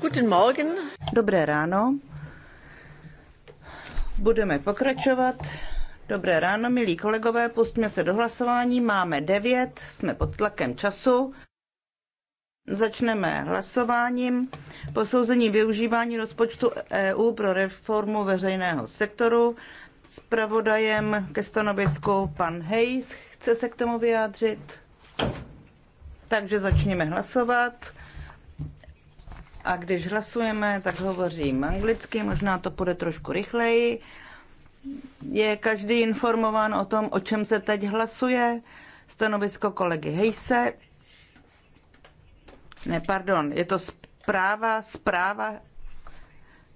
Guten Morgen. Dobré ráno. Budeme pokračovat. Dobré ráno, milí kolegové, pustíme se do hlasování. Máme devět, jsme pod tlakem času. Začneme hlasováním. Posouzení využívání rozpočtu EU pro reformu veřejného sektoru. Spravodajem ke stanovisku pan Hejs chce se k tomu vyjádřit. Takže začněme hlasovat. A když hlasujeme, tak hovořím anglicky, možná to půjde trošku rychleji. Je každý informován o tom, o čem se teď hlasuje? Stanovisko kolegy Hejse. Ne, pardon, je to zpráva, zpráva.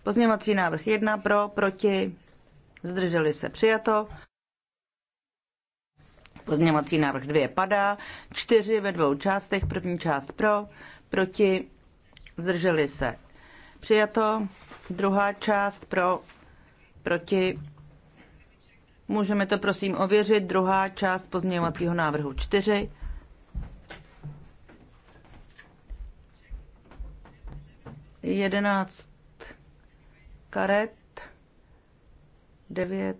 Pozměvací návrh jedna pro, proti, zdrželi se přijato. Pozměňovací návrh 2 padá. 4 ve dvou částech. První část pro, proti, zdrželi se. Přijato. Druhá část pro, proti. Můžeme to prosím ověřit. Druhá část pozměňovacího návrhu 4. Jedenáct karet, devět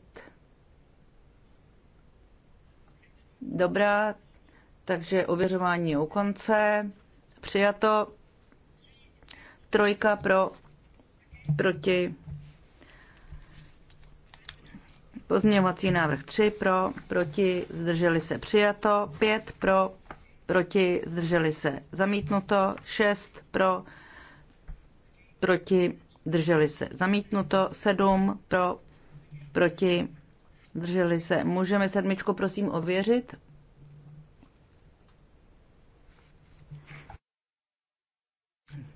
Dobrá, takže ověřování je u konce. Přijato. Trojka pro, proti. Pozměňovací návrh 3 pro, proti, zdrželi se přijato, 5 pro, proti, zdrželi se zamítnuto, 6 pro, proti, zdrželi se zamítnuto, 7 pro, proti, Drželi se. Můžeme sedmičku prosím ověřit?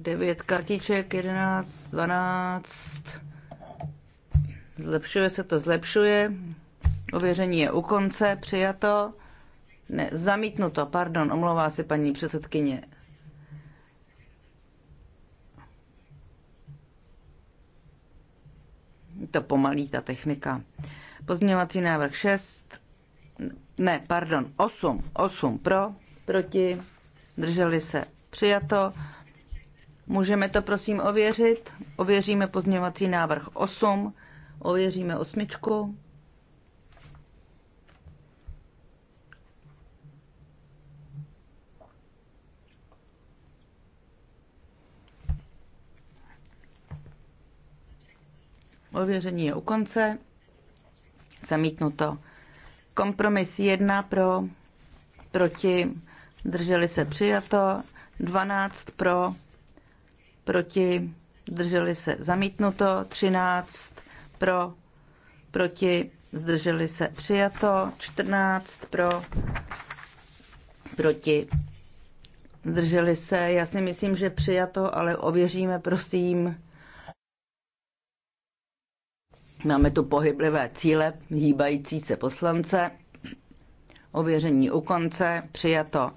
Devět kartiček, jedenáct, dvanáct. Zlepšuje se to, zlepšuje. Ověření je u konce, přijato. Ne, zamítnuto, pardon, omlouvá se paní předsedkyně. To pomalí ta technika. Pozměňovací návrh 6, ne, pardon, 8, 8 pro, proti, drželi se, přijato. Můžeme to prosím ověřit. Ověříme pozměňovací návrh 8, ověříme osmičku. Ověření je u konce. Zamítnuto. Kompromis 1 pro, proti, drželi se přijato. 12 pro, proti, zdrželi se zamítnuto, 13 pro, proti, zdrželi se přijato, 14 pro, proti, zdrželi se, já si myslím, že přijato, ale ověříme prosím. Máme tu pohyblivé cíle, hýbající se poslance, ověření u konce, přijato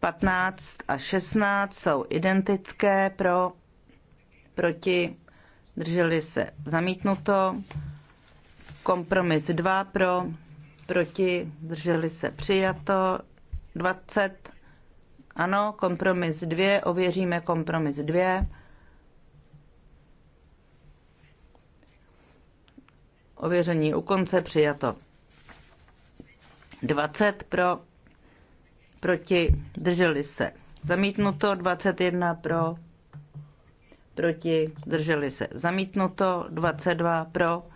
15 a 16 jsou identické pro, proti, drželi se zamítnuto, kompromis 2 pro, proti, drželi se přijato, 20, ano, kompromis 2, ověříme kompromis 2, Ověření u konce přijato. 20 pro, proti, drželi se. Zamítnuto 21 pro, proti, drželi se. Zamítnuto 22 pro,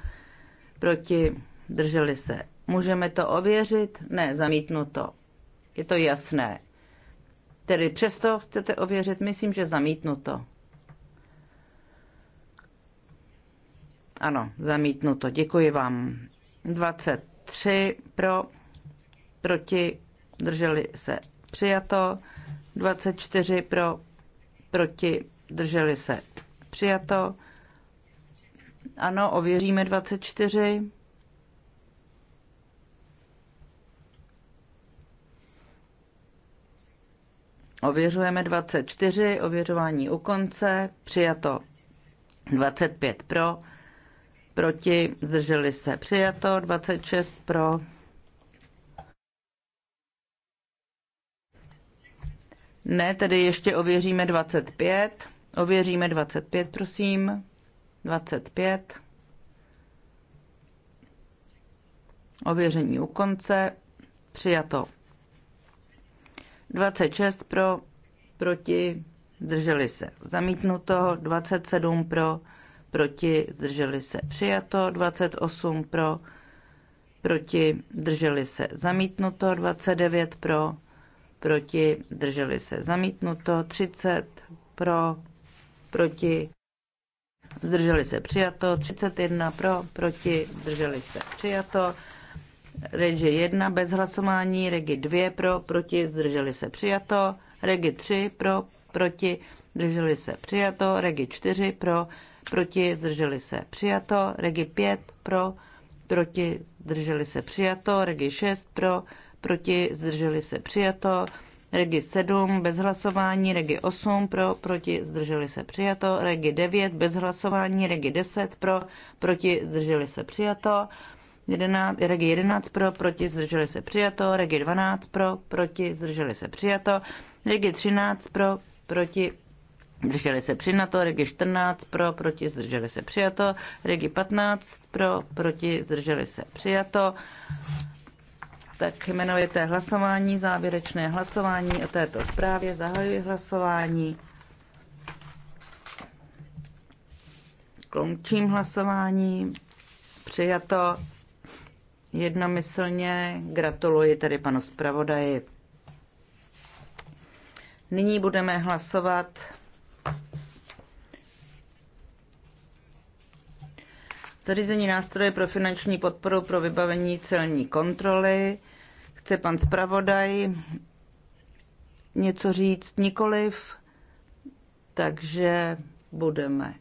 proti, drželi se. Můžeme to ověřit? Ne, zamítnuto. Je to jasné. Tedy přesto chcete ověřit, myslím, že zamítnuto. Ano, zamítnuto. Děkuji vám. 23 pro, proti, drželi se přijato. 24 pro, proti, drželi se přijato. Ano, ověříme 24. Ověřujeme 24, ověřování u konce, přijato 25 pro, proti, zdrželi se přijato, 26 pro, ne, tedy ještě ověříme 25, ověříme 25, prosím, 25, ověření u konce, přijato, 26 pro, proti, zdrželi se zamítnuto, 27 pro, proti, zdrželi se přijato, 28 pro, proti, drželi se zamítnuto, 29 pro, proti, drželi se zamítnuto, 30 pro, proti, zdrželi se přijato, 31 pro, proti, zdrželi se přijato, Regi 1 bez hlasování, Regi 2 pro, proti, zdrželi se přijato, Regi 3 pro, proti, zdrželi se přijato, Regi 4 pro, proti, zdrželi se přijato, regi 5 pro, proti, zdrželi se přijato, regi 6 pro, proti, zdrželi se přijato, regi 7 bez hlasování, regi 8 pro, proti, zdrželi se přijato, regi 9 bez hlasování, regi 10 pro, proti, zdrželi se přijato, 11, regi 11 pro, proti, zdrželi se přijato, regi 12 pro, proti, zdrželi se přijato, regi 13 pro, proti, Zdrželi se při nato, regi 14 pro, proti, zdrželi se přijato, regi 15 pro, proti, zdrželi se přijato. Tak jmenujete hlasování, závěrečné hlasování o této zprávě, zahajuji hlasování. Končím hlasování, přijato jednomyslně, gratuluji tedy panu zpravodaji. Nyní budeme hlasovat Zařízení nástroje pro finanční podporu pro vybavení celní kontroly. Chce pan zpravodaj něco říct? Nikoliv. Takže budeme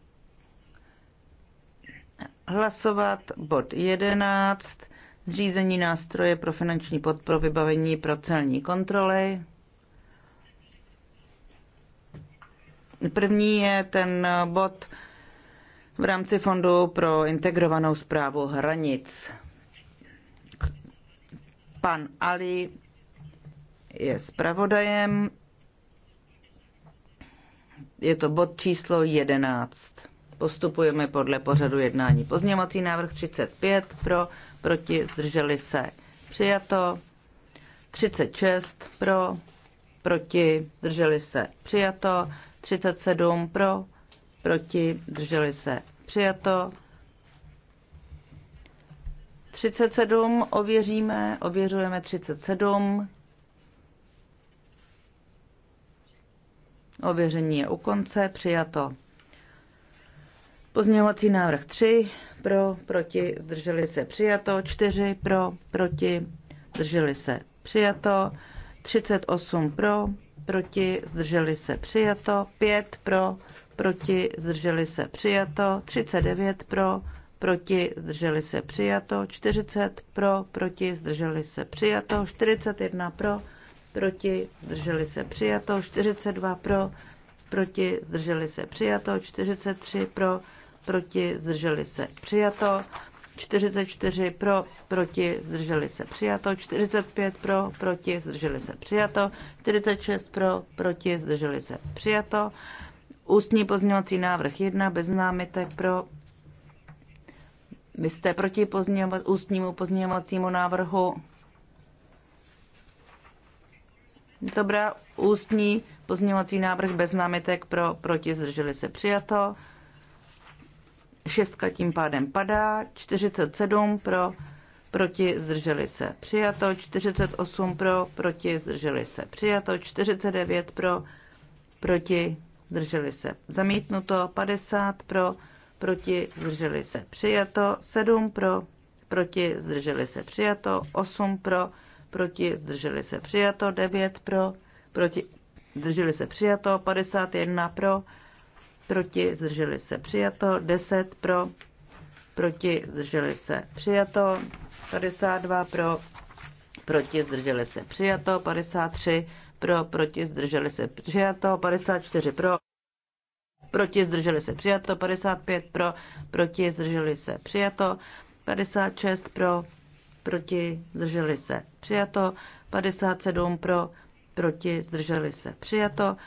hlasovat bod 11. Zřízení nástroje pro finanční podporu vybavení pro celní kontroly. První je ten bod v rámci Fondu pro integrovanou zprávu hranic. Pan Ali je zpravodajem. Je to bod číslo 11. Postupujeme podle pořadu jednání. Pozněmací návrh 35 pro, proti, zdrželi se. Přijato. 36 pro, proti, zdrželi se. Přijato. 37 pro, proti, drželi se přijato. 37 ověříme, ověřujeme 37. Ověření je u konce, přijato. Pozměňovací návrh 3 pro, proti, zdrželi se přijato, 4 pro, proti, zdrželi se přijato, 38 pro, proti, zdrželi se přijato, 5 pro, proti, zdrželi se přijato, 39 pro, proti, zdrželi se přijato, 40 pro, proti, zdrželi se přijato, 41 pro, proti, zdrželi se přijato, 42 pro, proti, zdrželi se přijato, 43 pro, proti, zdrželi se přijato, 44 pro, proti, zdrželi se přijato, 45 pro, proti, zdrželi se přijato, 46 pro, proti, zdrželi se přijato, Ústní pozměňovací návrh 1 bez námitek pro. Vy jste proti pozměňova- ústnímu pozměňovacímu návrhu. Dobrá, ústní pozměňovací návrh bez námitek pro, proti, zdrželi se přijato. Šestka tím pádem padá, 47 pro, proti, zdrželi se přijato, 48 pro, proti, zdrželi se přijato, 49 pro, proti, zdrželi se zamítnuto, 50 pro, proti, zdrželi se přijato, 7 pro, proti, zdrželi se přijato, 8 pro, proti, zdrželi se přijato, 9 pro, proti, zdrželi se přijato, 51 pro, proti, zdrželi se přijato, 10 pro, proti, zdrželi se přijato, 52 pro, proti, zdrželi se přijato, 53 pro, proti, zdrželi se přijato, 54 pro, proti, zdrželi se přijato, 55 pro, proti, zdrželi se přijato, 56 pro, proti, zdrželi se přijato, 57 pro, proti, zdrželi se přijato,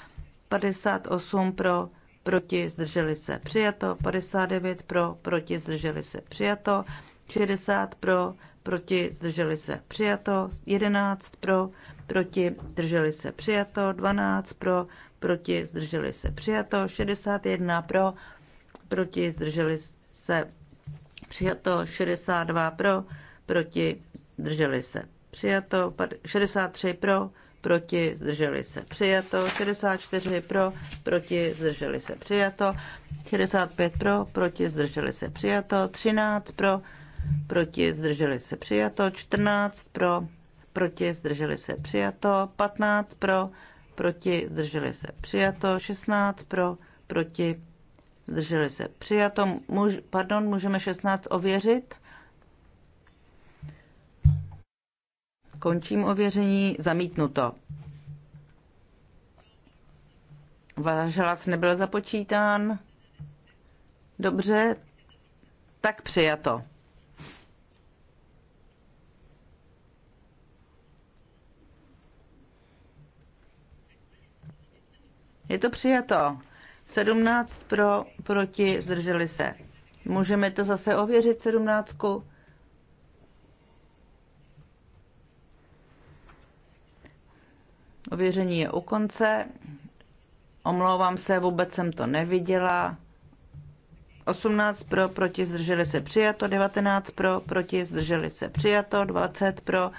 58 pro, proti, zdrželi se přijato, 59 pro, proti, zdrželi se přijato, 60 pro, proti, zdrželi se přijato, 11 pro, proti, zdrželi se přijato, 12 pro, proti, zdrželi se přijato, 61 pro, proti, zdrželi se přijato, 62 pro, proti, zdrželi se přijato, 63 pro, proti, zdrželi se přijato, 64 pro, proti, zdrželi se přijato, 65 pro, proti, zdrželi se přijato, 13 pro, proti, zdrželi se přijato, 14 pro, proti, zdrželi se přijato, 15 pro, proti, zdrželi se přijato, 16 pro, proti, zdrželi se přijato, Muž, pardon, můžeme 16 ověřit. Končím ověření, zamítnuto. Váš hlas nebyl započítán. Dobře, tak přijato. Je to přijato. 17 pro, proti, zdrželi se. Můžeme to zase ověřit, 17. Ověření je u konce. Omlouvám se, vůbec jsem to neviděla. 18 pro, proti, zdrželi se přijato, 19 pro, proti, zdrželi se přijato, 20 pro,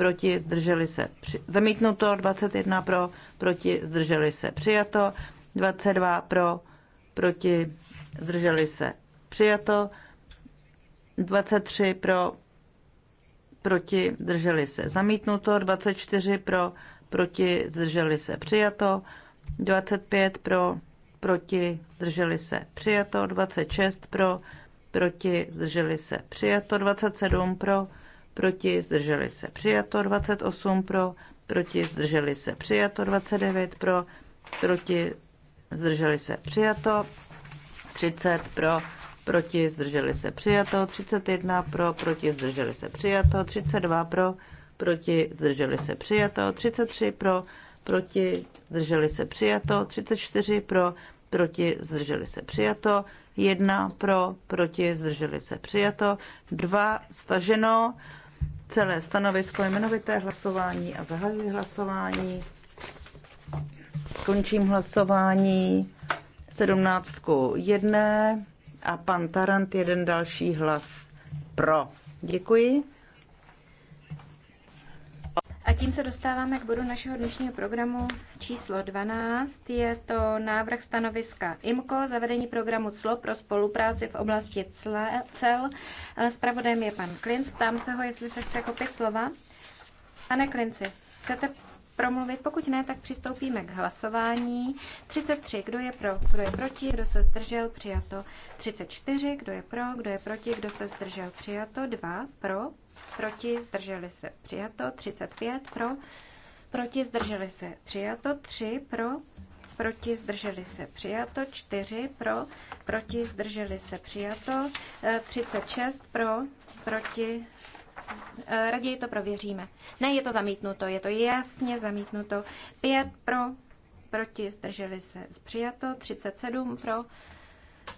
proti, zdrželi se při... zamítnuto, 21 pro, proti, zdrželi se přijato, 22 pro, proti, zdrželi se přijato, 23 pro, proti, zdrželi se zamítnuto, 24 pro, proti, zdrželi se přijato, 25 pro, proti, zdrželi se přijato, 26 pro, proti, zdrželi se přijato, 27 pro, proti, zdrželi se přijato 28 pro, proti, zdrželi se přijato 29 pro, proti, zdrželi se přijato 30 pro, proti, zdrželi se přijato 31 pro, proti, zdrželi se přijato 32 pro, proti, zdrželi se přijato 33 pro, proti, zdrželi se přijato 34 pro, proti, zdrželi se přijato 1 pro, proti, zdrželi se přijato 2 staženo celé stanovisko jmenovité hlasování a zahajuji hlasování. Končím hlasování 17 jedné a pan Tarant jeden další hlas pro. Děkuji. A tím se dostáváme k bodu našeho dnešního programu číslo 12. Je to návrh stanoviska IMCO, zavedení programu CLO pro spolupráci v oblasti cel. Spravodajem je pan Klinc. Ptám se ho, jestli se chce kopit slova. Pane Klinci, chcete promluvit? Pokud ne, tak přistoupíme k hlasování. 33, kdo je pro, kdo je proti, kdo se zdržel, přijato. 34, kdo je pro, kdo je proti, kdo se zdržel, přijato. 2, pro, proti, zdrželi se přijato, 35 pro, proti, zdrželi se přijato, 3 pro, proti, zdrželi se přijato, 4 pro, proti, zdrželi se přijato, 36 eh, pro, proti, eh, raději to prověříme. Ne, je to zamítnuto, je to jasně zamítnuto, 5 pro, proti, zdrželi se přijato, 37 pro,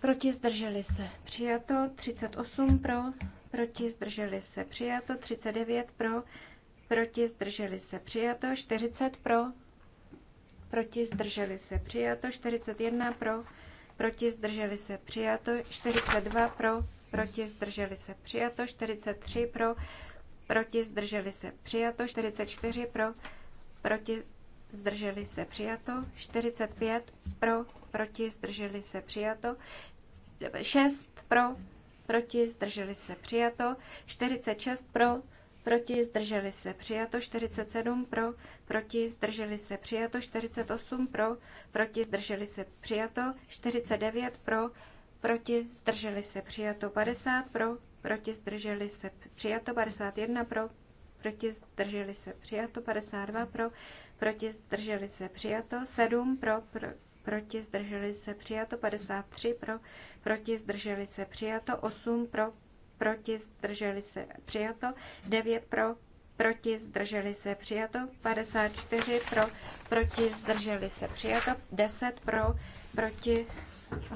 proti, zdrželi se přijato, 38 pro, proti, zdrželi se přijato, 39 pro, proti, zdrželi se přijato, 40 pro, proti, zdrželi se přijato, 41 pro, proti, zdrželi se přijato, 42 pro, proti, zdrželi se přijato, 43 pro, proti, zdrželi se přijato, 44 pro, proti, zdrželi se přijato, 45 pro, proti, zdrželi se přijato, 6 pro, proti, zdrželi se přijato, 46 pro, proti, zdrželi se přijato, 47 pro, proti, zdrželi se přijato, 48 pro, proti, zdrželi se přijato, 49 pro, proti, zdrželi se přijato, 50 pro, proti, zdrželi se přijato, 51 pro, proti, zdrželi se přijato, 52 pro, proti, zdrželi se přijato, 7 pro, pro proti, zdrželi se přijato 53 pro, proti, zdrželi se přijato 8 pro, proti, zdrželi se přijato 9 pro, proti, zdrželi se přijato 54 pro, proti, zdrželi se přijato 10 pro, proti,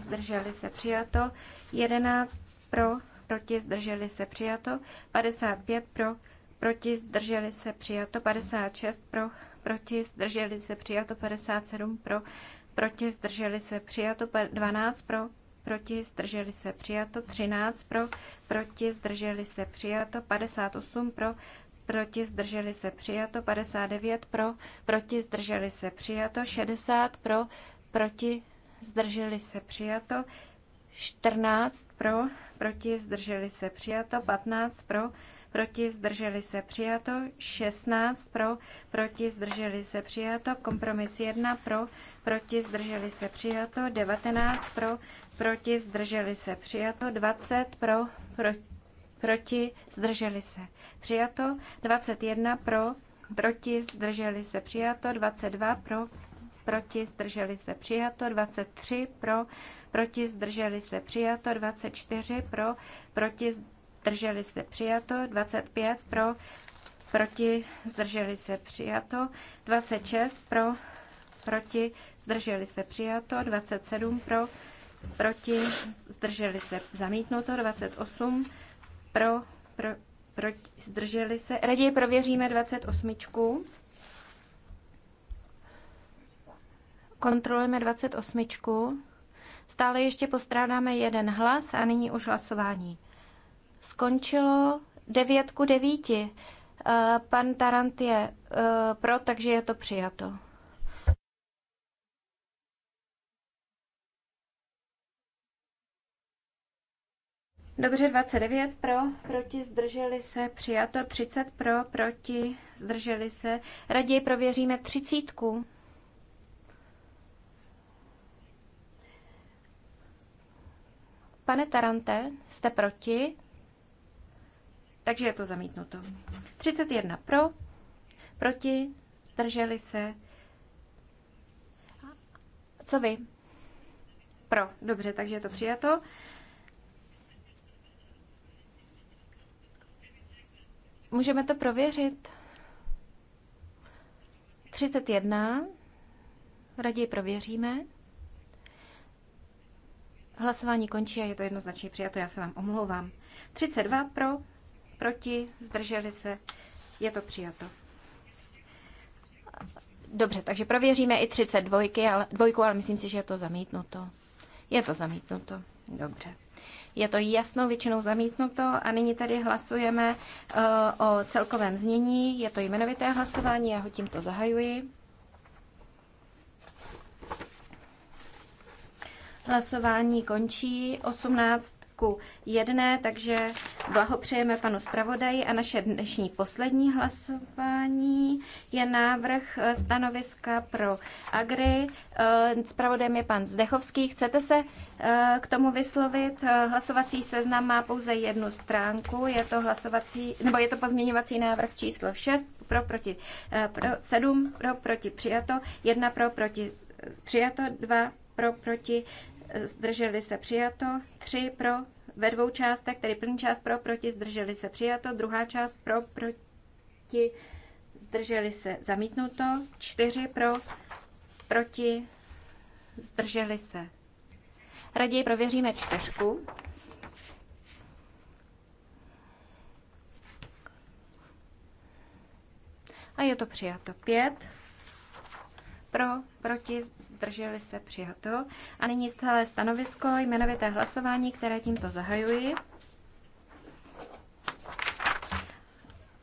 zdrželi se přijato 11 pro, proti, zdrželi se přijato 55 pro, proti, zdrželi se přijato 56 pro, proti, zdrželi se přijato 57 pro, proti, zdrželi se přijato 12 pro, proti, zdrželi se přijato 13 pro, proti, zdrželi se přijato 58 pro, proti, zdrželi se přijato 59 pro, proti, zdrželi se přijato 60 pro, proti, zdrželi se přijato 14 pro, proti, zdrželi se přijato 15 pro, proti, zdrželi se přijato, 16 pro, proti, zdrželi se přijato, kompromis 1 pro, proti, zdrželi se přijato, 19 pro, proti, zdrželi se přijato, 20 pro, pro proti, zdrželi se přijato, 21 pro, proti, zdrželi se přijato, 22 pro, proti, zdrželi se přijato, 23 pro, proti, zdrželi se přijato, 24 pro, proti, zdrželi se přijato, 25 pro, proti, zdrželi se přijato, 26 pro, proti, zdrželi se přijato, 27 pro, proti, zdrželi se zamítnuto, 28 pro, pro proti, zdrželi se. Raději prověříme 28. Kontrolujeme 28. Stále ještě postrádáme jeden hlas a nyní už hlasování skončilo 9 ku 9. Eh, pan Tarant je eh, pro, takže je to přijato. Dobře, 29 pro, proti zdrželi se, přijato 30 pro, proti zdrželi se. Raději prověříme třicítku. Pane Tarante, jste proti? Takže je to zamítnuto. 31 pro, proti, zdrželi se. Co vy? Pro. Dobře, takže je to přijato. Můžeme to prověřit. 31. Raději prověříme. Hlasování končí a je to jednoznačně přijato. Já se vám omlouvám. 32 pro, proti, zdrželi se, je to přijato. Dobře, takže prověříme i 32, ale, dvojku, ale myslím si, že je to zamítnuto. Je to zamítnuto. Dobře. Je to jasnou většinou zamítnuto a nyní tady hlasujeme uh, o celkovém znění. Je to jmenovité hlasování, já ho tímto zahajuji. Hlasování končí 18 ku jedné, takže blahopřejeme panu zpravodaji a naše dnešní poslední hlasování je návrh eh, stanoviska pro Agri. Eh, zpravodajem je pan Zdechovský. Chcete se eh, k tomu vyslovit? Hlasovací seznam má pouze jednu stránku, je to hlasovací, nebo je to pozměňovací návrh číslo 6 pro proti pro, 7 pro proti přijato, 1 pro proti přijato, 2 pro proti zdrželi se přijato, 3 pro ve dvou částech, tedy první část pro, proti, zdrželi se přijato, druhá část pro, proti, zdrželi se zamítnuto, 4 pro, proti, zdrželi se. Raději prověříme čtyřku. A je to přijato 5 pro, proti, zdrželi se, přijato. A nyní celé stanovisko, jmenovité hlasování, které tímto zahajuji.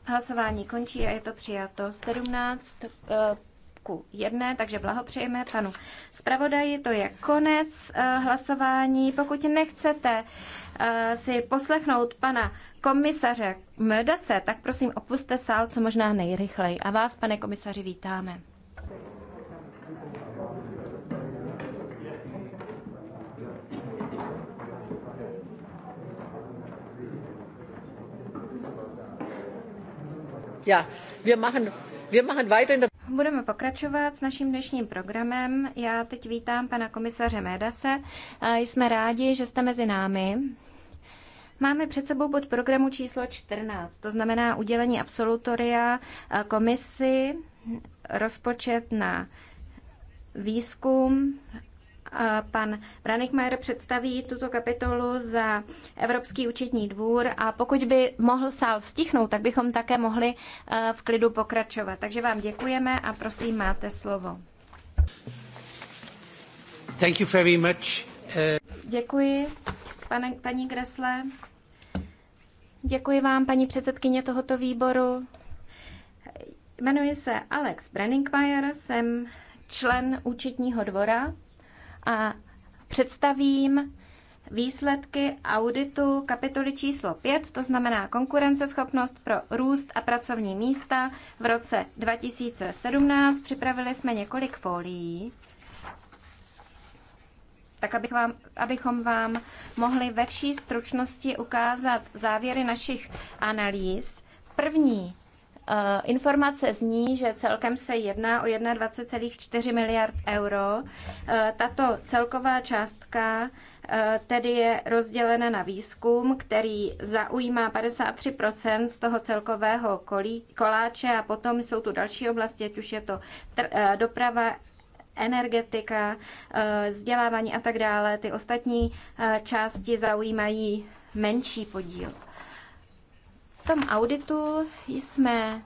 Hlasování končí a je to přijato 17 eh, ku 1, takže blahopřejeme panu zpravodaji. To je konec eh, hlasování. Pokud nechcete eh, si poslechnout pana komisaře Mdase, tak prosím opuste sál co možná nejrychleji. A vás, pane komisaři, vítáme. Ja, wir machen, wir machen weiter in der... Budeme pokračovat s naším dnešním programem. Já teď vítám pana komisaře Médase. Jsme rádi, že jste mezi námi. Máme před sebou bod programu číslo 14, to znamená udělení absolutoria komisi, rozpočet na výzkum Pan Branikmajer představí tuto kapitolu za Evropský účetní dvůr a pokud by mohl sál stichnout, tak bychom také mohli eh, v klidu pokračovat. Takže vám děkujeme a prosím, máte slovo. Thank you very much. Eh, Děkuji, pane, paní Gresle. Děkuji vám, paní předsedkyně tohoto výboru. Jmenuji se Alex Brenningmeier, jsem člen účetního dvora a představím výsledky auditu kapitoly číslo 5, to znamená konkurenceschopnost pro růst a pracovní místa v roce 2017. Připravili jsme několik folií, tak abych vám, abychom vám mohli ve vší stručnosti ukázat závěry našich analýz. První Eh, informace zní, že celkem se jedná o 21,4 miliard euro. Eh, tato celková částka eh, tedy je rozdělena na výzkum, který zaujímá 53 z toho celkového koláče a potom jsou tu další oblasti, ať už je to doprava, energetika, vzdělávání a tak dále. Ty ostatní části zaujímají menší podíl. V tom auditu jsme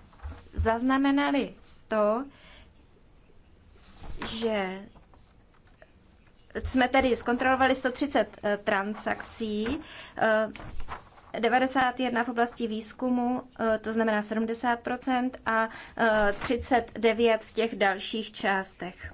zaznamenali to, že jsme tedy zkontrolovali 130 eh, transakcí, 91 eh, v oblasti výzkumu, eh, to znamená 70 a 39 v těch dalších částech.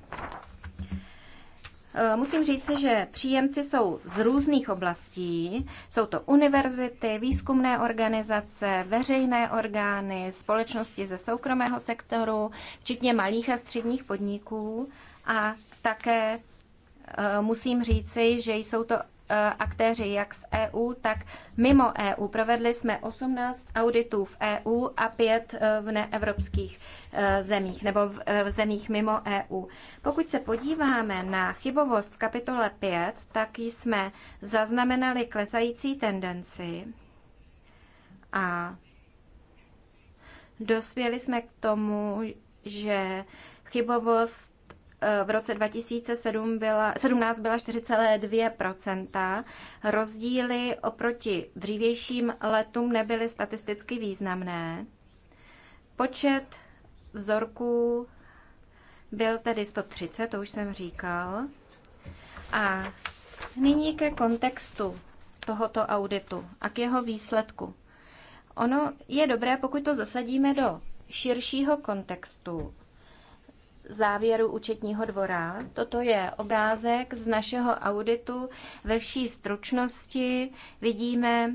Eh, musím říci, že příjemci jsou z různých oblastí. Jsou to univerzity, výzkumné organizace, veřejné orgány, společnosti ze soukromého sektoru, včetně malých a středních podniků a také eh, musím říci, že jsou to Eh, aktéři jak z EU, tak mimo EU. Provedli jsme 18 auditů v EU a 5 eh, v neevropských eh, zemích nebo v zemích mimo EU. Pokud se podíváme na chybovost v kapitole 5, tak jsme zaznamenali klesající tendenci a dospěli jsme k tomu, že chybovost v roce 2007 byla, byla 4,2 Rozdíly oproti dřívějším letům nebyly statisticky významné. Počet vzorků byl tedy 130, to už jsem říkal. A nyní ke kontextu tohoto auditu a k jeho výsledku. Ono je dobré, pokud to zasadíme do širšího kontextu závěru účetního dvora. Toto je obrázek z našeho auditu. Ve vší stručnosti vidíme,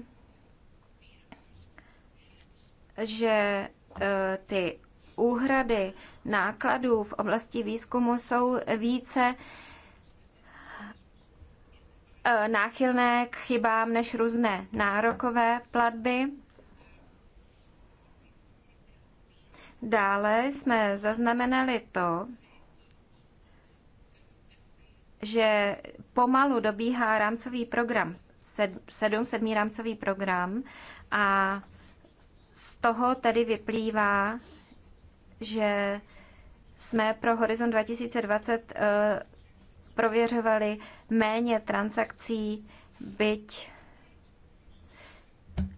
že e, ty úhrady nákladů v oblasti výzkumu jsou více e, náchylné k chybám než různé nárokové platby. Dále jsme zaznamenali to, že pomalu dobíhá rámcový program, sedm, sedmý rámcový program a z toho tedy vyplývá, že jsme pro Horizon 2020 eh, prověřovali méně transakcí, byť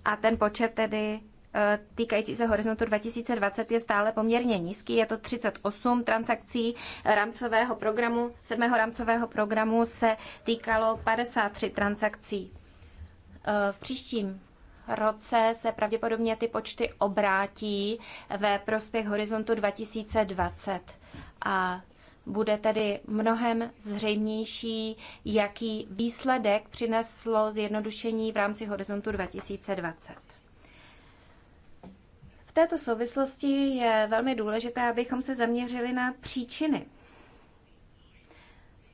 a ten počet tedy Eh, týkající se horizontu 2020 je stále poměrně nízký. Je to 38 transakcí rámcového programu. Sedmého rámcového programu se týkalo 53 transakcí. Eh, v příštím roce se pravděpodobně ty počty obrátí ve prospěch horizontu 2020. A bude tedy mnohem zřejmější, jaký výsledek přineslo zjednodušení v rámci horizontu 2020 této souvislosti je velmi důležité, abychom se zaměřili na příčiny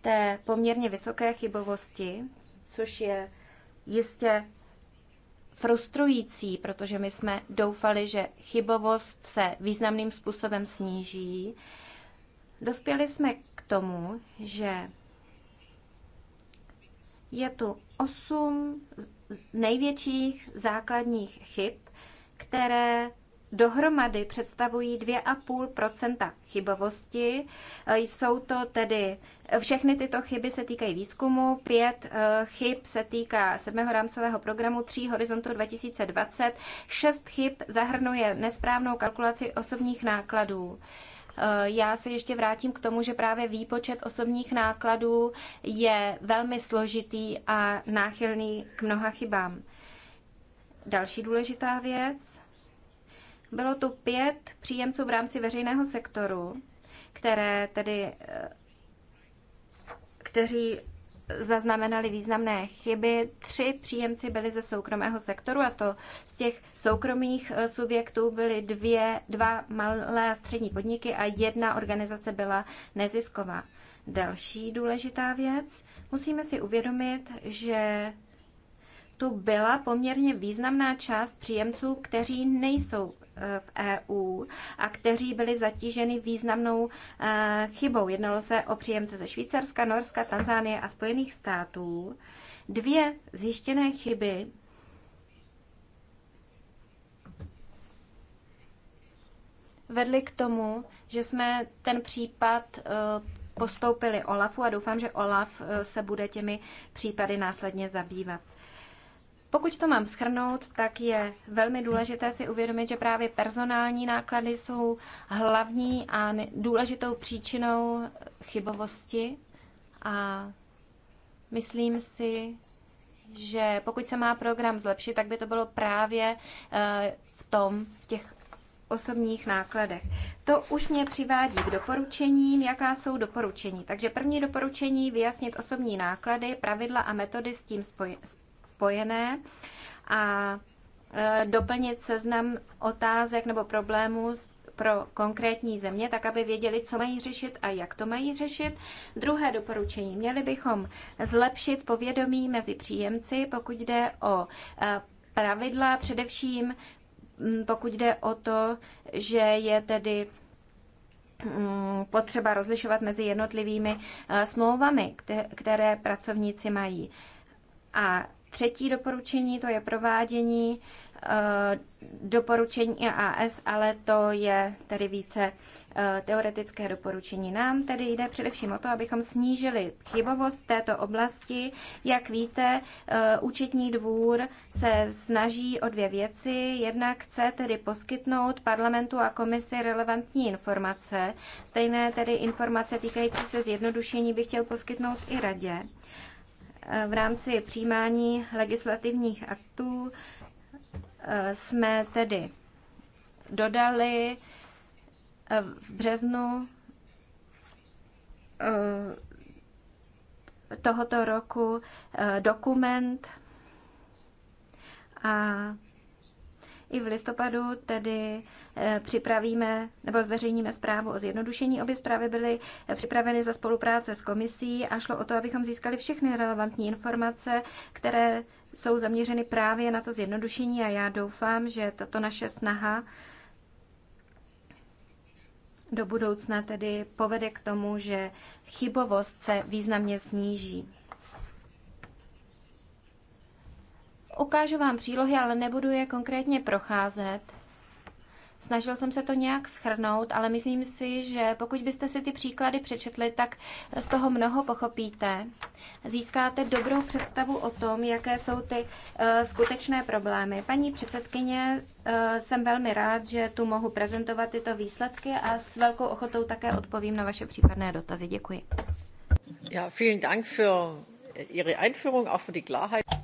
té poměrně vysoké chybovosti, což je jistě frustrující, protože my jsme doufali, že chybovost se významným způsobem sníží. Dospěli jsme k tomu, že je tu osm největších základních chyb, které dohromady představují 2,5 chybovosti. E, jsou to tedy všechny tyto chyby se týkají výzkumu, pět e, chyb se týká sedmého rámcového programu, tří horizontu 2020, šest chyb zahrnuje nesprávnou kalkulaci osobních nákladů. E, já se ještě vrátím k tomu, že právě výpočet osobních nákladů je velmi složitý a náchylný k mnoha chybám. Další důležitá věc bylo tu pět příjemců v rámci veřejného sektoru, které tedy, eh, kteří zaznamenali významné chyby. Tři příjemci byli ze soukromého sektoru a z, toho, z těch soukromých eh, subjektů byly dvě, dva malé a střední podniky a jedna organizace byla nezisková. Další důležitá věc, musíme si uvědomit, že tu byla poměrně významná část příjemců, kteří nejsou v EU a kteří byli zatíženi významnou eh, chybou. Jednalo se o příjemce ze Švýcarska, Norska, Tanzánie a Spojených států. Dvě zjištěné chyby vedly k tomu, že jsme ten případ eh, postoupili Olafu a doufám, že Olaf eh, se bude těmi případy následně zabývat. Pokud to mám schrnout, tak je velmi důležité si uvědomit, že právě personální náklady jsou hlavní a důležitou příčinou chybovosti a myslím si, že pokud se má program zlepšit, tak by to bylo právě eh, v tom, v těch osobních nákladech. To už mě přivádí k doporučením, jaká jsou doporučení. Takže první doporučení vyjasnit osobní náklady, pravidla a metody s tím spojené spojené a e, doplnit seznam otázek nebo problémů pro konkrétní země, tak aby věděli, co mají řešit a jak to mají řešit. Druhé doporučení. Měli bychom zlepšit povědomí mezi příjemci, pokud jde o e, pravidla, především pokud jde o to, že je tedy potřeba rozlišovat mezi jednotlivými e, smlouvami, které pracovníci mají. A Třetí doporučení to je provádění eh, doporučení AS, ale to je tedy více eh, teoretické doporučení. Nám tedy jde především o to, abychom snížili chybovost této oblasti. Jak víte, eh, účetní dvůr se snaží o dvě věci. Jednak chce tedy poskytnout parlamentu a komisi relevantní informace. Stejné tedy informace týkající se zjednodušení bych chtěl poskytnout i radě v rámci přijímání legislativních aktů eh, jsme tedy dodali eh, v březnu eh, tohoto roku dokument a i v listopadu tedy eh, připravíme nebo zveřejníme zprávu o zjednodušení. Obě zprávy byly eh, připraveny za spolupráce s komisí a šlo o to, abychom získali všechny relevantní informace, které jsou zaměřeny právě na to zjednodušení a já doufám, že tato naše snaha do budoucna tedy povede k tomu, že chybovost se významně sníží. Ukážu vám přílohy, ale nebudu je konkrétně procházet. Snažil jsem se to nějak schrnout, ale myslím si, že pokud byste si ty příklady přečetli, tak z toho mnoho pochopíte. Získáte dobrou představu o tom, jaké jsou ty uh, skutečné problémy. Paní předsedkyně, uh, jsem velmi rád, že tu mohu prezentovat tyto výsledky a s velkou ochotou také odpovím na vaše případné dotazy. Děkuji. Ja, vielen Dank für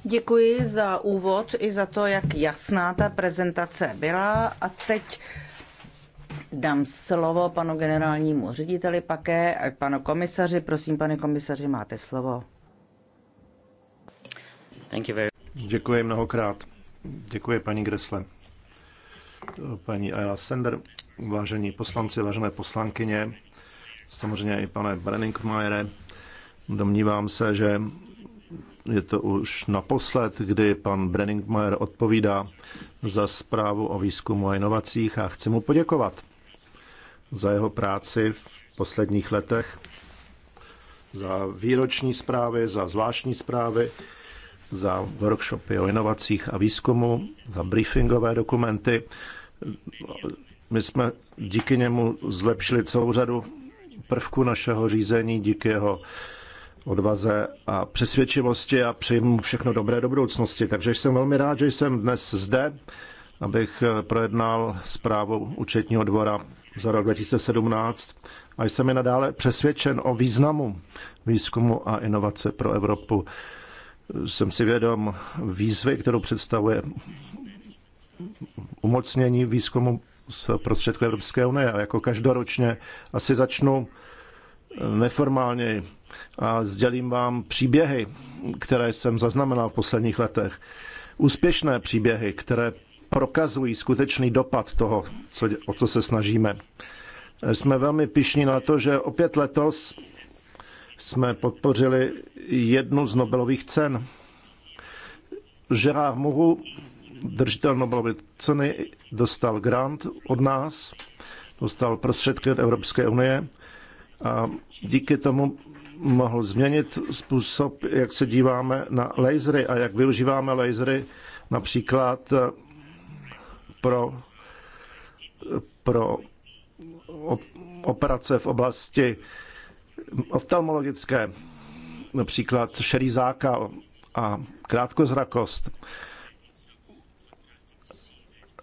Děkuji za úvod i za to, jak jasná ta prezentace byla. A teď dám slovo panu generálnímu řediteli Paké a panu komisaři. Prosím, pane komisaři, máte slovo. Thank you very... Děkuji mnohokrát. Děkuji paní Gresle, paní Ayla Sender, vážení poslanci, vážené poslankyně, samozřejmě i pane Brenningmajere, Domnívám se, že je to už naposled, kdy pan Brenningmeier odpovídá za zprávu o výzkumu a inovacích a chci mu poděkovat za jeho práci v posledních letech, za výroční zprávy, za zvláštní zprávy, za workshopy o inovacích a výzkumu, za briefingové dokumenty. My jsme díky němu zlepšili celou řadu prvků našeho řízení, díky jeho odvaze a přesvědčivosti a mu všechno dobré do budoucnosti. Takže jsem velmi rád, že jsem dnes zde, abych eh, projednal zprávu účetního dvora za rok 2017 a jsem i nadále přesvědčen o významu výzkumu a inovace pro Evropu. Jsem si vědom výzvy, kterou představuje umocnění výzkumu z prostředku Evropské unie a jako každoročně asi začnu neformálně a sdělím vám příběhy, které jsem zaznamenal v posledních letech. Úspěšné příběhy, které prokazují skutečný dopad toho, co, o co se snažíme. Jsme velmi pišní na to, že opět letos jsme podpořili jednu z Nobelových cen. Žerá Mohu, držitel Nobelovy ceny, dostal grant od nás, dostal prostředky od Evropské unie a díky tomu mohl změnit způsob, jak se díváme na lasery a jak využíváme lasery například eh, pro, pro operace v oblasti oftalmologické, například šerý zákal a krátkozrakost.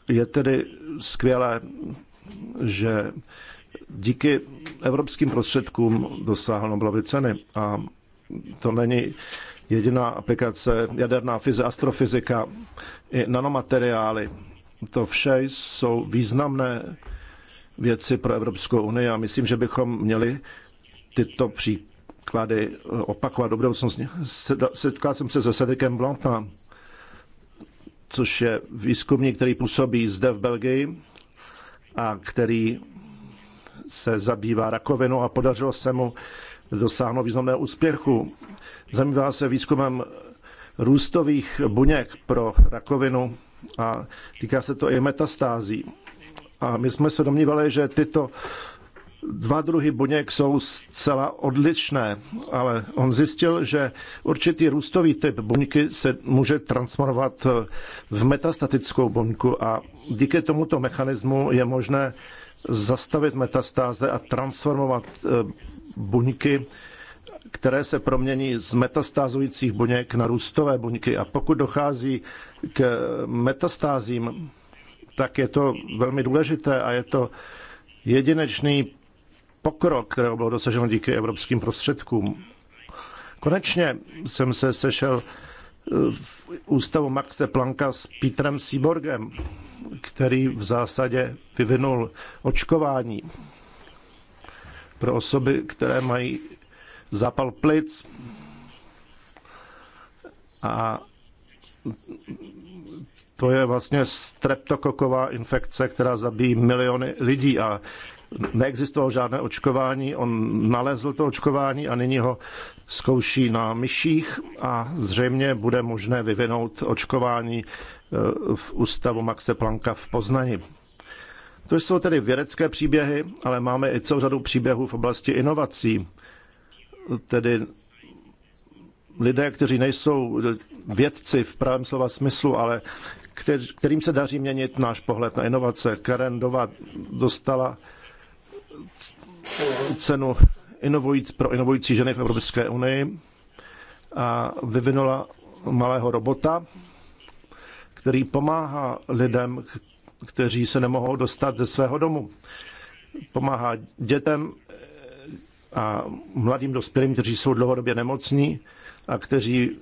Je tedy skvělé, že díky evropským prostředkům dosáhl Nobelovy ceny. A to není jediná aplikace jaderná fyze, astrofyzika, i nanomateriály. To vše jsou významné věci pro Evropskou unii a myslím, že bychom měli tyto příklady opakovat do budoucnosti. Setkal jsem se se Sedekem Blancna, což je výzkumník, který působí zde v Belgii a který se zabývá rakovinou a podařilo se mu dosáhnout významného úspěchu. Zabývá se výzkumem růstových buněk pro rakovinu a týká se to i metastází. A my jsme se domnívali, že tyto dva druhy buněk jsou zcela odlišné, ale on zjistil, že určitý růstový typ buňky se může transformovat v metastatickou buňku a díky tomuto mechanismu je možné zastavit metastáze a transformovat eh, buňky, které se promění z metastázujících buněk na růstové buňky. A pokud dochází k metastázím, tak je to velmi důležité a je to jedinečný pokrok, kterého bylo dosaženo díky evropským prostředkům. Konečně jsem se sešel v ústavu Maxe Planka s Petrem Seaborgem, který v zásadě vyvinul očkování pro osoby, které mají zapal plic a to je vlastně streptokoková infekce, která zabíjí miliony lidí a neexistovalo žádné očkování, on nalezl to očkování a nyní ho zkouší na myších a zřejmě bude možné vyvinout očkování e, v ústavu Maxe Plancka v Poznani. To jsou tedy vědecké příběhy, ale máme i celou řadu příběhů v oblasti inovací. Tedy lidé, kteří nejsou vědci v pravém slova smyslu, ale kterým se daří měnit náš pohled na inovace. Karen Dova dostala cenu inovujíc, pro inovující ženy v Evropské unii a vyvinula malého robota, který pomáhá lidem, kteří se nemohou dostat ze svého domu. Pomáhá dětem a mladým dospělým, kteří jsou dlouhodobě nemocní a kteří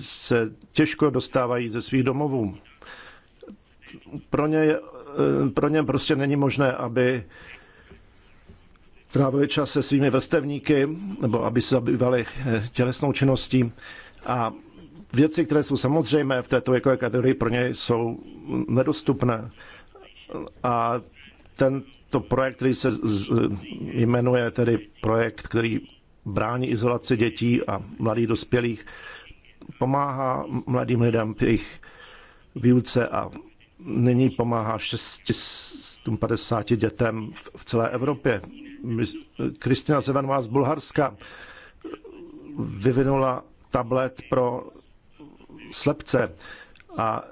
se těžko dostávají ze svých domovů. Pro ně, eh, pro ně prostě není možné, aby trávili čas se svými vrstevníky, nebo aby se zabývali eh, tělesnou činností. A věci, které jsou samozřejmé v této věkové kategorii, pro ně jsou nedostupné. A tento projekt, který se jmenuje tedy projekt, který brání izolaci dětí a mladých dospělých, pomáhá mladým lidem v jejich výuce a nyní pomáhá 650 dětem v celé Evropě Kristina Zevanová z Bulharska vyvinula tablet pro slepce. A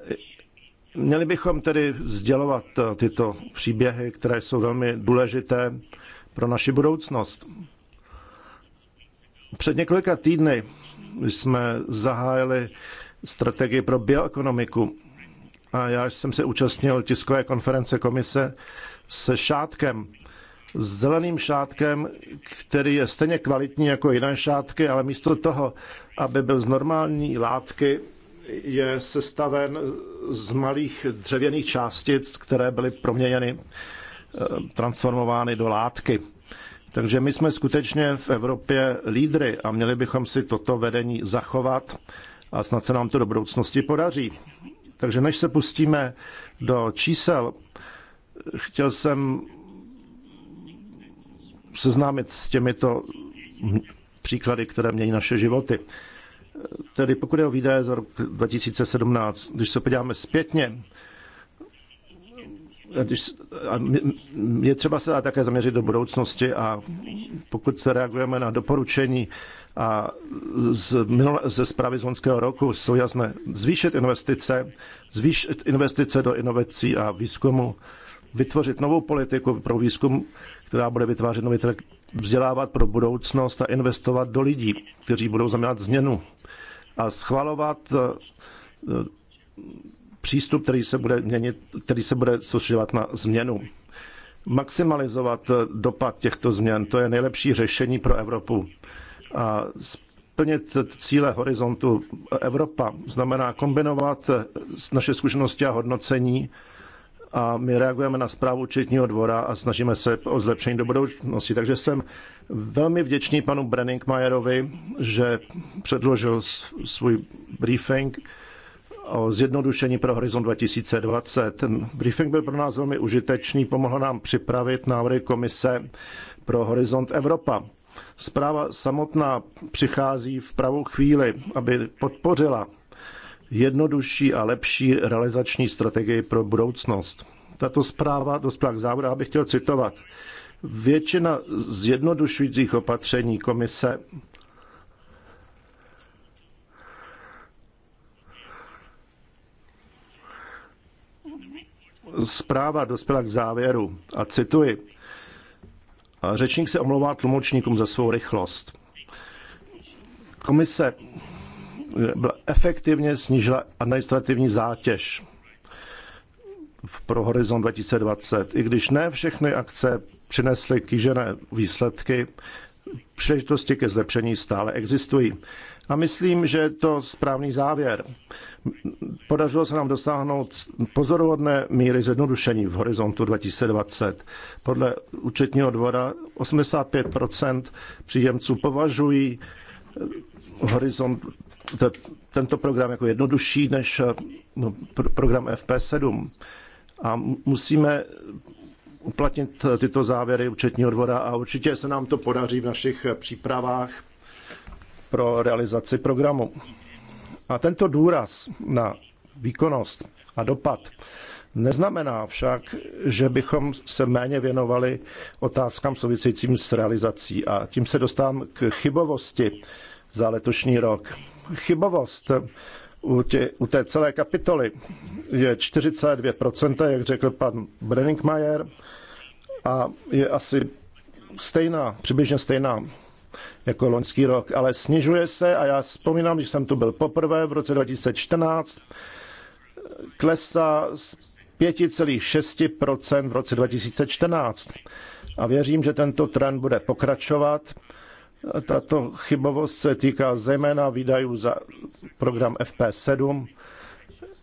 měli bychom tedy sdělovat eh, tyto příběhy, které jsou velmi důležité pro naši budoucnost. Před několika týdny jsme zahájili strategii pro bioekonomiku a já jsem se účastnil tiskové konference komise se Šátkem zeleným šátkem, který je stejně kvalitní jako jiné šátky, ale místo toho, aby byl z normální látky, je sestaven z malých dřevěných částic, které byly proměněny, eh, transformovány do látky. Takže my jsme skutečně v Evropě lídry a měli bychom si toto vedení zachovat a snad se nám to do budoucnosti podaří. Takže než se pustíme do čísel, chtěl jsem seznámit s těmito příklady, které mění naše životy. Tedy pokud je o výdaje za rok 2017, když se podíváme zpětně, když, a je třeba se dát také zaměřit do budoucnosti a pokud se reagujeme na doporučení a z minule, ze zprávy z loňského roku jsou jasné zvýšit investice, zvýšit investice do inovací a výzkumu vytvořit novou politiku pro výzkum, která bude vytvářet nový trh, vzdělávat pro budoucnost a investovat do lidí, kteří budou znamenat změnu a schvalovat eh, eh, přístup, který se bude měnit, který se bude soustředovat na změnu. Maximalizovat eh, dopad těchto změn, to je nejlepší řešení pro Evropu. A splnit cíle horizontu Evropa znamená kombinovat naše zkušenosti a hodnocení a my reagujeme na zprávu Četního dvora a snažíme se o zlepšení do budoucnosti. Takže jsem velmi vděčný panu Brenningmajerovi, že předložil svůj briefing o zjednodušení pro Horizon 2020. Ten briefing byl pro nás velmi užitečný, pomohl nám připravit návrhy komise pro Horizont Evropa. Zpráva samotná přichází v pravou chvíli, aby podpořila jednodušší a lepší realizační strategii pro budoucnost. Tato zpráva dospěla k závodu, abych chtěl citovat. Většina zjednodušujících opatření komise zpráva dospěla k závěru a cituji. Řečník se omlouvá tlumočníkům za svou rychlost. Komise efektivně snížila administrativní zátěž pro Horizon 2020. I když ne všechny akce přinesly kýžené výsledky, příležitosti ke zlepšení stále existují. A myslím, že je to správný závěr. Podařilo se nám dosáhnout pozoruhodné míry zjednodušení v horizontu 2020. Podle účetního dvora 85 příjemců považují horizont tento program jako jednodušší než eh, no, program FP7. A musíme uplatnit eh, tyto závěry účetního dvora a určitě se nám to podaří v našich eh, přípravách pro realizaci programu. A tento důraz na výkonnost a dopad neznamená však, že bychom se méně věnovali otázkám souvisejícím s realizací. A tím se dostávám k chybovosti za letošní rok chybovost u, tě, u té celé kapitoly je 42%, jak řekl pan Brenningmeier, a je asi stejná, přibližně stejná jako loňský rok, ale snižuje se a já vzpomínám, když jsem tu byl poprvé v roce 2014, klesá z 5,6% v roce 2014. A věřím, že tento trend bude pokračovat tato chybovost se týká zejména výdajů za program FP7.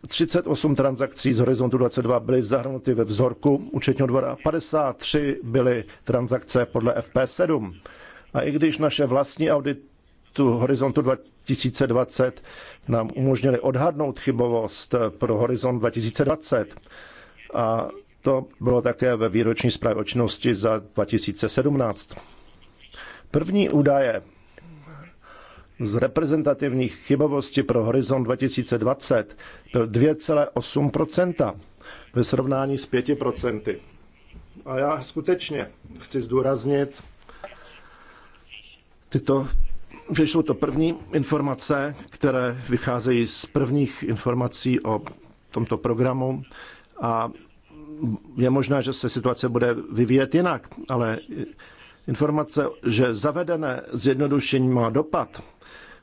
38 transakcí z Horizontu 22 byly zahrnuty ve vzorku účetního dvora, 53 byly transakce podle FP7. A i když naše vlastní auditu Horizontu 2020 nám umožnili odhadnout chybovost pro Horizont 2020, a to bylo také ve výroční zprávě o činnosti za 2017. První údaje z reprezentativních chybovosti pro Horizon 2020 byl 2,8% ve srovnání s 5%. A já skutečně chci zdůraznit tyto, že jsou to první informace, které vycházejí z prvních informací o tomto programu a je možné, že se situace bude vyvíjet jinak, ale Informace, že zavedené zjednodušení má dopad,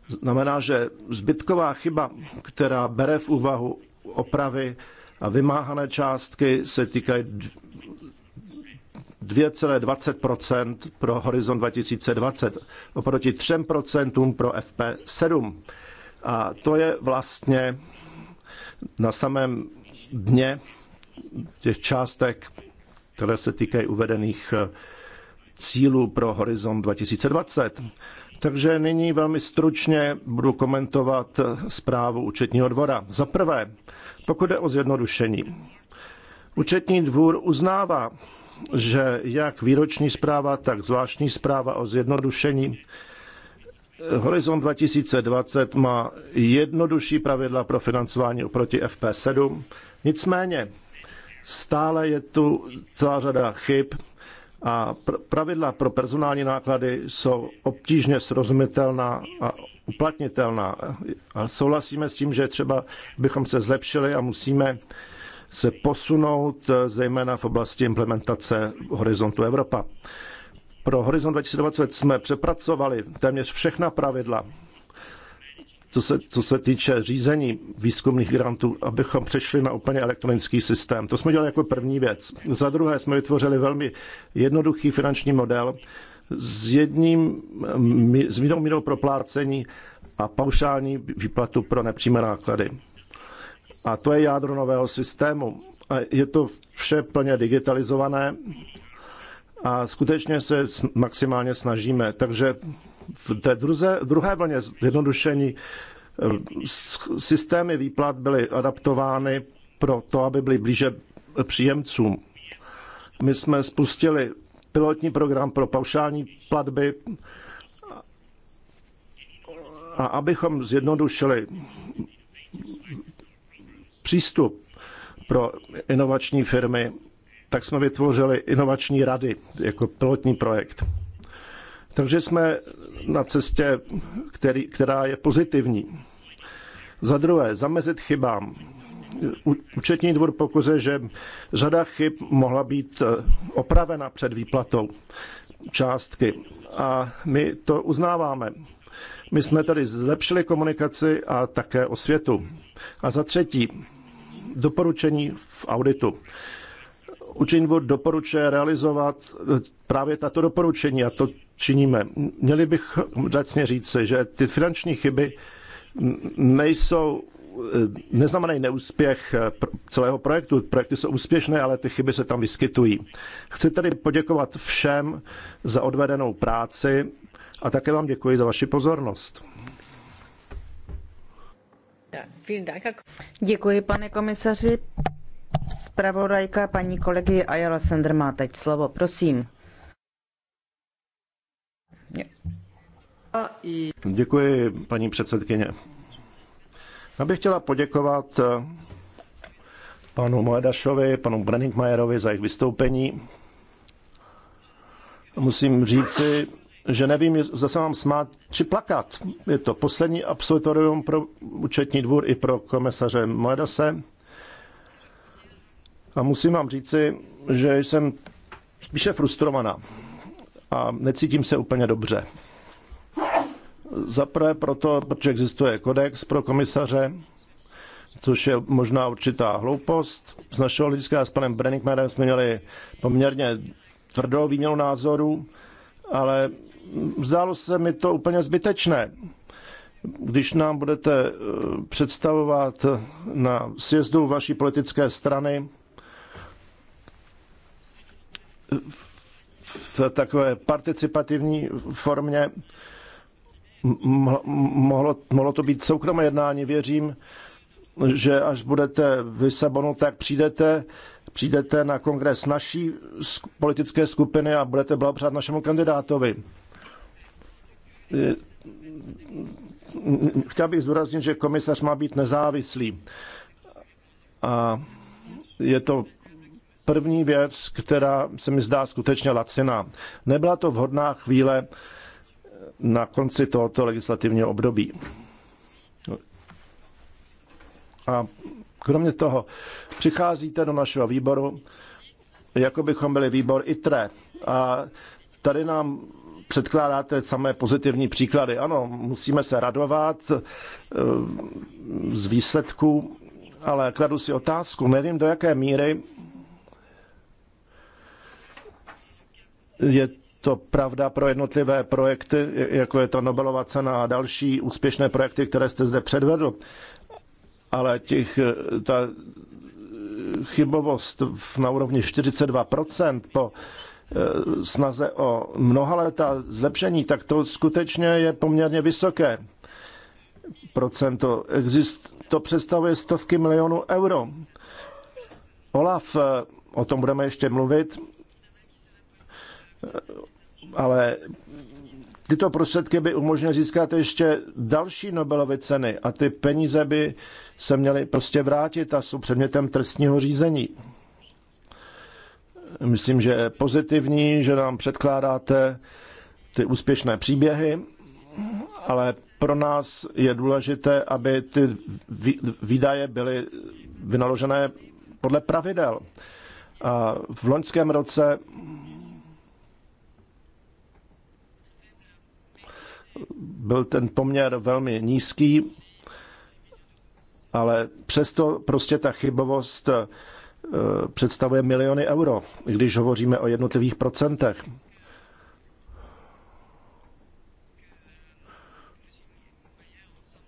znamená, že zbytková chyba, která bere v úvahu opravy a vymáhané částky, se týkají 2,20 pro Horizon 2020 oproti 3 pro FP7. A to je vlastně na samém dně těch částek, které se týkají uvedených eh, cílů pro Horizon 2020. Takže nyní velmi stručně budu komentovat zprávu účetního dvora. Za prvé, pokud jde o zjednodušení. Účetní dvůr uznává, že jak výroční zpráva, tak zvláštní zpráva o zjednodušení Horizon 2020 má jednodušší pravidla pro financování oproti FP7. Nicméně stále je tu celá řada chyb, a pravidla pro personální náklady jsou obtížně srozumitelná a uplatnitelná. A souhlasíme s tím, že třeba bychom se zlepšili a musíme se posunout, eh, zejména v oblasti implementace Horizontu Evropa. Pro Horizont 2020 jsme přepracovali téměř všechna pravidla co se, co se týče řízení výzkumných grantů, abychom přešli na úplně elektronický systém. To jsme dělali jako první věc. Za druhé jsme vytvořili velmi jednoduchý finanční model s, jedním, s jednou mírou pro plácení a paušální výplatu pro nepřímé náklady. A to je jádro nového systému. A je to vše plně digitalizované a skutečně se maximálně snažíme. Takže v té druze, druhé vlně zjednodušení eh, systémy výplat byly adaptovány pro to, aby byly blíže příjemcům. My jsme spustili pilotní program pro paušální platby a abychom zjednodušili přístup pro inovační firmy, tak jsme vytvořili inovační rady jako pilotní projekt. Takže jsme na cestě, který, která je pozitivní. Za druhé, zamezit chybám. Účetní dvor pokoře, že řada chyb mohla být eh, opravena před výplatou částky. A my to uznáváme. My jsme tady zlepšili komunikaci a také osvětu. A za třetí, doporučení v auditu. Učinbu doporučuje realizovat eh, právě tato doporučení a to činíme. Měli bych vlastně říct, že ty finanční chyby nejsou, eh, neznamenají neúspěch eh, celého projektu. Projekty jsou úspěšné, ale ty chyby se tam vyskytují. Chci tedy poděkovat všem za odvedenou práci a také vám děkuji za vaši pozornost. Děkuji, pane komisaři. Spravodajka paní kolegy Ayala Sender má teď slovo, prosím. Děkuji, paní předsedkyně. Já bych chtěla poděkovat eh, panu Moedašovi, panu Brenningmajerovi za jejich vystoupení. Musím říci, že nevím, zda se mám smát či plakat. Je to poslední absolutorium pro účetní dvůr i pro komisaře Moedase. A musím vám říci, že jsem spíše frustrovaná a necítím se úplně dobře. Zaprvé proto, protože existuje kodex pro komisaře, což je možná určitá hloupost. Z našeho hlediska s panem Brenningmanem jsme měli poměrně tvrdou výměnu názorů, ale zdálo se mi to úplně zbytečné. Když nám budete eh, představovat na sjezdu vaší politické strany, v takové participativní formě. Mohlo, mohlo to být soukromé jednání, věřím, že až budete v Lisabonu, tak přijdete, přijdete na kongres naší politické skupiny a budete blahopřát našemu kandidátovi. Chtěl bych zdůraznit, že komisař má být nezávislý. A je to první věc, která se mi zdá skutečně laciná. Nebyla to vhodná chvíle na konci tohoto legislativního období. A kromě toho, přicházíte do našeho výboru, jako bychom byli výbor ITRE. A tady nám předkládáte samé pozitivní příklady. Ano, musíme se radovat eh, z výsledků, ale kladu si otázku, nevím, do jaké míry Je to pravda pro jednotlivé projekty, jako je ta Nobelová cena a další úspěšné projekty, které jste zde předvedl, ale těch, ta chybovost na úrovni 42% po eh, snaze o mnoha leta zlepšení, tak to skutečně je poměrně vysoké procento. Exist, to představuje stovky milionů euro. Olaf, eh, o tom budeme ještě mluvit, ale tyto prostředky by umožnily získat ještě další Nobelovy ceny a ty peníze by se měly prostě vrátit a jsou předmětem trestního řízení. Myslím, že je pozitivní, že nám předkládáte ty úspěšné příběhy, ale pro nás je důležité, aby ty výdaje byly vynaložené podle pravidel. A v loňském roce byl ten poměr velmi nízký, ale přesto prostě ta chybovost eh, představuje miliony euro, když hovoříme o jednotlivých procentech.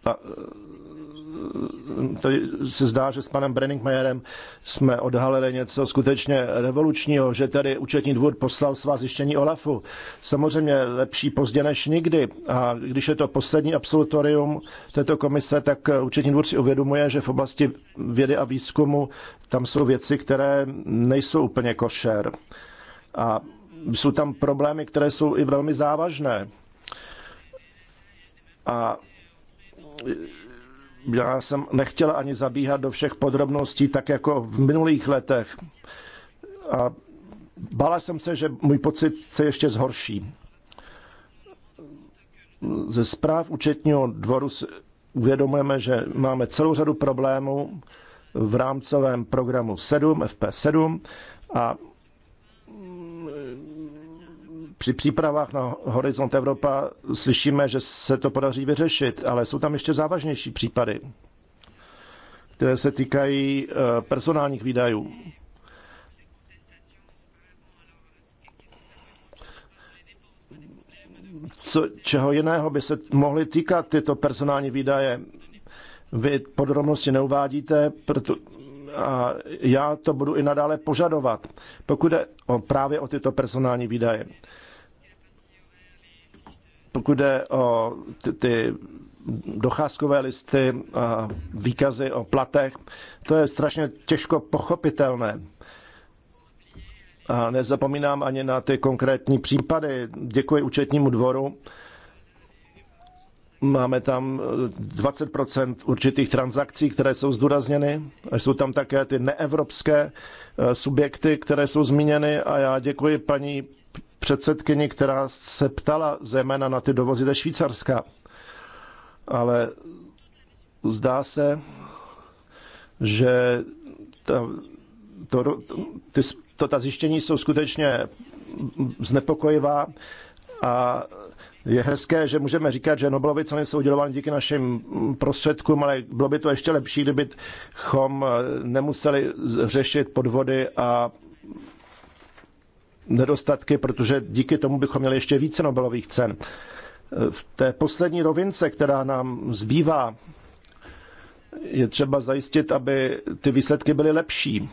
A eh, tady se zdá, že s panem Brenningmajerem jsme odhalili něco skutečně revolučního, že tady účetní dvůr poslal svá zjištění Olafu. Samozřejmě lepší pozdě než nikdy. A když je to poslední absolutorium této komise, tak účetní dvůr si uvědomuje, že v oblasti vědy a výzkumu tam jsou věci, které nejsou úplně košer. A jsou tam problémy, které jsou i velmi závažné. A já jsem nechtěla ani zabíhat do všech podrobností, tak jako v minulých letech. A bála jsem se, že můj pocit se ještě zhorší. Ze zpráv účetního dvoru uvědomujeme, že máme celou řadu problémů v rámcovém programu 7, FP7, a při přípravách na Horizont Evropa slyšíme, že se to podaří vyřešit, ale jsou tam ještě závažnější případy, které se týkají eh, personálních výdajů. Co, čeho jiného by se mohly týkat tyto personální výdaje? Vy podrobnosti neuvádíte, proto, a já to budu i nadále požadovat, pokud jde o, právě o tyto personální výdaje. Pokud jde o ty, ty docházkové listy a výkazy o platech, to je strašně těžko pochopitelné. A nezapomínám ani na ty konkrétní případy. Děkuji účetnímu dvoru. Máme tam 20 určitých transakcí, které jsou zdůrazněny. Jsou tam také ty neevropské eh, subjekty, které jsou zmíněny. A já děkuji paní předsedkyni, která se ptala zejména na ty dovozy ze Švýcarska. Ale zdá se, že ta, to, ty, to, ta zjištění jsou skutečně znepokojivá a je hezké, že můžeme říkat, že Nobelovy ceny jsou udělovány díky našim prostředkům, ale bylo by to ještě lepší, kdybychom nemuseli řešit podvody a nedostatky, protože díky tomu bychom měli ještě více Nobelových cen. V té poslední rovince, která nám zbývá, je třeba zajistit, aby ty výsledky byly lepší.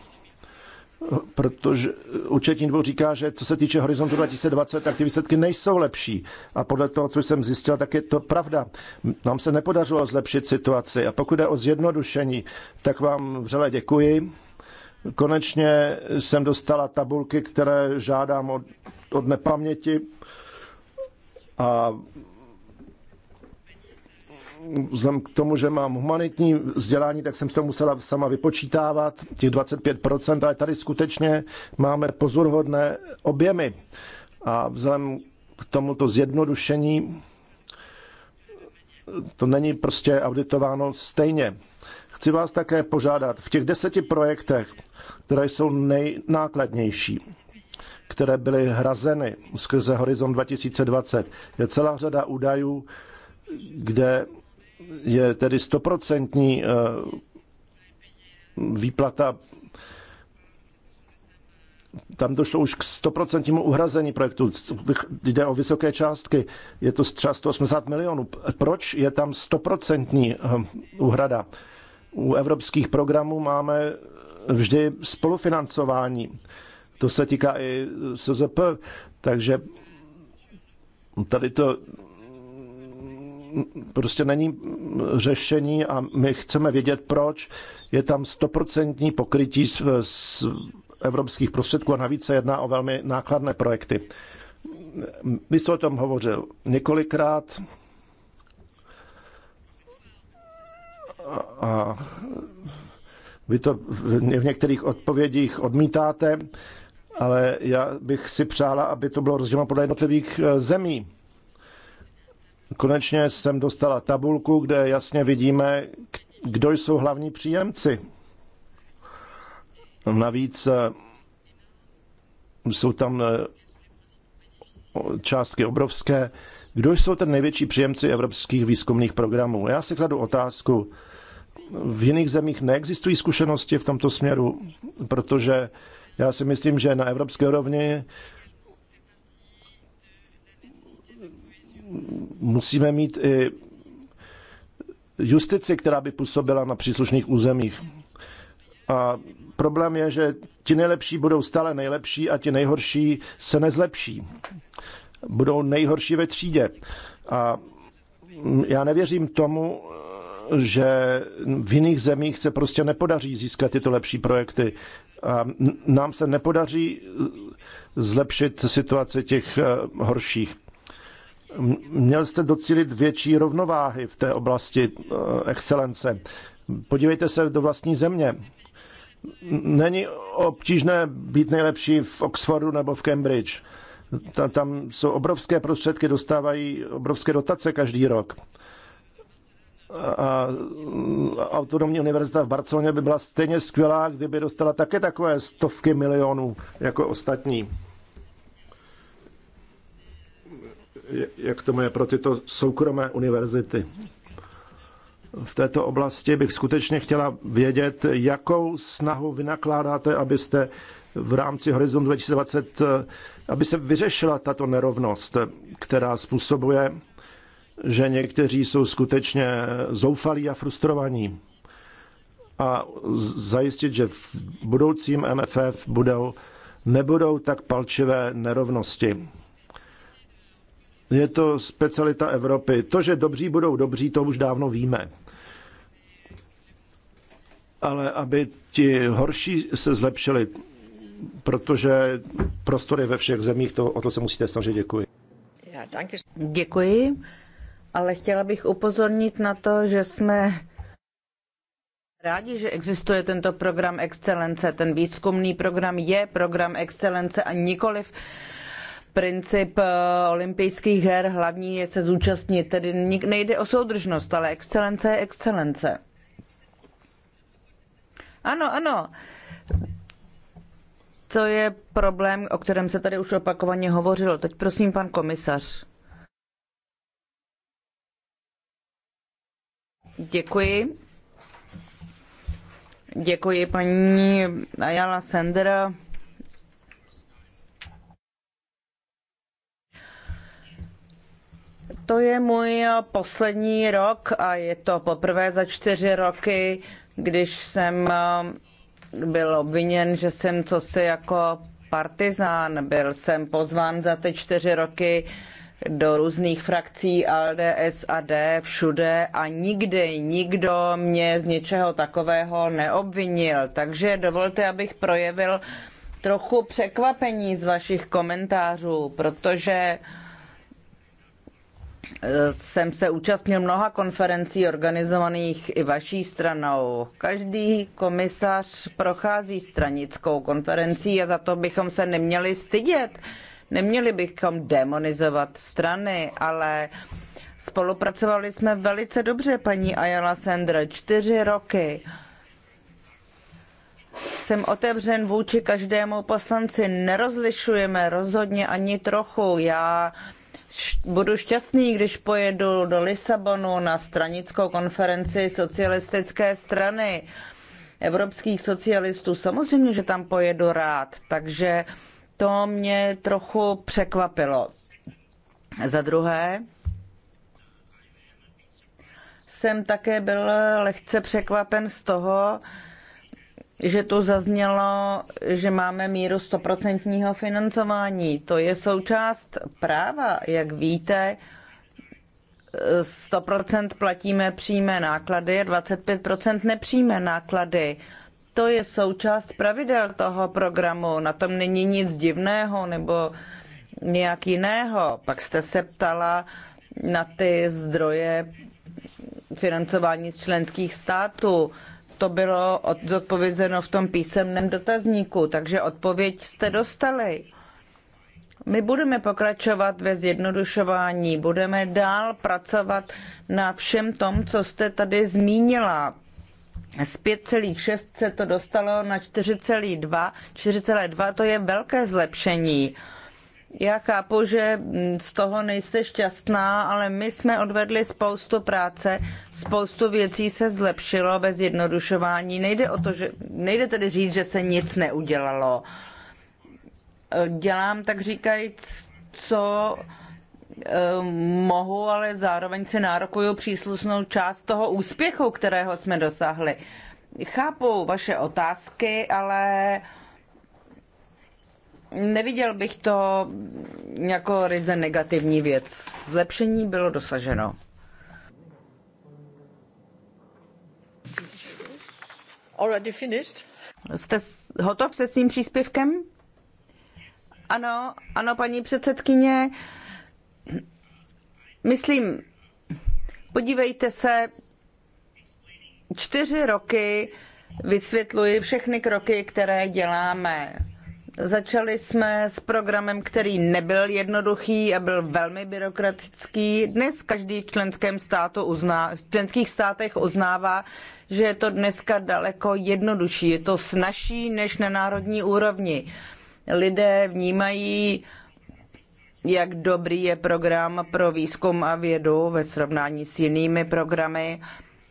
Protože účetní dvůr říká, že co se týče horizontu 2020, tak ty výsledky nejsou lepší. A podle toho, co jsem zjistil, tak je to pravda. Nám se nepodařilo zlepšit situaci. A pokud je o zjednodušení, tak vám vřele děkuji Konečně jsem dostala tabulky, které žádám od, od nepaměti a vzhledem k tomu, že mám humanitní vzdělání, tak jsem si to musela sama vypočítávat, těch 25%, ale tady skutečně máme pozoruhodné objemy. A vzhledem k tomuto zjednodušení, to není prostě auditováno stejně. Chci vás také požádat, v těch deseti projektech které jsou nejnákladnější, které byly hrazeny skrze Horizont 2020. Je celá řada údajů, kde je tedy stoprocentní eh, výplata tam došlo už k 100% uhrazení projektu. Jde o vysoké částky, je to třeba 180 milionů. Proč je tam 100% eh, uhrada? U evropských programů máme vždy spolufinancování. To se týká i SZP, takže tady to prostě není řešení a my chceme vědět, proč je tam stoprocentní pokrytí z, z evropských prostředků a navíc se jedná o velmi nákladné projekty. My jsme o tom hovořil několikrát a vy to v některých odpovědích odmítáte, ale já bych si přála, aby to bylo rozděleno podle jednotlivých eh, zemí. Konečně jsem dostala tabulku, kde jasně vidíme, kdo jsou hlavní příjemci. Navíc eh, jsou tam eh, částky obrovské. Kdo jsou ten největší příjemci evropských výzkumných programů? Já si kladu otázku, v jiných zemích neexistují zkušenosti v tomto směru, protože já si myslím, že na evropské úrovni musíme mít i justici, která by působila na příslušných územích. A problém je, že ti nejlepší budou stále nejlepší a ti nejhorší se nezlepší. Budou nejhorší ve třídě. A já nevěřím tomu, že v jiných zemích se prostě nepodaří získat tyto lepší projekty. A nám se nepodaří zlepšit situaci těch eh, horších. Měl jste docílit větší rovnováhy v té oblasti eh, excelence. Podívejte se do vlastní země. Není obtížné být nejlepší v Oxfordu nebo v Cambridge. Tam jsou obrovské prostředky, dostávají obrovské dotace každý rok a autonomní univerzita v Barceloně by byla stejně skvělá, kdyby dostala také takové stovky milionů jako ostatní. Jak to je pro tyto soukromé univerzity? V této oblasti bych skutečně chtěla vědět, jakou snahu vynakládáte, abyste v rámci Horizont 2020, eh, aby se vyřešila tato nerovnost, která způsobuje že někteří jsou skutečně zoufalí a frustrovaní. A zajistit, že v budoucím MFF budou, nebudou tak palčivé nerovnosti. Je to specialita Evropy. To, že dobří budou dobří, to už dávno víme. Ale aby ti horší se zlepšili, protože prostor je ve všech zemích, to, o to se musíte snažit. Děkuji. Děkuji ale chtěla bych upozornit na to, že jsme rádi, že existuje tento program excelence. Ten výzkumný program je program excelence a nikoliv princip eh, olympijských her. Hlavní je se zúčastnit. Tedy nejde o soudržnost, ale excelence je excelence. Ano, ano. To je problém, o kterém se tady už opakovaně hovořilo. Teď prosím, pan komisař. Děkuji. Děkuji paní Ayala Sender. To je můj poslední rok a je to poprvé za čtyři roky, když jsem eh, byl obviněn, že jsem cosi jako partizán. Byl jsem pozván za ty čtyři roky do různých frakcí LDS a D všude a nikdy nikdo mě z něčeho takového neobvinil. Takže dovolte, abych projevil trochu překvapení z vašich komentářů, protože eh, jsem se účastnil mnoha konferencí organizovaných i vaší stranou. Každý komisař prochází stranickou konferencí a za to bychom se neměli stydět. Neměli bychom demonizovat strany, ale spolupracovali jsme velice dobře, paní Ayala Sandra, čtyři roky. Jsem otevřen vůči každému poslanci, nerozlišujeme rozhodně ani trochu. Já budu šťastný, když pojedu do Lisabonu na stranickou konferenci socialistické strany evropských socialistů. Samozřejmě, že tam pojedu rád, takže to mě trochu překvapilo. Za druhé, jsem také byl lehce překvapen z toho, že tu zaznělo, že máme míru stoprocentního financování. To je součást práva, jak víte. 100% platíme přímé náklady, 25% nepřímé náklady to je součást pravidel toho programu. Na tom není nic divného nebo nějak jiného. Pak jste se ptala na ty zdroje financování z členských států. To bylo zodpovězeno v tom písemném dotazníku, takže odpověď jste dostali. My budeme pokračovat ve zjednodušování, budeme dál pracovat na všem tom, co jste tady zmínila z 5,6 se to dostalo na 4,2. 4,2 to je velké zlepšení. Já chápu, že mm, z toho nejste šťastná, ale my jsme odvedli spoustu práce, spoustu věcí se zlepšilo bez jednodušování. Nejde, o to, že, nejde tedy říct, že se nic neudělalo. Dělám tak říkajíc, co Eh, mohu, ale zároveň si nárokuju příslušnou část toho úspěchu, kterého jsme dosáhli. Chápu vaše otázky, ale neviděl bych to jako ryze negativní věc. Zlepšení bylo dosaženo. Already finished? Jste hotov se svým příspěvkem? Ano, ano, paní předsedkyně. Uh, Myslím, podívejte se, čtyři roky vysvětluji všechny kroky, které děláme. Začali jsme s programem, který nebyl jednoduchý a byl velmi byrokratický. Dnes každý v členském státu uzná, v členských státech uznává, že je to dneska daleko jednodušší. Je to snažší než na národní úrovni. Lidé vnímají uh, jak dobrý je program pro výzkum a vědu ve srovnání s jinými programy.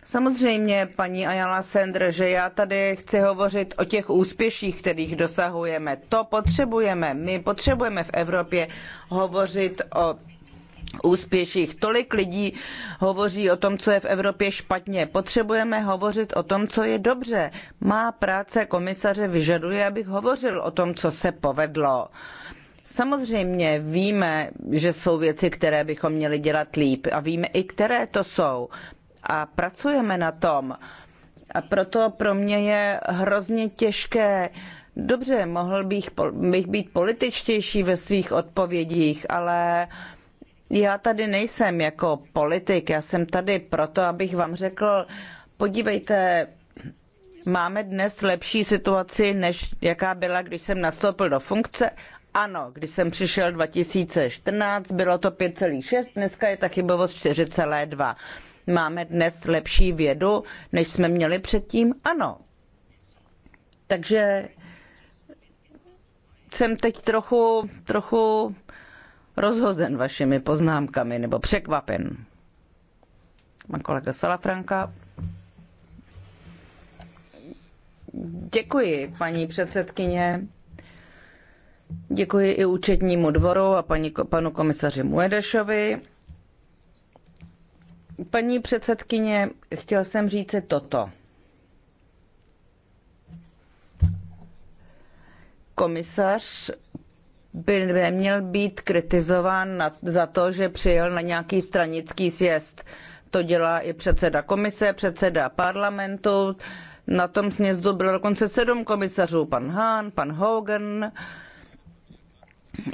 Samozřejmě, paní Ayala Sender, že já tady chci hovořit o těch úspěších, kterých dosahujeme. To potřebujeme. My potřebujeme v Evropě hovořit o úspěších. Tolik lidí hovoří o tom, co je v Evropě špatně. Potřebujeme hovořit o tom, co je dobře. Má práce komisaře vyžaduje, abych hovořil o tom, co se povedlo. Samozřejmě víme, že jsou věci, které bychom měli dělat líp a víme i, které to jsou. A pracujeme na tom. A proto pro mě je hrozně těžké. Dobře, mohl bych, bych být političtější ve svých odpovědích, ale já tady nejsem jako politik, já jsem tady proto, abych vám řekl, podívejte, máme dnes lepší situaci, než jaká byla, když jsem nastoupil do funkce ano, když jsem přišel 2014, bylo to 5,6, dneska je ta chybovost 4,2. Máme dnes lepší vědu, než jsme měli předtím? Ano. Takže jsem teď trochu, trochu rozhozen vašimi poznámkami, nebo překvapen. Má kolega Salafranka. Děkuji, paní předsedkyně. Děkuji i účetnímu dvoru a paní, panu komisaři Muedešovi. Paní předsedkyně, chtěl jsem říci toto. Komisař by neměl být kritizován za to, že přijel na nějaký stranický sjezd. To dělá i předseda komise, předseda parlamentu. Na tom sjezdu bylo dokonce sedm komisařů, pan Hahn, pan Hogan, uh,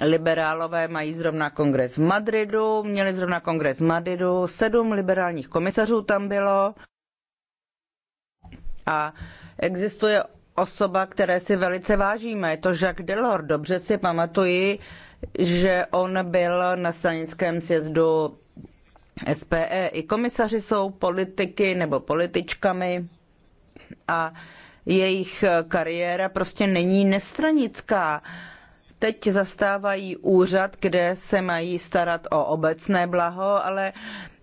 Liberálové mají zrovna kongres v Madridu, měli zrovna kongres v Madridu, sedm liberálních komisařů tam bylo a existuje osoba, které si velice vážíme, je to Jacques Delors. Dobře si pamatuji, že on byl na stranickém sjezdu SPE. I komisaři jsou politiky nebo političkami a jejich kariéra prostě není nestranická teď zastávají úřad, kde se mají starat o obecné blaho, ale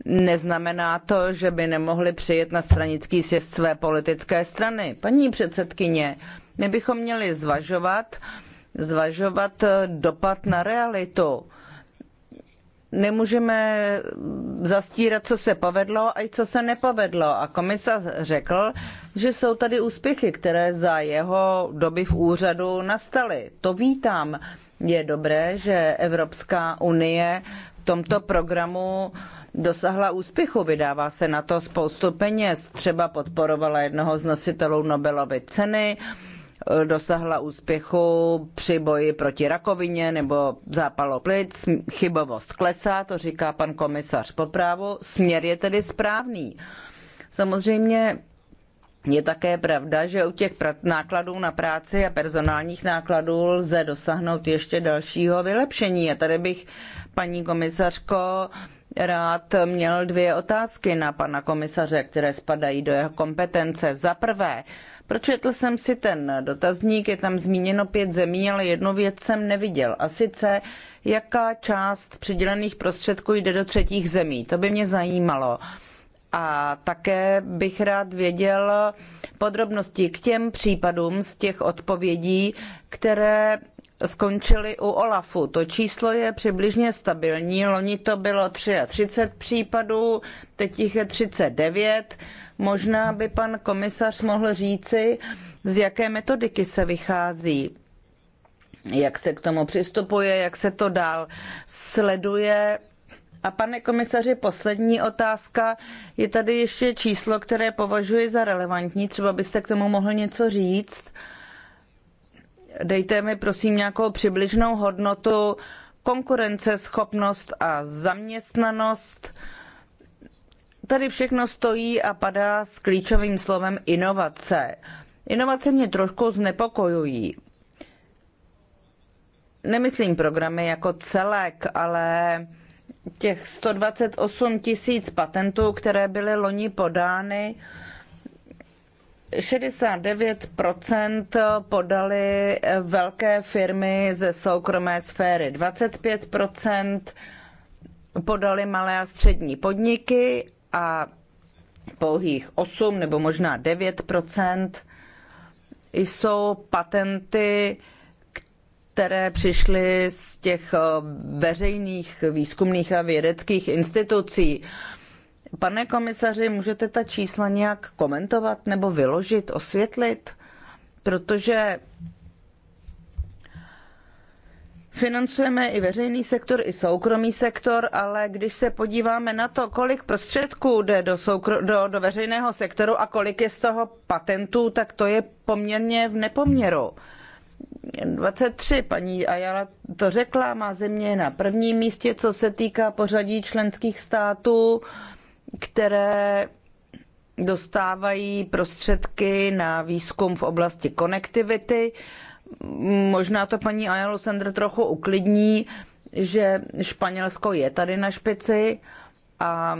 neznamená to, že by nemohli přijet na stranický sjezd své politické strany. Paní předsedkyně, my bychom měli zvažovat, zvažovat dopad na realitu nemůžeme zastírat, co se povedlo a co se nepovedlo. A komisař řekl, že jsou tady úspěchy, které za jeho doby v úřadu nastaly. To vítám. Je dobré, že Evropská unie v tomto programu dosáhla úspěchu. Vydává se na to spoustu peněz. Třeba podporovala jednoho z nositelů Nobelovy ceny, dosáhla úspěchu při boji proti rakovině nebo zápalu plic. Chybovost klesá, to říká pan komisař po právu. Směr je tedy správný. Samozřejmě je také pravda, že u těch nákladů na práci a personálních nákladů lze dosáhnout ještě dalšího vylepšení. A tady bych, paní komisařko, rád měl dvě otázky na pana komisaře, které spadají do jeho kompetence. Za prvé, Pročetl jsem si ten dotazník, je tam zmíněno pět zemí, ale jednu věc jsem neviděl. A sice, jaká část přidělených prostředků jde do třetích zemí. To by mě zajímalo. A také bych rád věděl podrobnosti k těm případům z těch odpovědí, které skončili u OLAFu. To číslo je přibližně stabilní. Loni to bylo 33 případů, teď jich je 39. Možná by pan komisař mohl říci, z jaké metodiky se vychází, jak se k tomu přistupuje, jak se to dál sleduje. A pane komisaři, poslední otázka. Je tady ještě číslo, které považuji za relevantní. Třeba byste k tomu mohl něco říct. Dejte mi prosím nějakou přibližnou hodnotu konkurenceschopnost a zaměstnanost. Tady všechno stojí a padá s klíčovým slovem inovace. Inovace mě trošku znepokojují. Nemyslím programy jako celek, ale těch 128 tisíc patentů, které byly loni podány, 69 podali velké firmy ze soukromé sféry, 25 podali malé a střední podniky a pouhých 8 nebo možná 9 jsou patenty, které přišly z těch veřejných výzkumných a vědeckých institucí. Pane komisaři, můžete ta čísla nějak komentovat nebo vyložit, osvětlit? Protože Financujeme i veřejný sektor, i soukromý sektor, ale když se podíváme na to, kolik prostředků jde do, soukro- do, do veřejného sektoru a kolik je z toho patentů, tak to je poměrně v nepoměru. 23, paní Ayala to řekla, má země na prvním místě, co se týká pořadí členských států které dostávají prostředky na výzkum v oblasti konektivity. Možná to paní Ayalo Sender trochu uklidní, že Španělsko je tady na špici a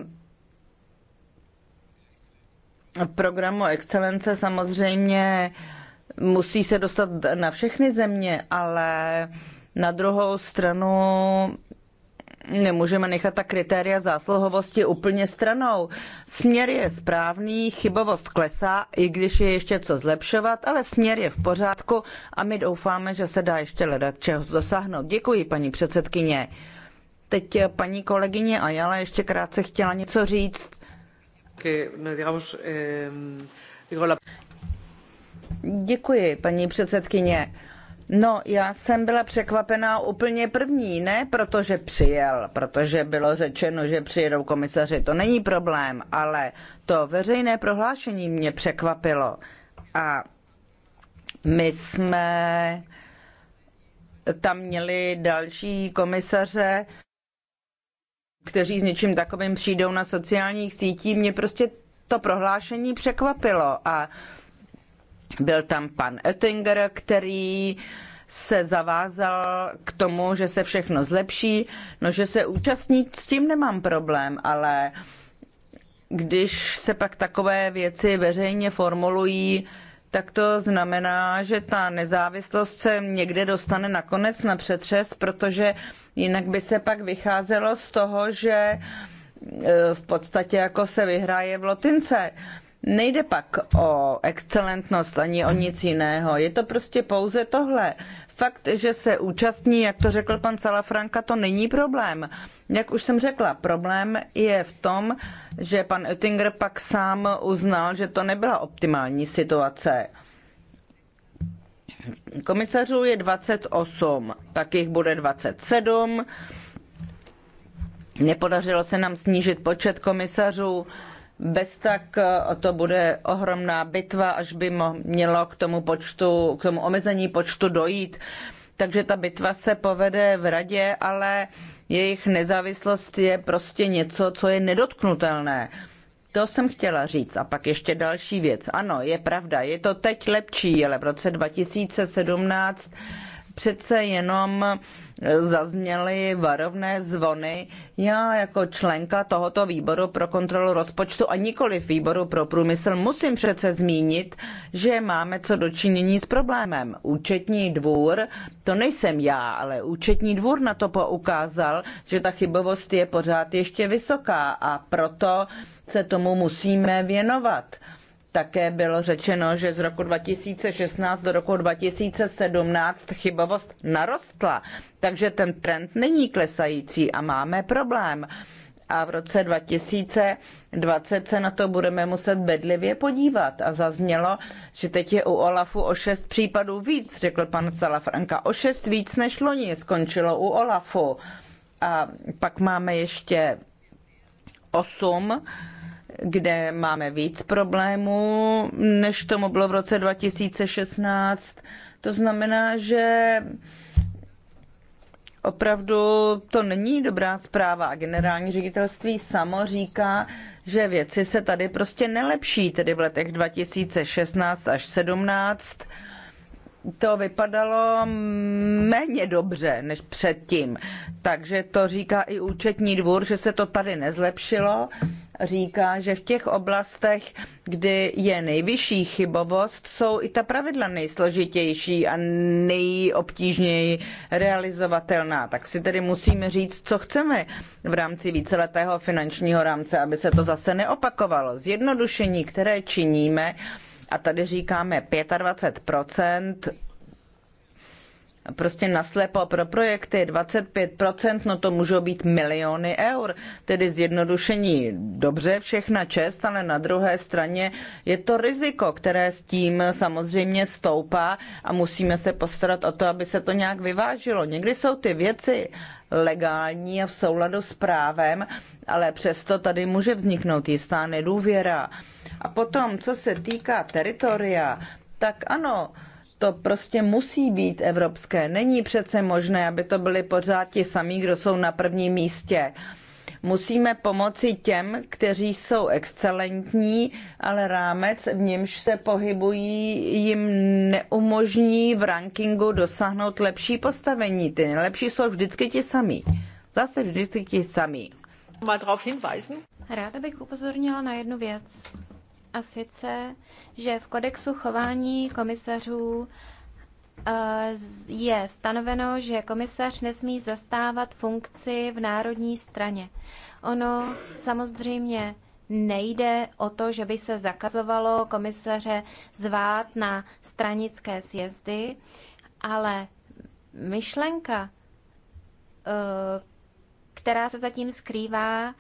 v programu excelence samozřejmě musí se dostat na všechny země, ale na druhou stranu nemůžeme nechat ta kritéria zásluhovosti úplně stranou. Směr je správný, chybovost klesá, i když je ještě co zlepšovat, ale směr je v pořádku a my doufáme, že se dá ještě hledat čeho dosáhnout. Děkuji, paní předsedkyně. Teď eh, paní kolegyně Ajala ještě krátce chtěla něco říct. No, Děkuji, paní předsedkyně No, já jsem byla překvapená úplně první, ne protože přijel, protože bylo řečeno, že přijedou komisaři, to není problém, ale to veřejné prohlášení mě překvapilo. A my jsme tam měli další komisaře, kteří s něčím takovým přijdou na sociálních sítích. Mě prostě to prohlášení překvapilo a byl tam pan Oettinger, který se zavázal k tomu, že se všechno zlepší. No, že se účastní, s tím nemám problém, ale když se pak takové věci veřejně formulují, tak to znamená, že ta nezávislost se někde dostane nakonec na přetřes, protože jinak by se pak vycházelo z toho, že e, v podstatě jako se vyhraje v lotince. Nejde pak o excelentnost ani o nic jiného. Je to prostě pouze tohle. Fakt, že se účastní, jak to řekl pan Salafranka, to není problém. Jak už jsem řekla, problém je v tom, že pan Oettinger pak sám uznal, že to nebyla optimální situace. Komisařů je 28, pak jich bude 27. Nepodařilo se nám snížit počet komisařů bez tak eh, to bude ohromná bitva, až by mělo k tomu, počtu, k tomu omezení počtu dojít. Takže ta bitva se povede v radě, ale jejich nezávislost je prostě něco, co je nedotknutelné. To jsem chtěla říct. A pak ještě další věc. Ano, je pravda, je to teď lepší, ale v roce 2017 přece jenom zazněly varovné zvony. Já jako členka tohoto výboru pro kontrolu rozpočtu a nikoli výboru pro průmysl musím přece zmínit, že máme co dočinění s problémem. Účetní dvůr, to nejsem já, ale účetní dvůr na to poukázal, že ta chybovost je pořád ještě vysoká a proto se tomu musíme věnovat. Také bylo řečeno, že z roku 2016 do roku 2017 chybovost narostla, takže ten trend není klesající a máme problém. A v roce 2020 se na to budeme muset bedlivě podívat. A zaznělo, že teď je u Olafu o šest případů víc, řekl pan Salafranka. O šest víc než loni skončilo u Olafu. A pak máme ještě osm kde máme víc problémů, než tomu bylo v roce 2016. To znamená, že opravdu to není dobrá zpráva. A generální ředitelství samo říká, že věci se tady prostě nelepší, tedy v letech 2016 až 17 to vypadalo méně dobře než předtím. Takže to říká i účetní dvůr, že se to tady nezlepšilo. Říká, že v těch oblastech, kdy je nejvyšší chybovost, jsou i ta pravidla nejsložitější a nejobtížněji realizovatelná. Tak si tedy musíme říct, co chceme v rámci víceletého finančního rámce, aby se to zase neopakovalo. Zjednodušení, které činíme, a tady říkáme 25 prostě naslepo pro projekty 25%, no to můžou být miliony eur. Tedy zjednodušení dobře, všechna čest, ale na druhé straně je to riziko, které s tím samozřejmě stoupá a musíme se postarat o to, aby se to nějak vyvážilo. Někdy jsou ty věci legální a v souladu s právem ale přesto tady může vzniknout jistá nedůvěra. A potom, co se týká teritoria, tak ano, to prostě musí být evropské. Není přece možné, aby to byli pořád ti samí, kdo jsou na prvním místě. Musíme pomoci těm, kteří jsou excelentní, ale rámec, v němž se pohybují, jim neumožní v rankingu dosáhnout lepší postavení. Ty nejlepší jsou vždycky ti samí. Zase vždycky ti samí. Mal hinweisen. Ráda bych upozornila na jednu věc. A sice, že v kodexu chování komisařů eh, je stanoveno, že komisař nesmí zastávat funkci v národní straně. Ono samozřejmě nejde o to, že by se zakazovalo komisaře zvát na stranické sjezdy, ale myšlenka eh, která se zatím skrývá,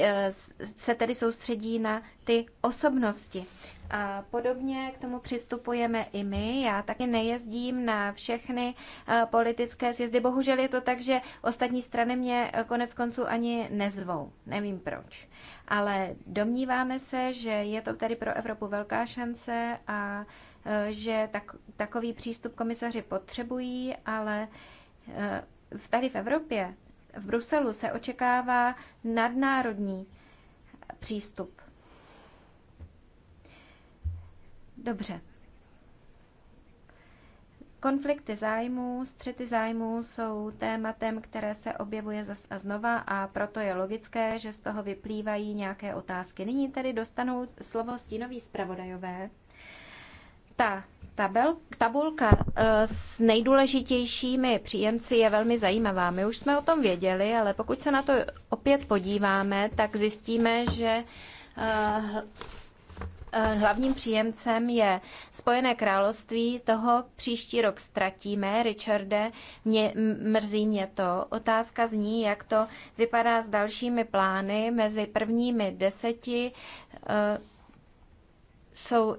eh, se tedy soustředí na ty osobnosti. A podobně k tomu přistupujeme i my. Já taky nejezdím na všechny eh, politické sjezdy. Bohužel je to tak, že ostatní strany mě eh, konec konců ani nezvou. Nevím proč. Ale domníváme se, že je to tady pro Evropu velká šance a že tak, takový přístup komisaři potřebují, ale tady v Evropě v Bruselu se očekává nadnárodní přístup. Dobře. Konflikty zájmů, střety zájmů jsou tématem, které se objevuje zas a znova a proto je logické, že z toho vyplývají nějaké otázky. Nyní tedy dostanou slovo stínoví zpravodajové. Ta tabel, tabulka eh, s nejdůležitějšími příjemci je velmi zajímavá. My už jsme o tom věděli, ale pokud se na to opět podíváme, tak zjistíme, že eh, eh, hlavním příjemcem je Spojené království. Toho příští rok ztratíme. Richarde, mě, mrzí mě to. Otázka zní, jak to vypadá s dalšími plány. Mezi prvními deseti jsou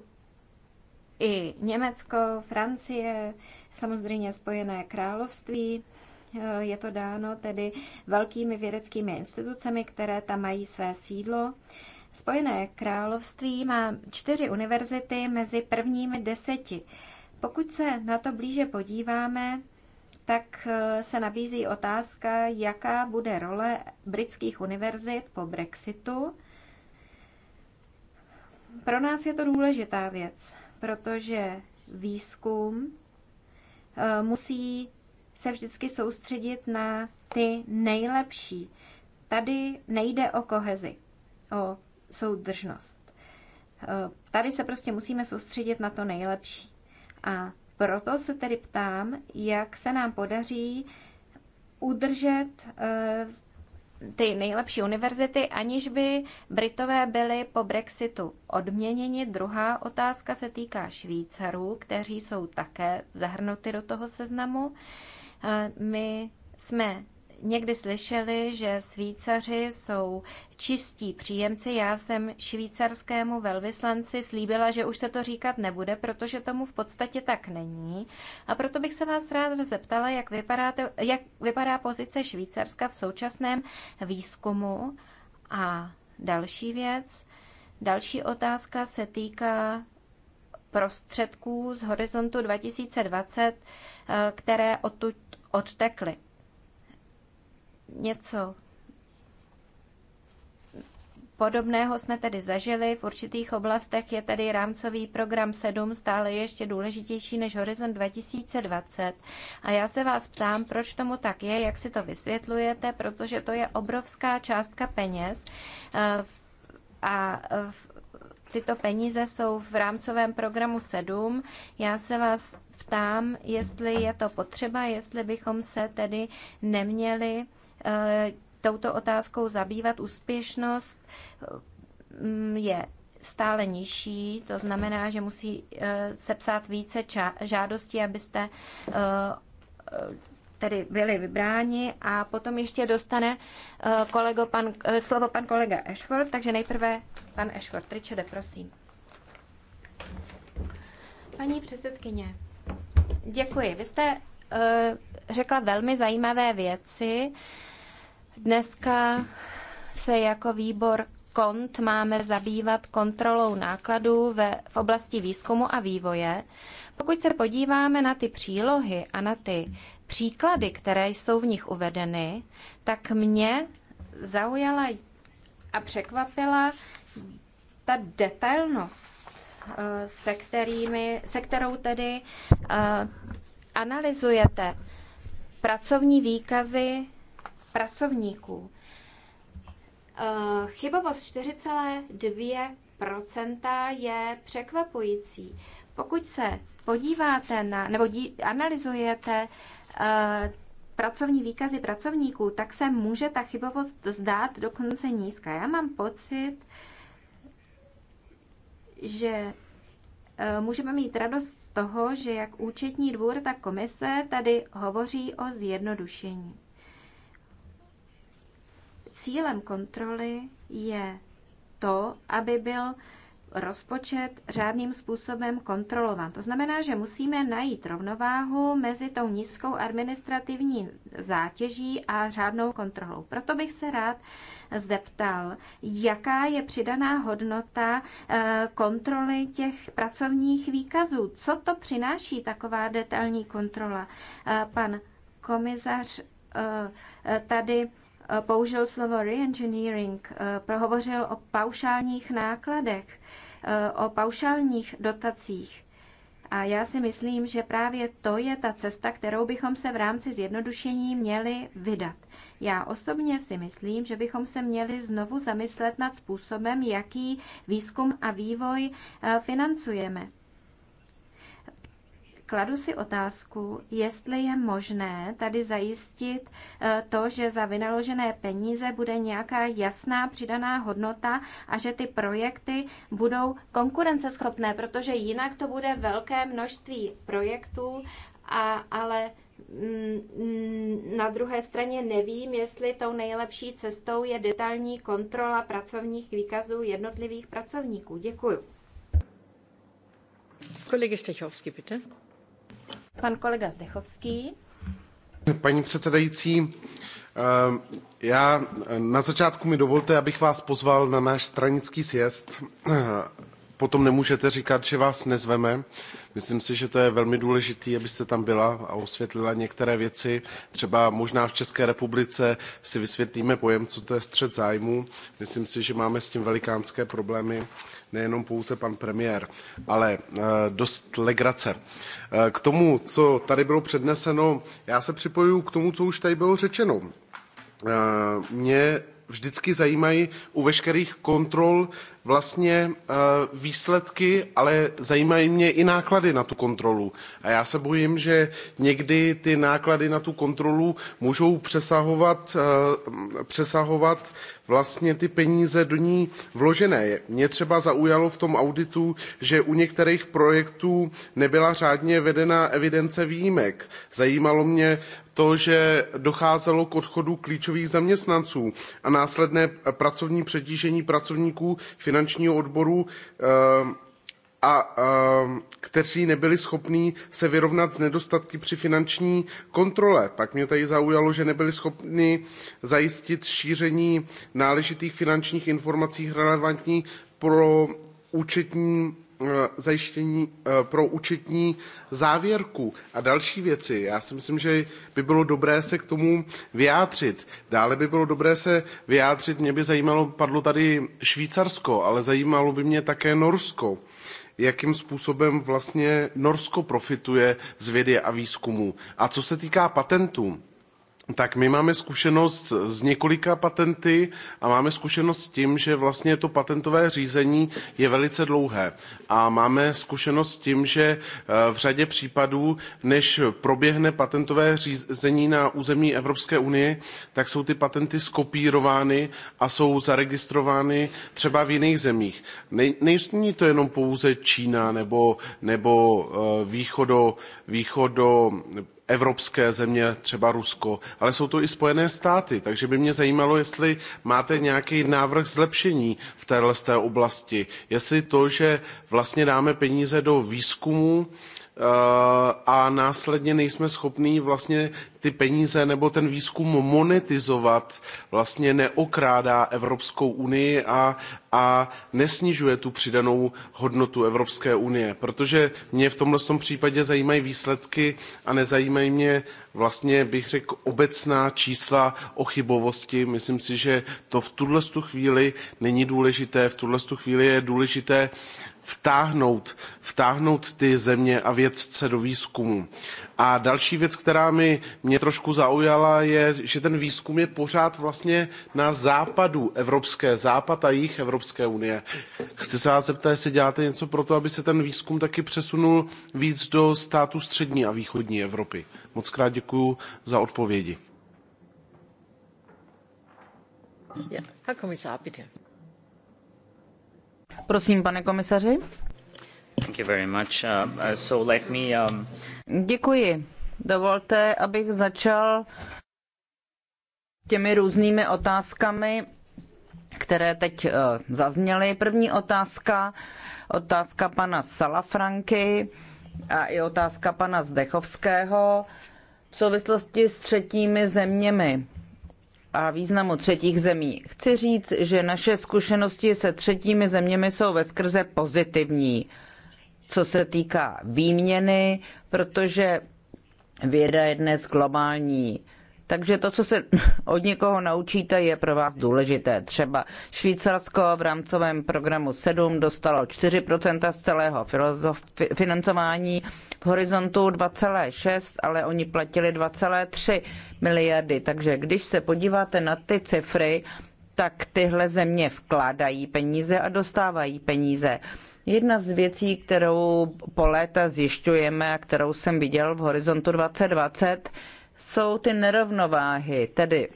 i Německo, Francie, samozřejmě Spojené království. Eh, je to dáno tedy velkými vědeckými institucemi, které tam mají své sídlo. Spojené království má čtyři univerzity mezi prvními deseti. Pokud se na to blíže podíváme, tak eh, se nabízí otázka, jaká bude role britských univerzit po Brexitu. Pro nás je to důležitá věc protože výzkum eh, musí se vždycky soustředit na ty nejlepší. Tady nejde o kohezi, o soudržnost. Eh, tady se prostě musíme soustředit na to nejlepší. A proto se tedy ptám, jak se nám podaří udržet eh, ty nejlepší univerzity, aniž by Britové byli po Brexitu odměněni. Druhá otázka se týká Švýcarů, kteří jsou také zahrnuty do toho seznamu. Eh, my jsme někdy slyšeli, že Švýcaři jsou čistí příjemci. Já jsem švýcarskému velvyslanci slíbila, že už se to říkat nebude, protože tomu v podstatě tak není. A proto bych se vás ráda zeptala, jak, vypadáte, jak vypadá pozice Švýcarska v současném výzkumu. A další věc, další otázka se týká prostředků z horizontu 2020, eh, které odtud odtekly něco Podobného jsme tedy zažili. V určitých oblastech je tedy rámcový program 7 stále ještě důležitější než Horizon 2020. A já se vás ptám, proč tomu tak je, jak si to vysvětlujete, protože to je obrovská částka peněz eh, a tyto peníze jsou v rámcovém programu 7. Já se vás ptám, jestli je to potřeba, jestli bychom se tedy neměli Eh, touto otázkou zabývat. Úspěšnost mm, je stále nižší, to znamená, že musí eh, sepsat více žádostí, abyste eh, tedy byli vybráni a potom ještě dostane kolego pan, slovo pan kolega Ashford, takže nejprve pan Ashford. Richard, prosím. Paní předsedkyně, děkuji. Vy jste uh, řekla velmi zajímavé věci. Uh, Dneska se jako výbor KONT máme zabývat kontrolou nákladů ve, v oblasti výzkumu a vývoje. Pokud se podíváme na ty přílohy a na ty příklady, které jsou v nich uvedeny, tak mě zaujala a překvapila ta detailnost, eh, se, kterými, se kterou tedy eh, analyzujete pracovní výkazy pracovníků. Eh, chybovost 4,2% je překvapující. Pokud se podíváte na, nebo dí, analyzujete eh, pracovní výkazy pracovníků, tak se může ta chybovost zdát dokonce nízká. Já mám pocit, že eh, můžeme mít radost z toho, že jak účetní dvůr, tak komise tady hovoří o zjednodušení cílem kontroly je to, aby byl rozpočet řádným způsobem kontrolován. To znamená, že musíme najít rovnováhu mezi tou nízkou administrativní zátěží a řádnou kontrolou. Proto bych se rád zeptal, jaká je přidaná hodnota eh, kontroly těch pracovních výkazů. Co to přináší taková detailní kontrola? Eh, pan komisař eh, tady Eh, použil slovo reengineering, eh, prohovořil o paušálních nákladech, eh, o paušálních dotacích. A já si myslím, že právě to je ta cesta, kterou bychom se v rámci zjednodušení měli vydat. Já osobně si myslím, že bychom se měli znovu zamyslet nad způsobem, jaký výzkum a vývoj financujeme. Kladu si otázku, jestli je možné tady zajistit eh, to, že za vynaložené peníze bude nějaká jasná přidaná hodnota a že ty projekty budou konkurenceschopné, protože jinak to bude velké množství projektů, a, ale mm, na druhé straně nevím, jestli tou nejlepší cestou je detailní kontrola pracovních výkazů jednotlivých pracovníků. Děkuju. Kolega Stechovský, bitte. Pan kolega Zdechovský. Paní předsedající, ehm, já na začátku mi dovolte, abych vás pozval na náš stranický sjezd. Eh, potom nemůžete říkat, že vás nezveme. Myslím si, že to je velmi důležité, abyste tam byla a osvětlila některé věci. Třeba možná v České republice si vysvětlíme pojem, co to je střed zájmu. Myslím si, že máme s tím velikánské problémy nejenom pouze pan premiér, ale eh, dost legrace. Eh, k tomu, co tady bylo předneseno, já se připojuju k tomu, co už tady bylo řečeno. Eh, mě vždycky zajímají u veškerých kontrol vlastně výsledky, ale zajímají mě i náklady na tu kontrolu. A já se bojím, že někdy ty náklady na tu kontrolu můžou přesahovat, přesahovat vlastně ty peníze do ní vložené. Mě třeba zaujalo v tom auditu, že u některých projektů nebyla řádně vedena evidence výjimek. Zajímalo mě to, že docházelo k odchodu klíčových zaměstnanců a následné pracovní přetížení pracovníků finančního odboru a ehm, kteří nebyli schopní se vyrovnat s nedostatky při finanční kontrole. Pak mě tady zaujalo, že nebyli schopni zajistit šíření náležitých finančních informací relevantních pro účetní eh, zajištění eh, pro účetní závěrku a další věci. Já si myslím, že by bylo dobré se k tomu vyjádřit. Dále by bylo dobré se vyjádřit, mě by zajímalo, padlo tady Švýcarsko, ale zajímalo by mě také Norsko jakým způsobem vlastně Norsko profituje z vědy a výzkumu. A co se týká patentů, tak my máme zkušenost s několika patenty a máme zkušenost s tím, že vlastně to patentové řízení je velice dlouhé. A máme zkušenost s tím, že eh, v řadě případů, než proběhne patentové řízení na území Evropské unie, tak jsou ty patenty skopírovány a jsou zaregistrovány třeba v jiných zemích. není to jenom pouze Čína nebo, nebo eh, východo, východo evropské země, třeba Rusko, ale jsou to i Spojené státy, takže by mě zajímalo, jestli máte nějaký návrh zlepšení v téhle oblasti. Jestli to, že vlastně dáme peníze do výzkumu, Eh, a následně nejsme schopní vlastně ty peníze nebo ten výzkum monetizovat, vlastně neokrádá Evropskou unii a, a nesnižuje tu přidanou hodnotu Evropské unie. Protože mě v tomhle tom případě zajímají výsledky a nezajímají mě vlastně, bych řekl, obecná čísla o chybovosti. Myslím si, že to v tuhle chvíli není důležité. V tuhle chvíli je důležité vtáhnout, vtáhnout ty země a vědce do výzkumu. A další věc, která mi mě trošku zaujala, je, že ten výzkum je pořád vlastně na západu Evropské, západ a jich Evropské unie. Chci se vás zeptat, jestli děláte něco pro to, aby se ten výzkum taky přesunul víc do států střední a východní Evropy. Moc krát děkuji za odpovědi. Ja, Herr Kommissar, bitte. Prosím, pane komisaři. Uh, uh, um, Děkuji. Dovolte, abych začal těmi různými otázkami, které teď uh, zazněly. První otázka, otázka pana Salafranky a i otázka pana Zdechovského v souvislosti s třetími zeměmi a významu třetích zemí. Chci říct, že naše zkušenosti se třetími zeměmi jsou ve skrze pozitivní, co se týká výměny, protože věda je dnes globální. Takže to, co se od někoho naučíte, je pro vás důležité. Třeba Švýcarsko v rámcovém programu 7 dostalo 4% z celého financování, v horizontu 2,6, ale oni platili 2,3 miliardy. Takže když se podíváte na ty cifry, tak tyhle země vkládají peníze a dostávají peníze. Jedna z věcí, kterou po léta zjišťujeme a kterou jsem viděl v Horizontu 2020, jsou ty nerovnováhy, tedy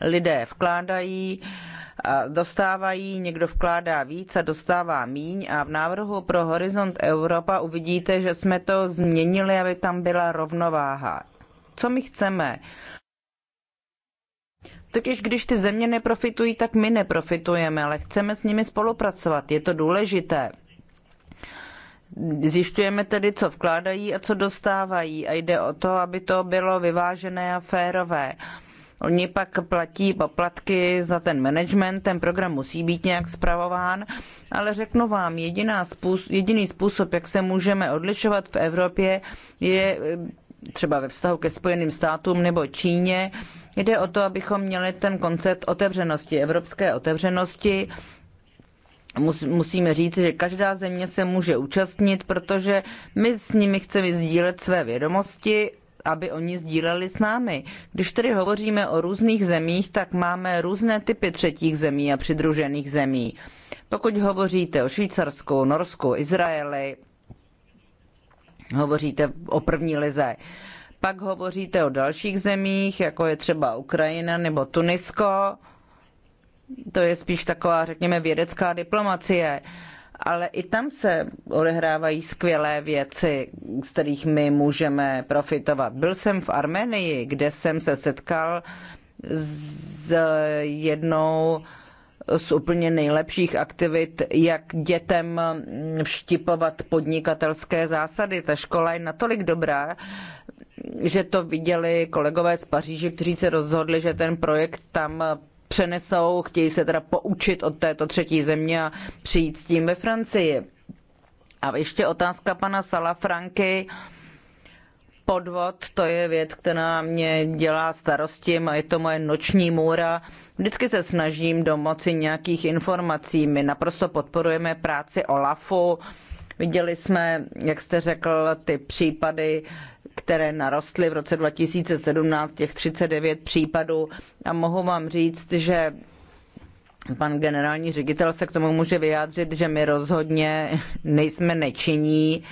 lidé vkládají, dostávají, někdo vkládá víc a dostává míň a v návrhu pro Horizont Evropa uvidíte, že jsme to změnili, aby tam byla rovnováha. Co my chceme? Totiž když ty země neprofitují, tak my neprofitujeme, ale chceme s nimi spolupracovat. Je to důležité. Zjišťujeme tedy, co vkládají a co dostávají a jde o to, aby to bylo vyvážené a férové. Oni pak platí poplatky za ten management, ten program musí být nějak zpravován, ale řeknu vám, jediná způsob, jediný způsob, jak se můžeme odlišovat v Evropě, je eh, třeba ve vztahu ke Spojeným státům nebo Číně, Jde o to, abychom měli ten koncept otevřenosti, evropské otevřenosti musíme říct, že každá země se může účastnit, protože my s nimi chceme sdílet své vědomosti, aby oni sdíleli s námi. Když tedy hovoříme o různých zemích, tak máme různé typy třetích zemí a přidružených zemí. Pokud hovoříte o Švýcarsku, Norsku, Izraeli, hovoříte o první lize, pak hovoříte o dalších zemích, jako je třeba Ukrajina nebo Tunisko, to je spíš taková, řekněme, vědecká diplomacie. Ale i tam se odehrávají skvělé věci, z kterých my můžeme profitovat. Byl jsem v Armenii, kde jsem se setkal s jednou z úplně nejlepších aktivit, jak dětem vštěpovat podnikatelské zásady. Ta škola je natolik dobrá, že to viděli kolegové z Paříže, kteří se rozhodli, že ten projekt tam přenesou, chtějí se teda poučit od této třetí země a přijít s tím ve Francii. A ještě otázka pana Salafranky. Podvod, to je věc, která mě dělá starosti, a je to moje noční můra. Vždycky se snažím domoci nějakých informací. My naprosto podporujeme práci OLAFu, Viděli jsme, jak jste řekl, ty případy, které narostly v roce 2017, těch 39 případů. A mohu vám říct, že pan generální ředitel se k tomu může vyjádřit, že my rozhodně nejsme nečinní.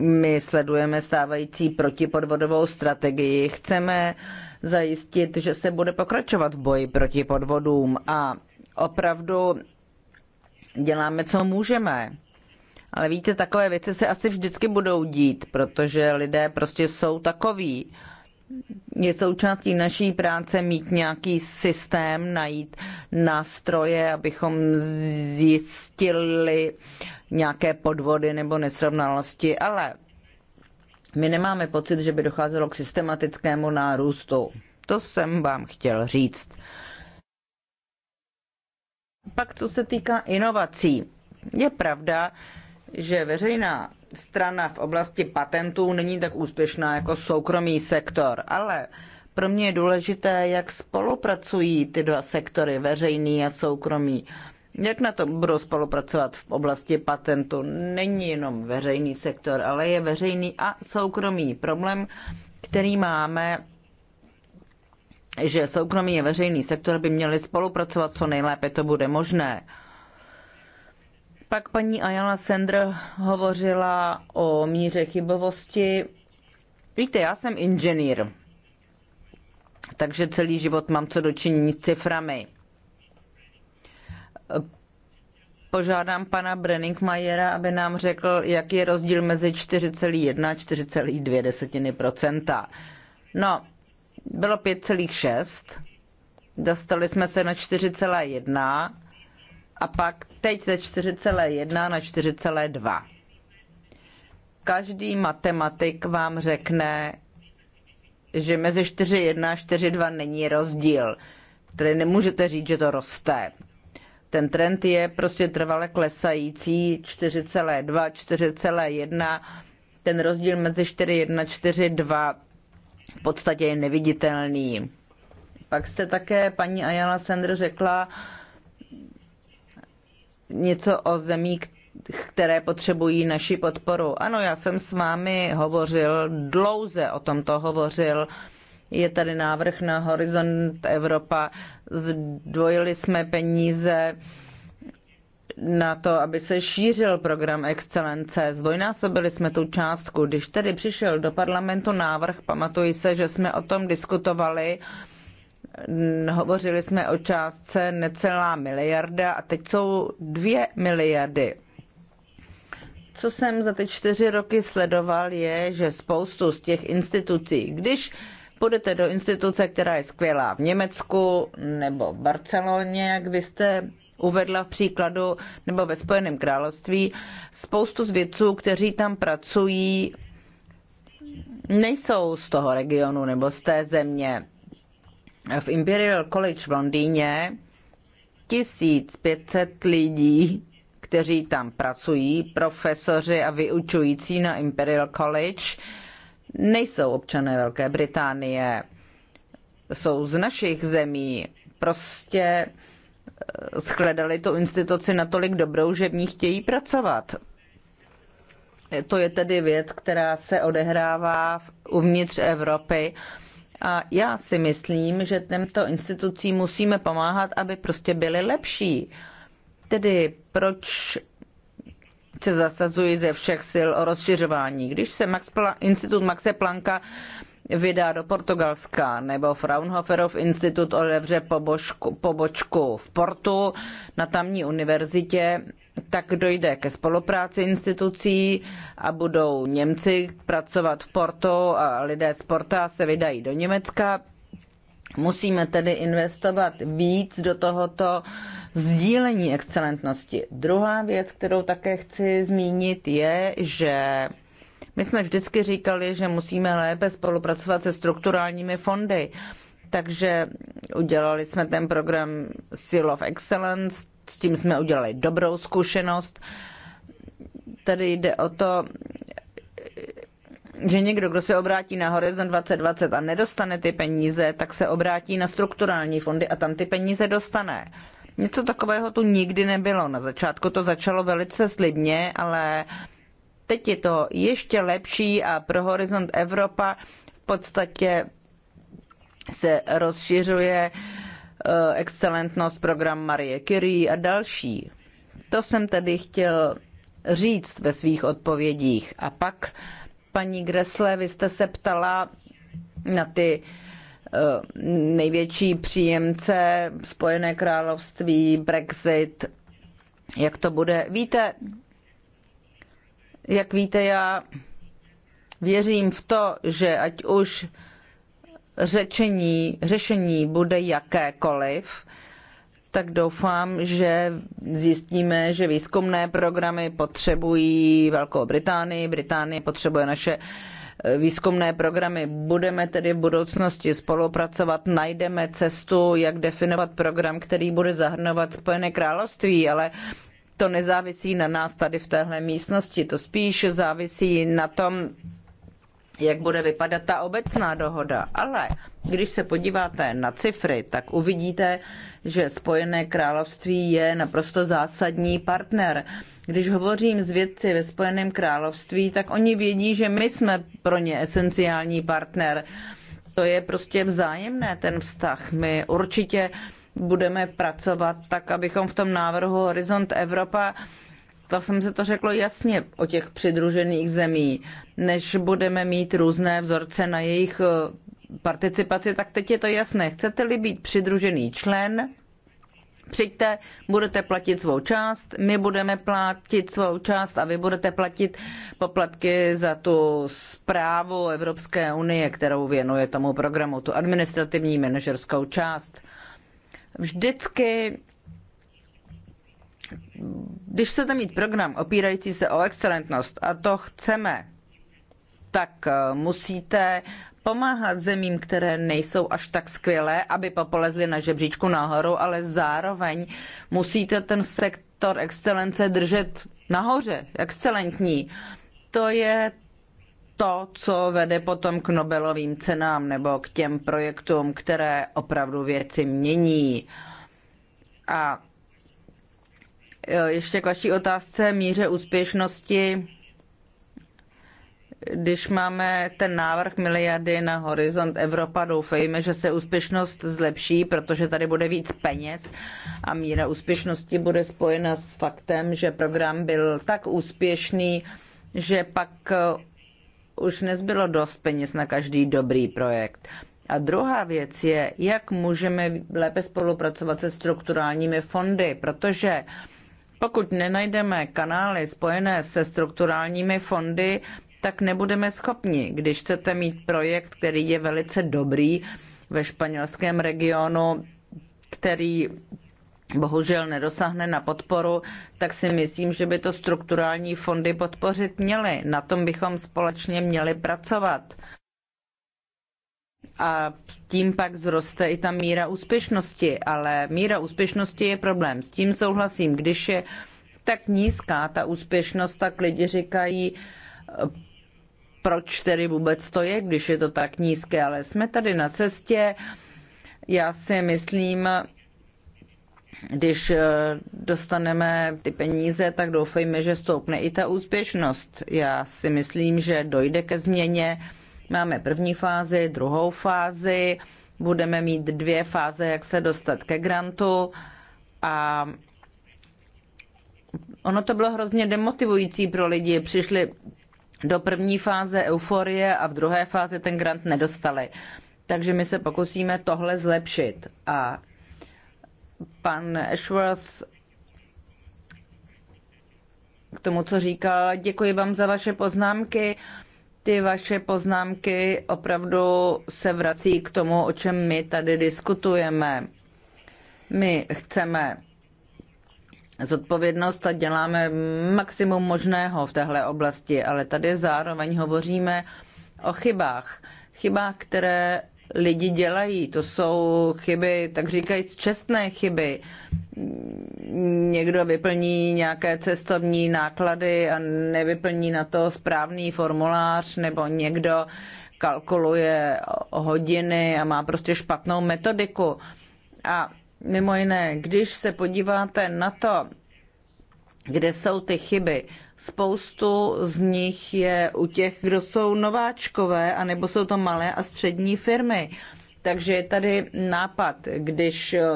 My sledujeme stávající protipodvodovou strategii. Chceme zajistit, že se bude pokračovat v boji proti podvodům a opravdu děláme, co můžeme. Ale víte, takové věci se asi vždycky budou dít, protože lidé prostě jsou takoví. Je součástí naší práce mít nějaký systém, najít nástroje, abychom zjistili nějaké podvody nebo nesrovnalosti, ale my nemáme pocit, že by docházelo k systematickému nárůstu. To jsem vám chtěl říct. Pak co se týká inovací. Je pravda, že veřejná strana v oblasti patentů není tak úspěšná jako soukromý sektor, ale pro mě je důležité, jak spolupracují ty dva sektory, veřejný a soukromý. Jak na to budou spolupracovat v oblasti patentu? Není jenom veřejný sektor, ale je veřejný a soukromý. Problém, který máme, že soukromý a veřejný sektor by měli spolupracovat co nejlépe to bude možné. Pak paní Ayala Sender hovořila o míře chybovosti. Víte, já jsem inženýr, takže celý život mám co dočinění s ciframi. Požádám pana Brenningmajera, aby nám řekl, jaký je rozdíl mezi 4,1 a 4,2 No, bylo 5,6, dostali jsme se na 4,1 a pak teď ze 4,1 na 4,2. Každý matematik vám řekne, že mezi 4,1 a 4,2 není rozdíl. Tedy nemůžete říct, že to roste. Ten trend je prostě trvale klesající 4,2, 4,1. Ten rozdíl mezi 4,1 a 4,2 v podstatě je neviditelný. Pak jste také, paní Ayala Sender, řekla, něco o zemích, které potřebují naši podporu. Ano, já jsem s vámi hovořil, dlouze o tomto hovořil. Je tady návrh na Horizont Evropa. Zdvojili jsme peníze na to, aby se šířil program excelence. Zdvojnásobili jsme tu částku. Když tedy přišel do parlamentu návrh, pamatuji se, že jsme o tom diskutovali, hovořili jsme o částce necelá miliarda a teď jsou dvě miliardy. Co jsem za ty čtyři roky sledoval, je, že spoustu z těch institucí, když půjdete do instituce, která je skvělá v Německu nebo v Barceloně, jak vy jste uvedla v příkladu, nebo ve Spojeném království, spoustu z vědců, kteří tam pracují, nejsou z toho regionu nebo z té země v Imperial College v Londýně 1500 lidí, kteří tam pracují, profesoři a vyučující na Imperial College, nejsou občané Velké Británie. Jsou z našich zemí. Prostě eh, shledali tu instituci natolik dobrou, že v ní chtějí pracovat. To je tedy věc, která se odehrává uvnitř Evropy a já si myslím, že těmto institucím musíme pomáhat, aby prostě byly lepší. Tedy proč se zasazuji ze všech sil o rozšiřování. Když se Max Pla- institut Maxe Planka vydá do Portugalska nebo Fraunhoferov institut odevře pobočku, pobočku v Portu na tamní univerzitě, tak dojde ke spolupráci institucí a budou Němci pracovat v Porto a lidé z Porta se vydají do Německa. Musíme tedy investovat víc do tohoto sdílení excelentnosti. Druhá věc, kterou také chci zmínit, je, že my jsme vždycky říkali, že musíme lépe spolupracovat se strukturálními fondy. Takže udělali jsme ten program Seal of Excellence, s tím jsme udělali dobrou zkušenost. Tady jde o to, že někdo, kdo se obrátí na Horizon 2020 a nedostane ty peníze, tak se obrátí na strukturální fondy a tam ty peníze dostane. Něco takového tu nikdy nebylo. Na začátku to začalo velice slibně, ale teď je to ještě lepší a pro Horizont Evropa v podstatě se rozšiřuje uh, Eh, excelentnost program Marie Curie a další. To jsem tedy chtěl říct ve svých odpovědích. A pak, paní Gresle, vy jste se ptala na ty eh, největší příjemce Spojené království, Brexit, jak to bude. Víte, jak víte, já věřím v to, že ať už řečení, řešení bude jakékoliv, tak doufám, že zjistíme, že výzkumné programy potřebují Velkou Británii, Británie potřebuje naše eh, výzkumné programy. Budeme tedy v budoucnosti spolupracovat, najdeme cestu, jak definovat program, který bude zahrnovat Spojené království, ale to nezávisí na nás tady v téhle místnosti, to spíš závisí na tom, jak bude vypadat ta obecná dohoda. Ale když se podíváte na cifry, tak uvidíte, že Spojené království je naprosto zásadní partner. Když hovořím s vědci ve Spojeném království, tak oni vědí, že my jsme pro ně esenciální partner. To je prostě vzájemné ten vztah. My určitě budeme pracovat tak, abychom v tom návrhu Horizont Evropa tak jsem se to řeklo jasně o těch přidružených zemí, než budeme mít různé vzorce na jejich eh, participaci, tak teď je to jasné. Chcete-li být přidružený člen, přijďte, budete platit svou část, my budeme platit svou část a vy budete platit poplatky za tu zprávu Evropské unie, kterou věnuje tomu programu, tu administrativní manažerskou část. Vždycky když chcete mít program opírající se o excelentnost, a to chceme, tak eh, musíte pomáhat zemím, které nejsou až tak skvělé, aby popolezly na žebříčku nahoru, ale zároveň musíte ten sektor excelence držet nahoře, excelentní. To je to, co vede potom k Nobelovým cenám nebo k těm projektům, které opravdu věci mění. A Eh, ještě k vaší otázce míře úspěšnosti. Když máme ten návrh miliardy na horizont Evropa, doufejme, že se úspěšnost zlepší, protože tady bude víc peněz a míra úspěšnosti bude spojena s faktem, že program byl tak úspěšný, že pak eh, už nezbylo dost peněz na každý dobrý projekt. A druhá věc je, jak můžeme lépe spolupracovat se strukturálními fondy, protože uh, pokud nenajdeme kanály spojené se strukturálními fondy, tak nebudeme schopni. Když chcete mít projekt, který je velice dobrý ve španělském regionu, který bohužel nedosáhne na podporu, tak si myslím, že by to strukturální fondy podpořit měly. Na tom bychom společně měli pracovat a tím pak zroste i ta míra úspěšnosti, ale míra úspěšnosti je problém. S tím souhlasím, když je tak nízká ta úspěšnost, tak lidi říkají, proč tedy vůbec to je, když je to tak nízké, ale jsme tady na cestě. Já si myslím, když eh, dostaneme ty peníze, tak doufejme, že stoupne i ta úspěšnost. Já si myslím, že dojde ke změně Máme první fázi, druhou fázi, budeme mít dvě fáze, jak se dostat ke grantu a ono to bylo hrozně demotivující pro lidi. Přišli do první fáze euforie a v druhé fázi ten grant nedostali. Takže my se pokusíme tohle zlepšit. A pan Ashworth k tomu, co říkal, děkuji vám za vaše poznámky ty vaše poznámky opravdu se vrací k tomu, o čem my tady diskutujeme. My chceme zodpovědnost a děláme maximum možného v téhle oblasti, ale tady zároveň hovoříme o chybách. Chybách, které lidi dělají. To jsou chyby, tak říkajíc, čestné chyby. Někdo vyplní nějaké cestovní náklady a nevyplní na to správný formulář, nebo někdo kalkuluje hodiny a má prostě špatnou metodiku. A mimo jiné, když se podíváte na to, kde jsou ty chyby. Spoustu z nich je u těch, kdo jsou nováčkové, anebo jsou to malé a střední firmy. Takže je tady nápad, když eh,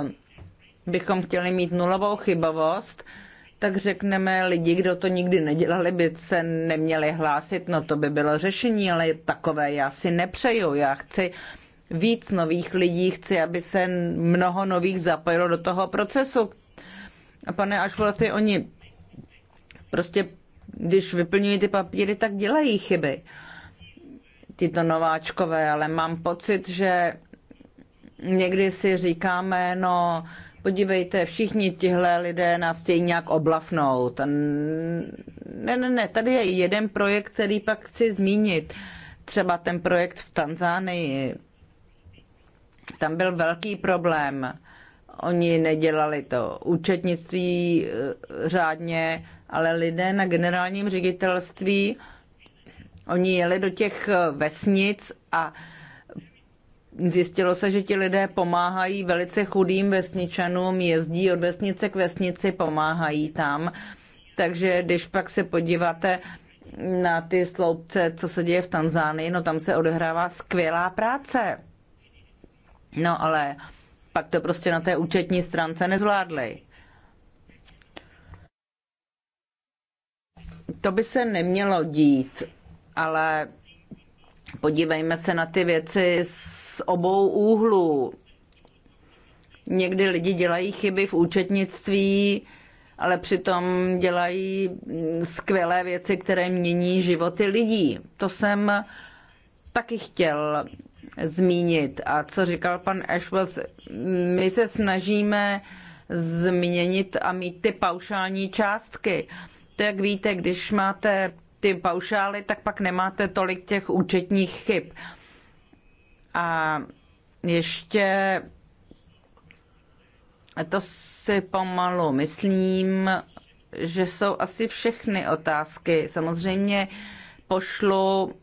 bychom chtěli mít nulovou chybovost, tak řekneme, lidi, kdo to nikdy nedělali, by se neměli hlásit, no to by bylo řešení, ale takové já si nepřeju. Já chci víc nových lidí, chci, aby se mnoho nových zapojilo do toho procesu. A pane Ašvolaty, oni prostě když vyplňují ty papíry, tak dělají chyby tyto nováčkové, ale mám pocit, že někdy si říkáme, no podívejte, všichni tihle lidé nás chtějí nějak oblafnout. Ne, ne, ne, tady je jeden projekt, který pak chci zmínit. Třeba ten projekt v Tanzánii. Tam byl velký problém. Oni nedělali to účetnictví eh, řádně, ale lidé na generálním ředitelství, oni jeli do těch eh, vesnic a zjistilo se, že ti lidé pomáhají velice chudým vesničanům, jezdí od vesnice k vesnici, pomáhají tam. Takže když pak se podíváte na ty sloupce, co se děje v Tanzánii, no tam se odehrává skvělá práce. No ale pak to prostě na té účetní stránce nezvládli. To by se nemělo dít, ale podívejme se na ty věci z obou úhlů. Někdy lidi dělají chyby v účetnictví, ale přitom dělají skvělé věci, které mění životy lidí. To jsem taky chtěl zmínit. A co říkal pan Ashworth, my se snažíme změnit a mít ty paušální částky jak víte, když máte ty paušály, tak pak nemáte tolik těch účetních chyb. A ještě to si pomalu myslím, že jsou asi všechny otázky. Samozřejmě pošlu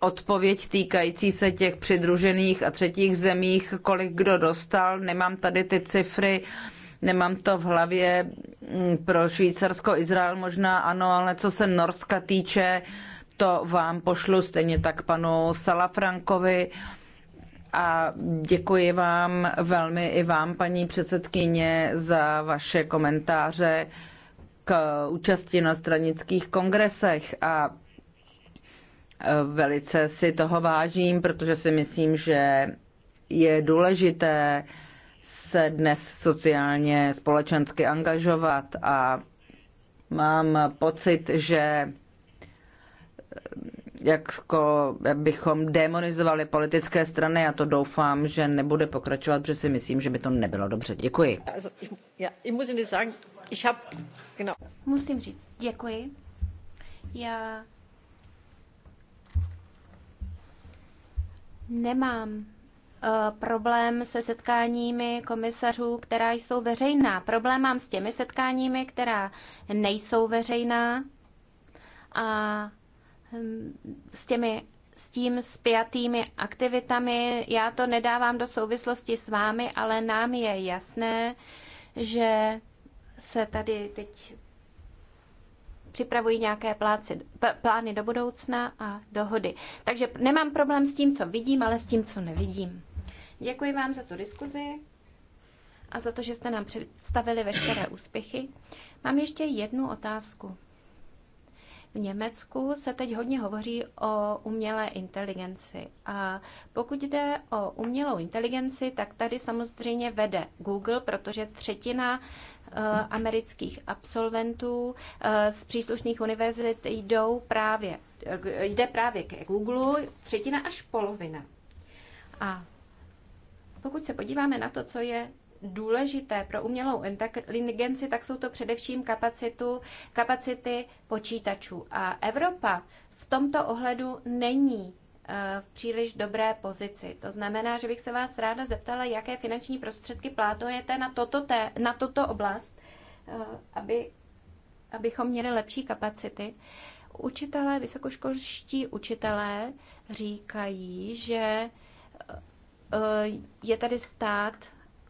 odpověď týkající se těch přidružených a třetích zemích, kolik kdo dostal. Nemám tady ty cifry. Uh, Nemám to v hlavě mm, pro Švýcarsko, Izrael možná ano, ale co se Norska týče, to vám pošlu stejně tak panu Salafrankovi a děkuji vám velmi i vám, paní předsedkyně, za vaše komentáře k účasti na stranických kongresech a e, velice si toho vážím, protože si myslím, že je důležité se dnes sociálně, společensky angažovat a mám pocit, že jako bychom demonizovali politické strany a to doufám, že nebude pokračovat, protože si myslím, že by to nebylo dobře. Děkuji. Musím říct, děkuji. Já nemám Eh, problém se setkáními komisařů, která jsou veřejná. Problém mám s těmi setkáními, která nejsou veřejná a hm, s těmi s tím spjatými aktivitami. Já to nedávám do souvislosti s vámi, ale nám je jasné, že se tady teď připravují nějaké pláci, plány do budoucna a dohody. Takže nemám problém s tím, co vidím, ale s tím, co nevidím. Děkuji vám za tu diskuzi a za to, že jste nám představili veškeré úspěchy. Mám ještě jednu otázku. V Německu se teď hodně hovoří o umělé inteligenci. A pokud jde o umělou inteligenci, tak tady samozřejmě vede Google, protože třetina eh, amerických absolventů eh, z příslušných univerzit jdou právě, eh, jde právě ke Google, třetina až polovina. A pokud se podíváme na to, co je důležité pro umělou inteligenci, tak jsou to především kapacitu, kapacity počítačů. A Evropa v tomto ohledu není eh, v příliš dobré pozici. To znamená, že bych se vás ráda zeptala, jaké finanční prostředky plánujete na, toto té, na toto oblast, eh, aby, abychom měli lepší kapacity. Učitelé, vysokoškolští učitelé říkají, že Eh, je tady stát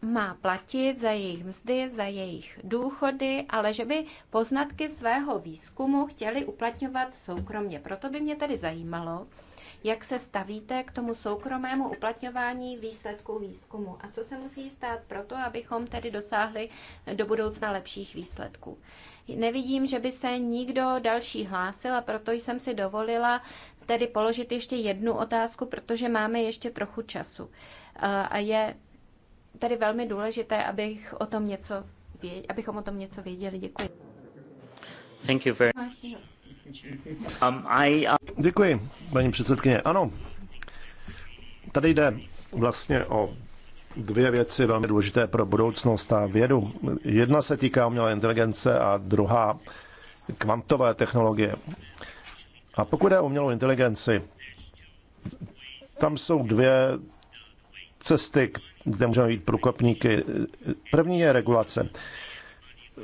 má platit za jejich mzdy, za jejich důchody, ale že by poznatky svého výzkumu chtěli uplatňovat soukromně. Proto by mě tedy zajímalo, jak se stavíte k tomu soukromému uplatňování výsledků výzkumu a co se musí stát pro to, abychom tedy dosáhli do budoucna lepších výsledků. Nevidím, že by se nikdo další hlásil a proto jsem si dovolila tedy položit ještě jednu otázku, protože máme ještě trochu času. A je tedy velmi důležité, abych o tom něco věděli, abychom o tom něco věděli. Děkuji. Thank you very much. Um, I, uh... Děkuji, paní předsedkyně. Ano, tady jde vlastně o dvě věci velmi důležité pro budoucnost a vědu. Jedna se týká umělé inteligence a druhá kvantové technologie. A pokud je o umělou inteligenci, tam jsou dvě cesty, kde můžeme být průkopníky. První je regulace.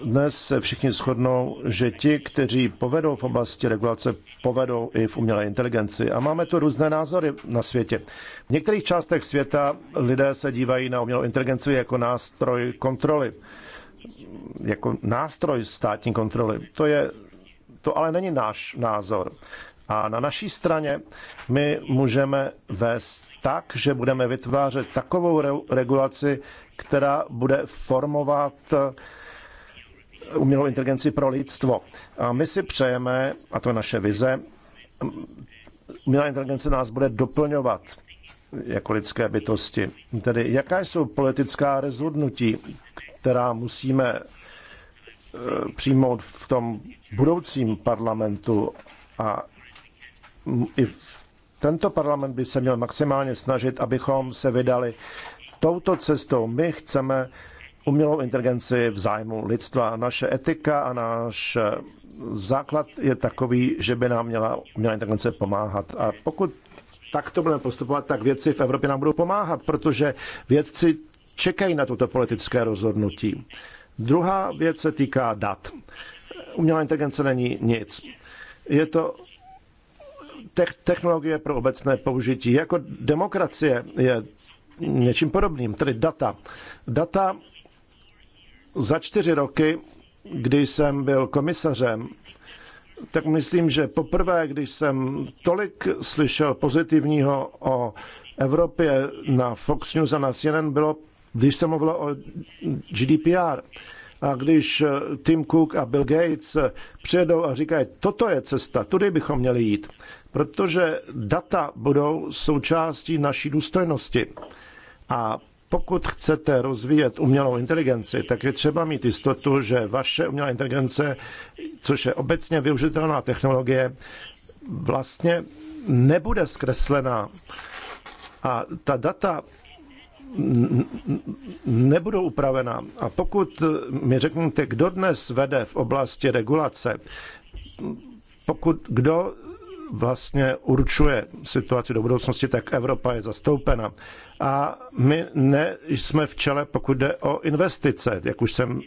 Dnes se všichni shodnou, že ti, kteří povedou v oblasti regulace, povedou i v umělé inteligenci. A máme tu různé názory na světě. V některých částech světa lidé se dívají na umělou inteligenci jako nástroj kontroly, jako nástroj státní kontroly. To je to ale není náš názor. A na naší straně my můžeme vést tak, že budeme vytvářet takovou re- regulaci, která bude formovat eh, umělou inteligenci pro lidstvo. A my si přejeme, a to je naše vize, umělá inteligence nás bude doplňovat jako lidské bytosti. Tedy jaká jsou politická rozhodnutí, která musíme Eh, přijmout v tom budoucím parlamentu a i v tento parlament by se měl maximálně snažit, abychom se vydali touto cestou. My chceme umělou inteligenci v zájmu lidstva. Naše etika a náš eh, základ je takový, že by nám měla umělá inteligence pomáhat. A pokud takto budeme postupovat, tak vědci v Evropě nám budou pomáhat, protože vědci čekají na toto politické rozhodnutí. Druhá věc se týká dat. Umělá inteligence není nic. Je to technologie pro obecné použití. Jako demokracie je něčím podobným, tedy data. Data za čtyři roky, kdy jsem byl komisařem, tak myslím, že poprvé, když jsem tolik slyšel pozitivního o Evropě na Fox News a na CNN, bylo když se mluvilo o GDPR a když eh, Tim Cook a Bill Gates eh, přijedou a říkají, toto je cesta, tudy bychom měli jít, protože data budou součástí naší důstojnosti. A pokud chcete rozvíjet umělou inteligenci, tak je třeba mít jistotu, že vaše umělá inteligence, což je obecně využitelná technologie, vlastně nebude zkreslená. A ta data nebudou upravena. A pokud mi řeknete, kdo dnes vede v oblasti regulace, pokud kdo vlastně určuje situaci do budoucnosti, tak Evropa je zastoupena. A my ne jsme v čele, pokud jde o investice, jak už jsem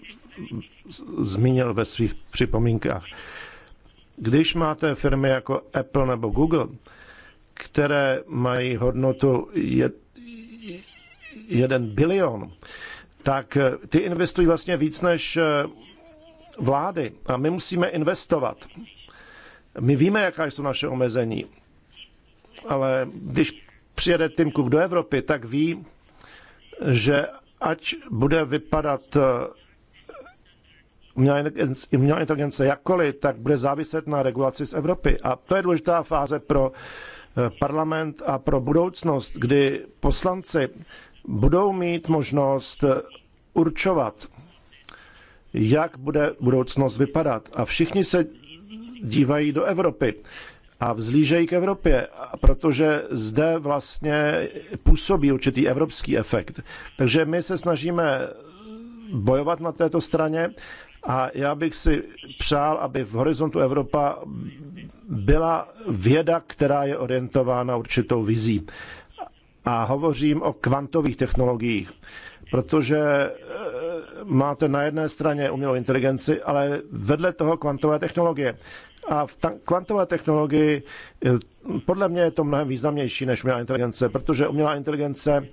zmínil ve svých připomínkách. Když máte firmy jako Apple nebo Google, které mají hodnotu Jeden bilion, tak eh, ty investují vlastně víc než eh, vlády a my musíme investovat. My víme, jaká jsou naše omezení, ale když přijede Tim Cook do Evropy, tak ví, že ať bude vypadat eh, umělá inteligence jakkoliv, tak bude záviset na regulaci z Evropy. A to je důležitá fáze pro parlament a pro budoucnost, kdy poslanci budou mít možnost určovat, jak bude budoucnost vypadat. A všichni se dívají do Evropy a vzlížejí k Evropě, protože zde vlastně působí určitý evropský efekt. Takže my se snažíme bojovat na této straně a já bych si přál, aby v Horizontu Evropa byla věda, která je orientována určitou vizí. A hovořím o kvantových technologiích, protože e, máte na jedné straně umělou inteligenci, ale vedle toho kvantové technologie. A v ta- kvantové technologii e, podle mě je to mnohem významnější než umělá inteligence, protože umělá inteligence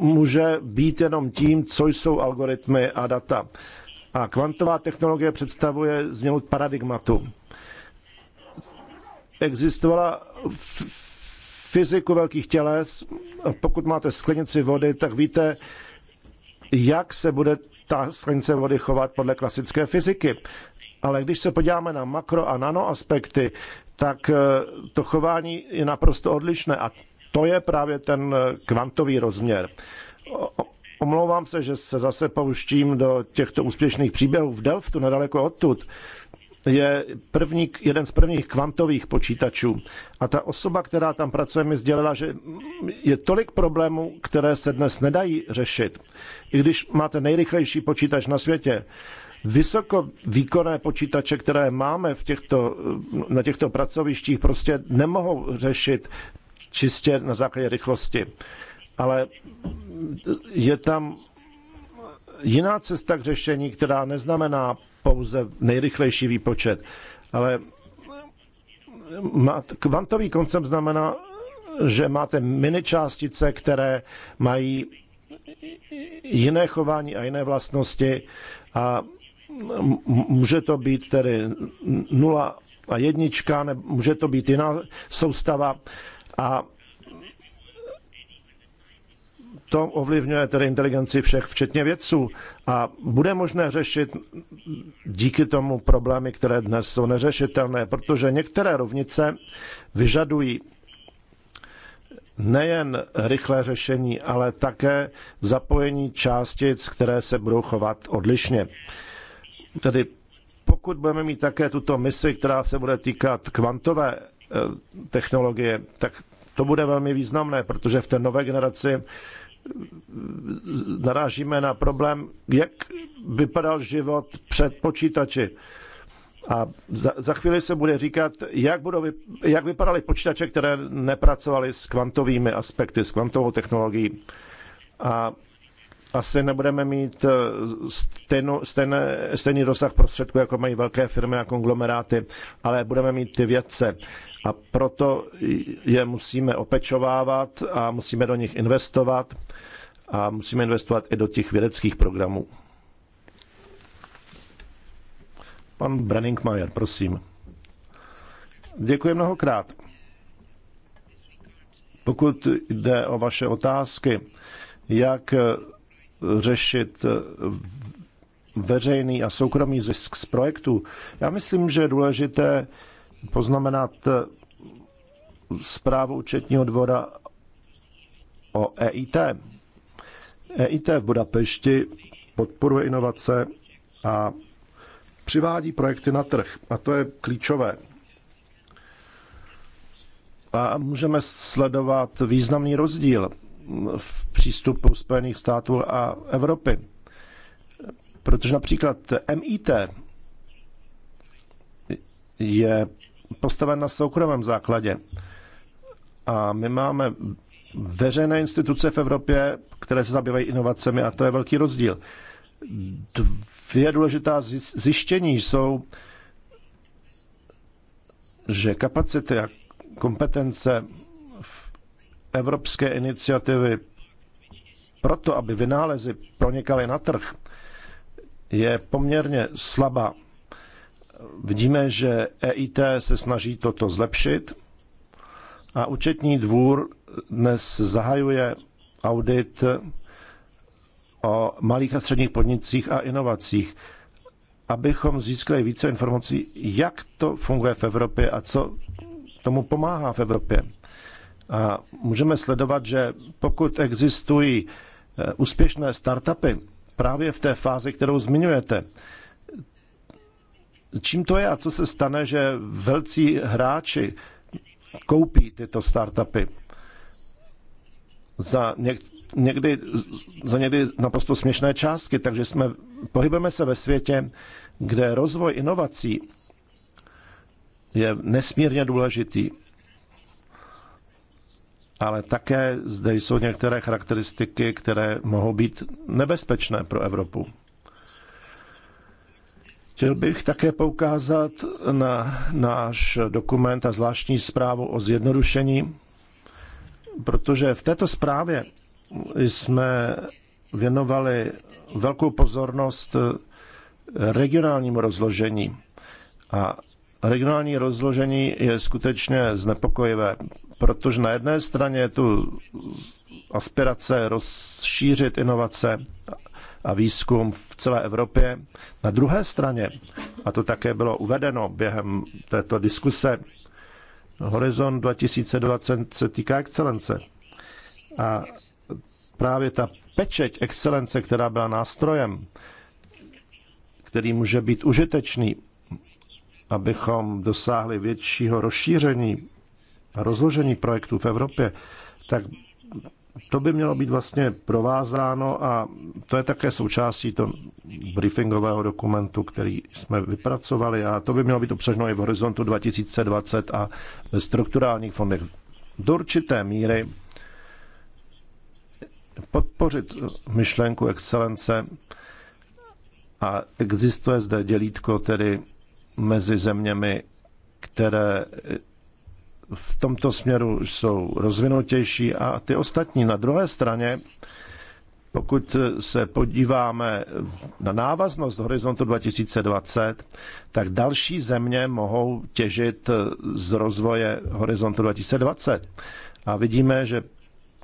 může být jenom tím, co jsou algoritmy a data. A kvantová technologie představuje změnu paradigmatu. Existovala fyziku velkých těles, pokud máte sklenici vody, tak víte, jak se bude ta sklenice vody chovat podle klasické fyziky. Ale když se podíváme na makro a nano aspekty, tak eh, to chování je naprosto odlišné a to je právě ten eh, kvantový rozměr. Omlouvám se, že se zase pouštím do těchto úspěšných příběhů v Delftu, nedaleko odtud je první, jeden z prvních kvantových počítačů. A ta osoba, která tam pracuje, mi sdělila, že je tolik problémů, které se dnes nedají řešit. I když máte nejrychlejší počítač na světě, vysoko výkonné počítače, které máme v těchto, na těchto pracovištích, prostě nemohou řešit čistě na základě rychlosti. Ale je tam jiná cesta k řešení, která neznamená pouze nejrychlejší výpočet, ale kvantový koncept znamená, že máte mini částice, které mají jiné chování a jiné vlastnosti a může to být tedy nula a jednička, nebo může to být jiná soustava a to ovlivňuje tedy inteligenci všech, včetně vědců. A bude možné řešit díky tomu problémy, které dnes jsou neřešitelné, protože některé rovnice vyžadují nejen rychlé řešení, ale také zapojení částic, které se budou chovat odlišně. Tedy pokud budeme mít také tuto misi, která se bude týkat kvantové eh, technologie, tak to bude velmi významné, protože v té nové generaci narážíme na problém, jak vypadal život před počítači. A za, za chvíli se bude říkat, jak, budou, jak vypadaly počítače, které nepracovaly s kvantovými aspekty, s kvantovou technologií. A asi nebudeme mít eh, stejno, stejné, stejný rozsah prostředků, jako mají velké firmy a konglomeráty, ale budeme mít ty vědce. A proto je musíme opečovávat a musíme do nich investovat a musíme investovat i do těch vědeckých programů. Pan Brenningmajer, prosím. Děkuji mnohokrát. Pokud jde o vaše otázky, jak řešit eh, veřejný a soukromý zisk z projektu. Já myslím, že je důležité poznamenat eh, zprávu účetního dvora o EIT. EIT v Budapešti podporuje inovace a přivádí projekty na trh. A to je klíčové. A můžeme sledovat významný rozdíl v přístupu Spojených států a Evropy. Protože například MIT je postaven na soukromém základě. A my máme veřejné instituce v Evropě, které se zabývají inovacemi a to je velký rozdíl. Dvě důležitá zjištění jsou, že kapacity a kompetence evropské iniciativy proto, aby vynálezy pronikaly na trh, je poměrně slabá. Vidíme, že EIT se snaží toto zlepšit a účetní dvůr dnes zahajuje audit o malých a středních podnicích a inovacích, abychom získali více informací, jak to funguje v Evropě a co tomu pomáhá v Evropě. A můžeme sledovat, že pokud existují eh, úspěšné startupy právě v té fázi, kterou zmiňujete, čím to je a co se stane, že velcí hráči koupí tyto startupy za někdy, za někdy naprosto směšné částky, takže jsme, pohybeme se ve světě, kde rozvoj inovací je nesmírně důležitý ale také zde jsou některé charakteristiky, které mohou být nebezpečné pro Evropu. Chtěl bych také poukázat na náš dokument a zvláštní zprávu o zjednodušení, protože v této zprávě jsme věnovali velkou pozornost regionálnímu rozložení. A regionální rozložení je skutečně znepokojivé protože na jedné straně je tu aspirace rozšířit inovace a výzkum v celé Evropě. Na druhé straně, a to také bylo uvedeno během této diskuse, Horizon 2020 se týká excelence. A právě ta pečeť excelence, která byla nástrojem, který může být užitečný, abychom dosáhli většího rozšíření rozložení projektů v Evropě, tak to by mělo být vlastně provázáno a to je také součástí toho briefingového dokumentu, který jsme vypracovali a to by mělo být obsaženo i v horizontu 2020 a ve strukturálních fondech. Do určité míry podpořit myšlenku excelence a existuje zde dělítko tedy mezi zeměmi, které v tomto směru jsou rozvinutější a ty ostatní na druhé straně, pokud se podíváme na návaznost horizontu 2020, tak další země mohou těžit z rozvoje horizontu 2020. A vidíme, že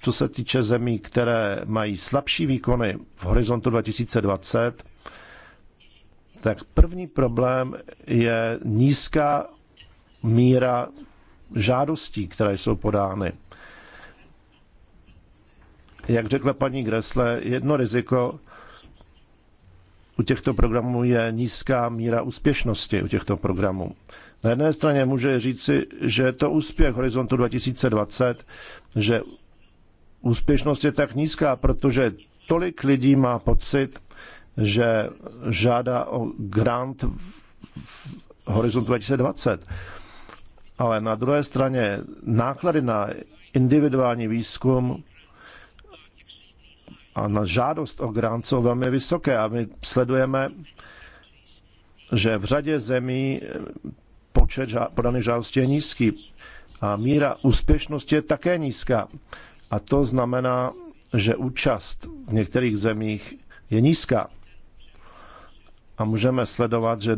co se týče zemí, které mají slabší výkony v horizontu 2020, tak první problém je nízká míra žádostí, které jsou podány. Jak řekla paní Gresle, jedno riziko u těchto programů je nízká míra úspěšnosti u těchto programů. Na jedné straně může říci, že to úspěch Horizontu 2020, že úspěšnost je tak nízká, protože tolik lidí má pocit, že žádá o grant v Horizontu 2020 ale na druhé straně náklady na individuální výzkum a na žádost o grant jsou velmi vysoké a my sledujeme, že v řadě zemí počet podaných žádostí je nízký a míra úspěšnosti je také nízká. A to znamená, že účast v některých zemích je nízká a můžeme sledovat, že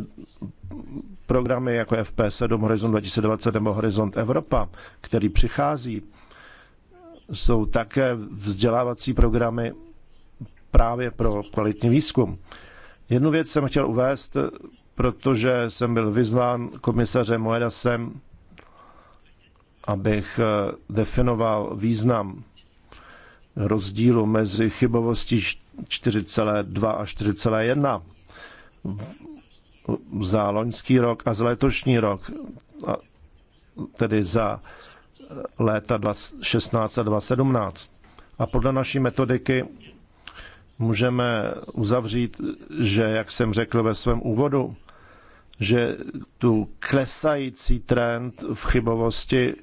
programy jako FP7, Horizont 2020 nebo Horizont Evropa, který přichází, jsou také vzdělávací programy právě pro kvalitní výzkum. Jednu věc jsem chtěl uvést, protože jsem byl vyzván komisařem Moedasem, abych eh, definoval význam rozdílu mezi chybovostí 4,2 a 4,1 za loňský rok a za letošní rok, tedy za eh, léta 2016 a 2017. A podle naší metodiky můžeme uzavřít, že, jak jsem řekl ve svém úvodu, že tu klesající trend v chybovosti,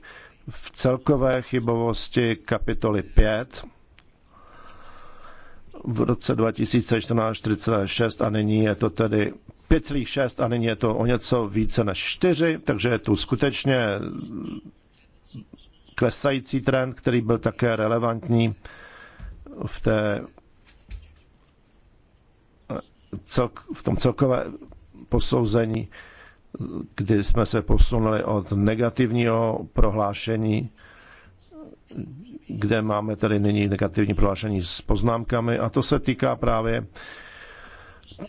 v celkové chybovosti kapitoly 5, v roce 2014 4,6 a nyní je to tedy 5,6 a nyní je to o něco více než 4, takže je tu skutečně klesající trend, který byl také relevantní v té celk, v tom celkové posouzení, kdy jsme se posunuli od negativního prohlášení kde máme tedy nyní negativní prohlášení s poznámkami a to se týká právě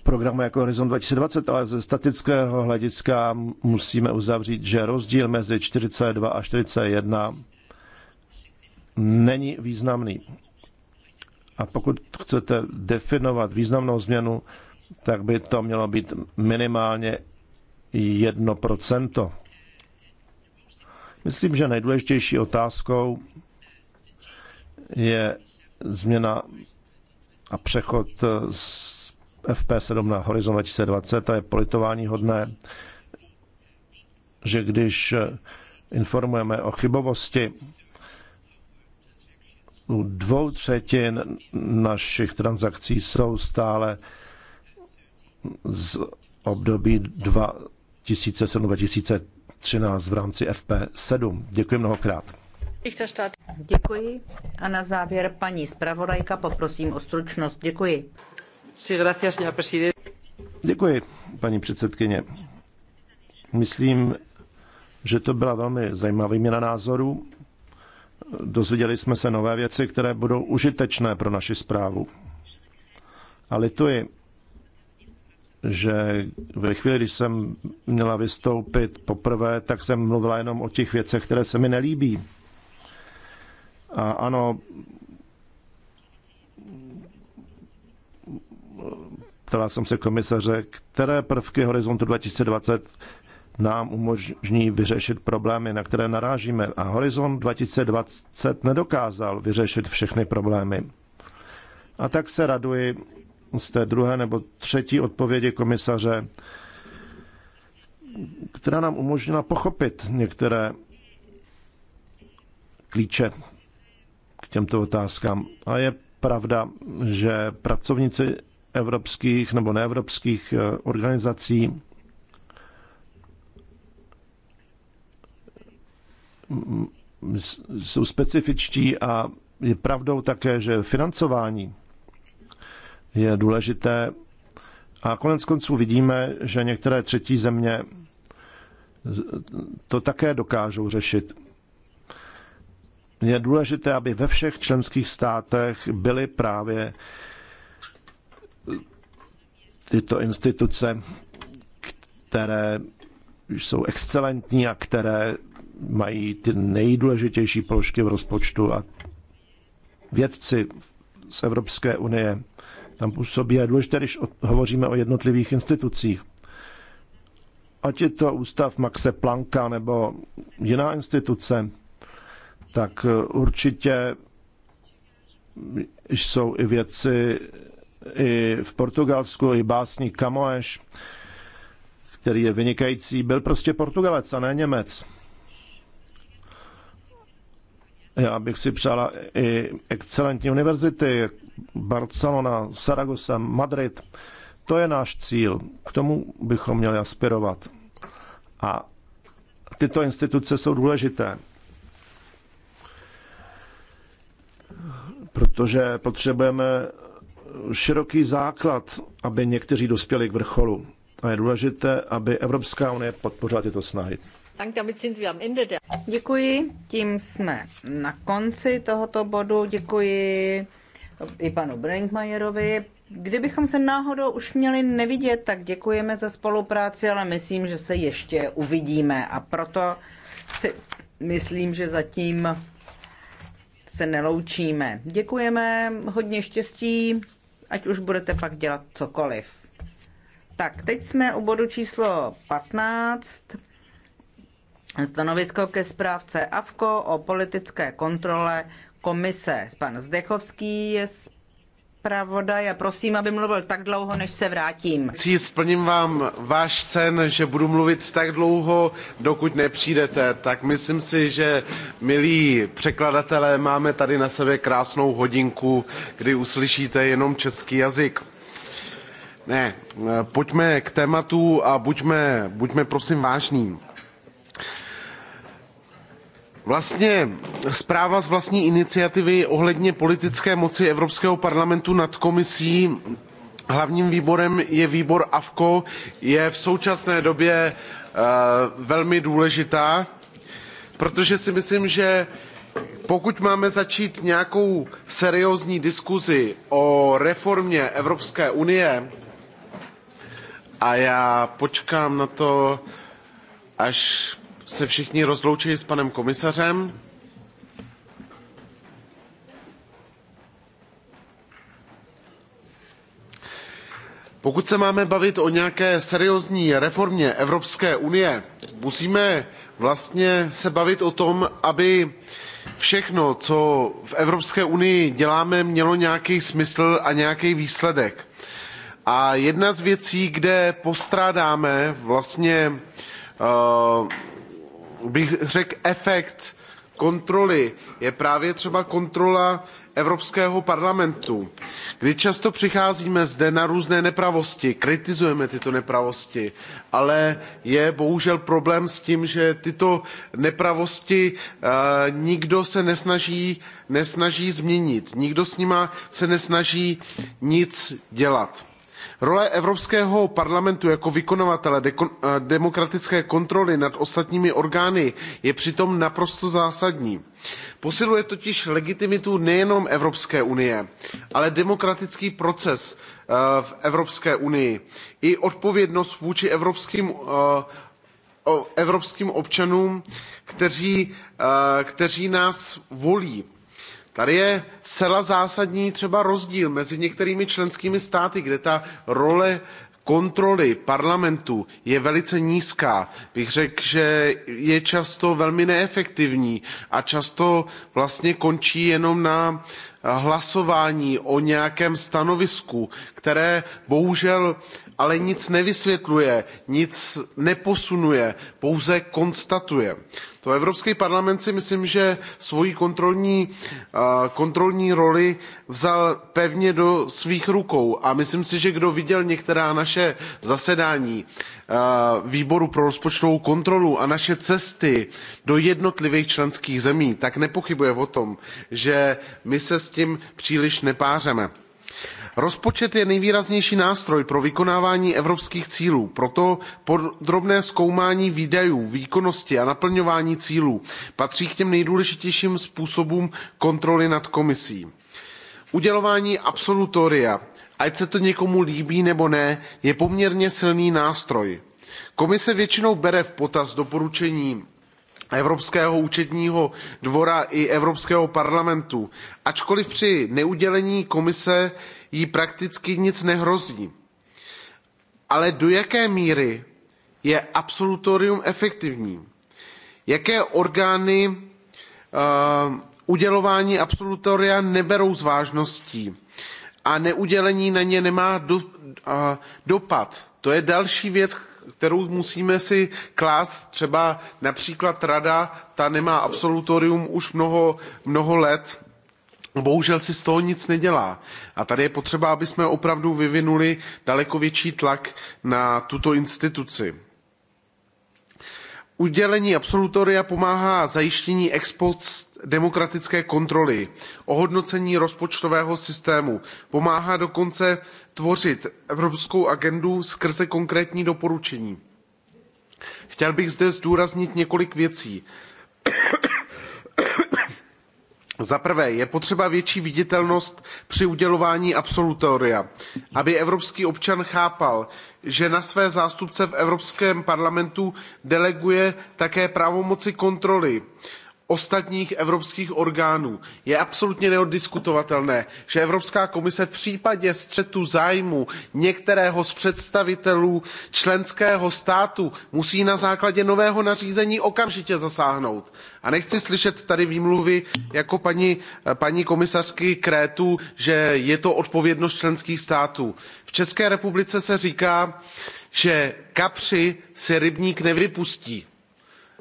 programu jako Horizon 2020, ale ze statického hlediska musíme uzavřít, že rozdíl mezi 42 a 41 není významný. A pokud chcete definovat významnou změnu, tak by to mělo být minimálně Myslím, že nejdůležitější otázkou je změna a přechod z FP7 na Horizon 2020 a je politování hodné, že když informujeme o chybovosti u dvou třetin našich transakcí jsou stále z období 2007-2013 13 v rámci FP7. Děkuji mnohokrát. Děkuji. A na závěr paní zpravodajka poprosím o stručnost. Děkuji. Děkuji, paní předsedkyně. Myslím, že to byla velmi zajímavá výměna názoru. Dozvěděli jsme se nové věci, které budou užitečné pro naši zprávu. A lituji, že ve chvíli, když jsem měla vystoupit poprvé, tak jsem mluvila jenom o těch věcech, které se mi nelíbí. A ano, ptala jsem se komisaře, které prvky Horizontu 2020 nám umožní vyřešit problémy, na které narážíme. A Horizont 2020 nedokázal vyřešit všechny problémy. A tak se raduji, z té druhé nebo třetí odpovědi komisaře, která nám umožnila pochopit některé klíče k těmto otázkám. A je pravda, že pracovníci evropských nebo neevropských eh, organizací jsou specifičtí a je pravdou také, že financování je důležité. A konec konců vidíme, že některé třetí země to také dokážou řešit. Je důležité, aby ve všech členských státech byly právě tyto instituce, které jsou excelentní a které mají ty nejdůležitější položky v rozpočtu a vědci z Evropské unie tam působí. A je důležité, když hovoříme o jednotlivých institucích. Ať je to ústav Maxe Planka nebo jiná instituce, tak eh, určitě jsou i věci i v Portugalsku, i básník Kamoeš, který je vynikající, byl prostě Portugalec a ne Němec. Já bych si přála i excelentní univerzity, Barcelona, Saragosa, Madrid. To je náš cíl. K tomu bychom měli aspirovat. A tyto instituce jsou důležité, protože potřebujeme široký základ, aby někteří dospěli k vrcholu. A je důležité, aby Evropská unie podpořila tyto snahy. Děkuji, tím jsme na konci tohoto bodu. Děkuji i panu Brinkmajerovi. Kdybychom se náhodou už měli nevidět, tak děkujeme za spolupráci, ale myslím, že se ještě uvidíme a proto si myslím, že zatím se neloučíme. Děkujeme, hodně štěstí, ať už budete pak dělat cokoliv. Tak, teď jsme u bodu číslo 15. Stanovisko ke zprávce AVKO o politické kontrole komise. Pan Zdechovský je zpravodaj a prosím, aby mluvil tak dlouho, než se vrátím. Splním vám váš sen, že budu mluvit tak dlouho, dokud nepřijdete. Tak myslím si, že milí překladatelé, máme tady na sebe krásnou hodinku, kdy uslyšíte jenom český jazyk. Ne, pojďme k tématu a buďme, buďme prosím vážní. Vlastně zpráva z vlastní iniciativy ohledně politické moci Evropského parlamentu nad komisí hlavním výborem je výbor AFKO, je v současné době eh, velmi důležitá, protože si myslím, že pokud máme začít nějakou seriózní diskuzi o reformě Evropské unie, a já počkám na to, až se všichni rozloučili s panem komisařem. Pokud se máme bavit o nějaké seriózní reformě Evropské unie, musíme vlastně se bavit o tom, aby všechno, co v Evropské unii děláme, mělo nějaký smysl a nějaký výsledek. A jedna z věcí, kde postrádáme vlastně uh, bych řekl efekt kontroly je právě třeba kontrola evropského parlamentu kdy často přicházíme zde na různé nepravosti kritizujeme tyto nepravosti ale je bohužel problém s tím že tyto nepravosti e, nikdo se nesnaží, nesnaží změnit nikdo s nimi se nesnaží nic dělat role evropského parlamentu jako vykonavatele demokratické kontroly nad ostatními orgány je přitom naprosto zásadní. posiluje totiž legitimitu nejenom evropské unie ale demokratický proces e, v evropské unii i odpovědnost vůči evropským e, evropským občanům kteří, e, kteří nás volí Tady je zcela zásadní třeba rozdíl mezi některými členskými státy, kde ta role kontroly parlamentu je velice nízká. Bych řekl, že je často velmi neefektivní a často vlastně končí jenom na hlasování o nějakém stanovisku, které bohužel ale nic nevysvětluje, nic neposunuje, pouze konstatuje. To Evropský parlament si myslím, že svoji kontrolní, kontrolní roli vzal pevně do svých rukou a myslím si, že kdo viděl některá naše zasedání výboru pro rozpočtovou kontrolu a naše cesty do jednotlivých členských zemí, tak nepochybuje o tom, že my se s tím příliš nepářeme rozpočet je nejvýraznější nástroj pro vykonávání evropských cílů proto podrobné zkoumání výdajů výkonnosti a naplňování cílů patří k těm nejdůležitějším způsobům kontroly nad komisí. udělování absolutoria ať se to někomu líbí nebo ne je poměrně silný nástroj. komise většinou bere v potaz doporučení Evropského účetního dvora i Evropského parlamentu, ačkoliv při neudělení komise jí prakticky nic nehrozí. Ale do jaké míry je absolutorium efektivní? Jaké orgány uh, udělování absolutoria neberou s vážností a neudělení na ně nemá do, uh, dopad? To je další věc, kterou musíme si klást třeba například rada, ta nemá absolutorium už mnoho, mnoho let, bohužel si z toho nic nedělá. A tady je potřeba, aby jsme opravdu vyvinuli daleko větší tlak na tuto instituci udělení absolutoria pomáhá zajištění ex post demokratické kontroly ohodnocení rozpočtového systému pomáhá dokonce tvořit evropskou agendu skrze konkrétní doporučení. chtěl bych zde zdůraznit několik věcí za prvé je potřeba větší viditelnost při udělování absolutoria aby evropský občan chápal že na své zástupce v evropském parlamentu deleguje také pravomoci kontroly ostatních evropských orgánů. Je absolutně neoddiskutovatelné, že Evropská komise v případě střetu zájmu některého z představitelů členského státu musí na základě nového nařízení okamžitě zasáhnout. A nechci slyšet tady výmluvy jako paní, paní komisařky Krétu, že je to odpovědnost členských států. V České republice se říká, že kapři si rybník nevypustí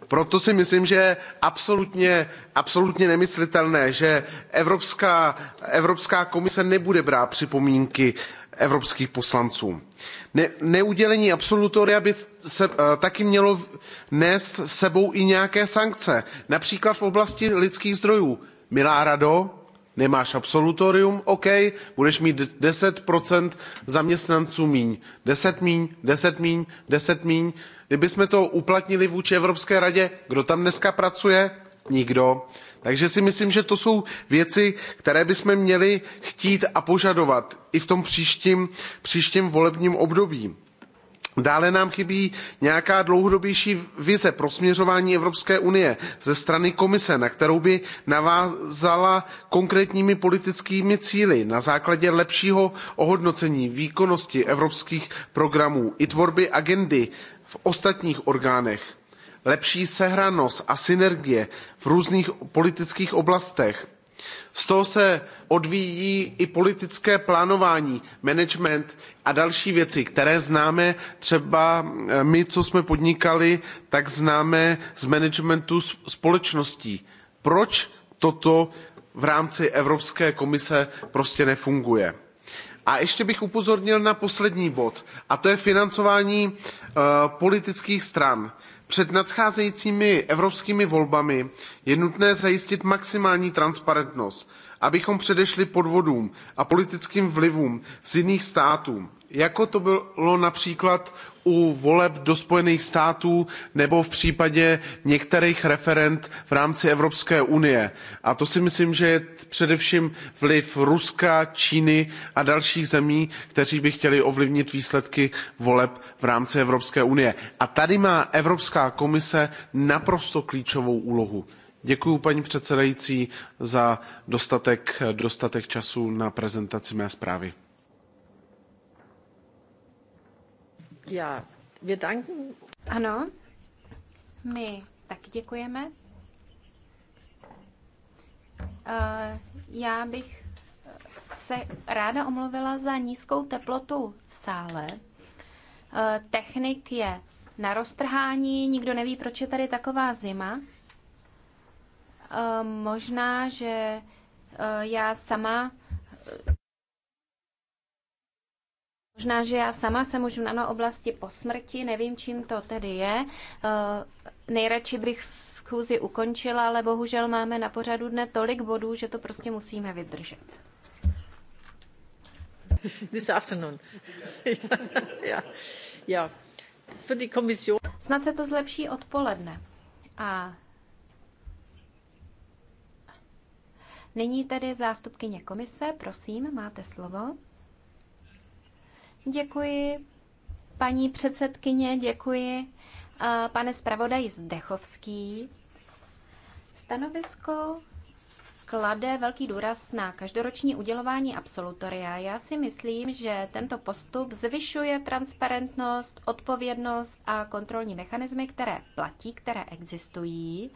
proto si myslím, že je absolutně, absolutně nemyslitelné, že Evropská, Evropská komise nebude brát připomínky evropských poslanců. Ne, neudělení absolutoria by se eh, taky mělo nést sebou i nějaké sankce, například v oblasti lidských zdrojů. Milá Rado, Nemáš absolutorium? OK, budeš mít 10% zaměstnanců míň. 10 míň, 10 míň, 10 míň. Kdybychom to uplatnili vůči Evropské radě, kdo tam dneska pracuje? Nikdo. Takže si myslím, že to jsou věci, které bychom měli chtít a požadovat i v tom příštím, příštím volebním období Dále nám chybí nějaká dlouhodobější vize pro směřování Evropské unie ze strany komise, na kterou by navázala konkrétními politickými cíli na základě lepšího ohodnocení výkonnosti evropských programů i tvorby agendy v ostatních orgánech. Lepší sehranost a synergie v různých politických oblastech z toho se odvíjí i politické plánování, management a další věci, které známe třeba eh, my, co jsme podnikali, tak známe z managementu společností. Proč toto v rámci Evropské komise prostě nefunguje? A ještě bych upozornil na poslední bod, a to je financování uh, politických stran. Před nadcházejícími evropskými volbami je nutné zajistit maximální transparentnost, abychom předešli podvodům a politickým vlivům z jiných států, jako to bylo například u voleb do Spojených států nebo v případě některých referend v rámci Evropské unie. A to si myslím, že je především vliv Ruska, Číny a dalších zemí, kteří by chtěli ovlivnit výsledky voleb v rámci Evropské unie. A tady má Evropská komise naprosto klíčovou úlohu. Děkuji paní předsedající za dostatek, dostatek času na prezentaci mé zprávy. Já, wir danken. Ano, my taky děkujeme. Eh, já bych se ráda omluvila za nízkou teplotu v sále. Eh, technik je na roztrhání, nikdo neví, proč je tady taková zima. Eh, možná, že já sama Možná, že já sama jsem už v nanooblasti po smrti, nevím, čím to tedy je. Eh, nejradši bych schůzi ukončila, ale bohužel máme na pořadu dne tolik bodů, že to prostě musíme vydržet. This afternoon. yeah. Yeah. For die commission. Snad se to zlepší odpoledne. A nyní tedy zástupkyně komise, prosím, máte slovo. Děkuji, paní předsedkyně, děkuji, pane zpravodaji Zdechovský. Stanovisko klade velký důraz na každoroční udělování absolutoria. Já si myslím, že tento postup zvyšuje transparentnost, odpovědnost a kontrolní mechanismy, které platí, které existují.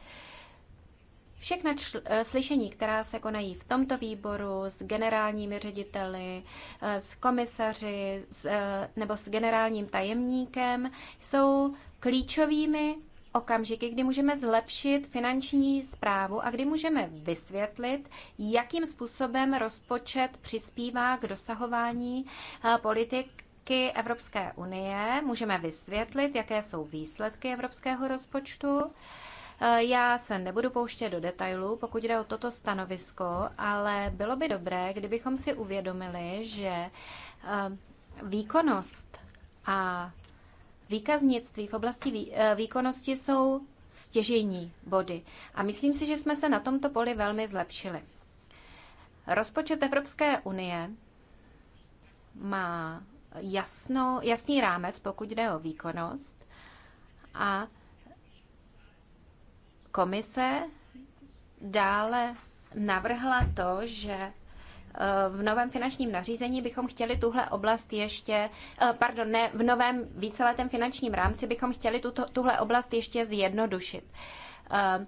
Všechna čl- eh, slyšení, která se konají v tomto výboru s generálními řediteli, eh, s komisaři s, eh, nebo s generálním tajemníkem, jsou klíčovými okamžiky, kdy můžeme zlepšit finanční zprávu a kdy můžeme vysvětlit, jakým způsobem rozpočet přispívá k dosahování politik Evropské unie, můžeme vysvětlit, jaké jsou výsledky evropského rozpočtu Eh, já se nebudu pouštět do detailů, pokud jde o toto stanovisko, ale bylo by dobré, kdybychom si uvědomili, že eh, výkonnost a výkaznictví v oblasti eh, výkonnosti jsou stěžení body. A myslím si, že jsme se na tomto poli velmi zlepšili. Rozpočet Evropské unie má jasno, jasný rámec, pokud jde o výkonnost, a Komise dále navrhla to, že eh, v novém finančním nařízení bychom chtěli tuhle oblast ještě, eh, pardon, ne, v novém víceletém finančním rámci bychom chtěli tuto, tuhle oblast ještě zjednodušit. Eh,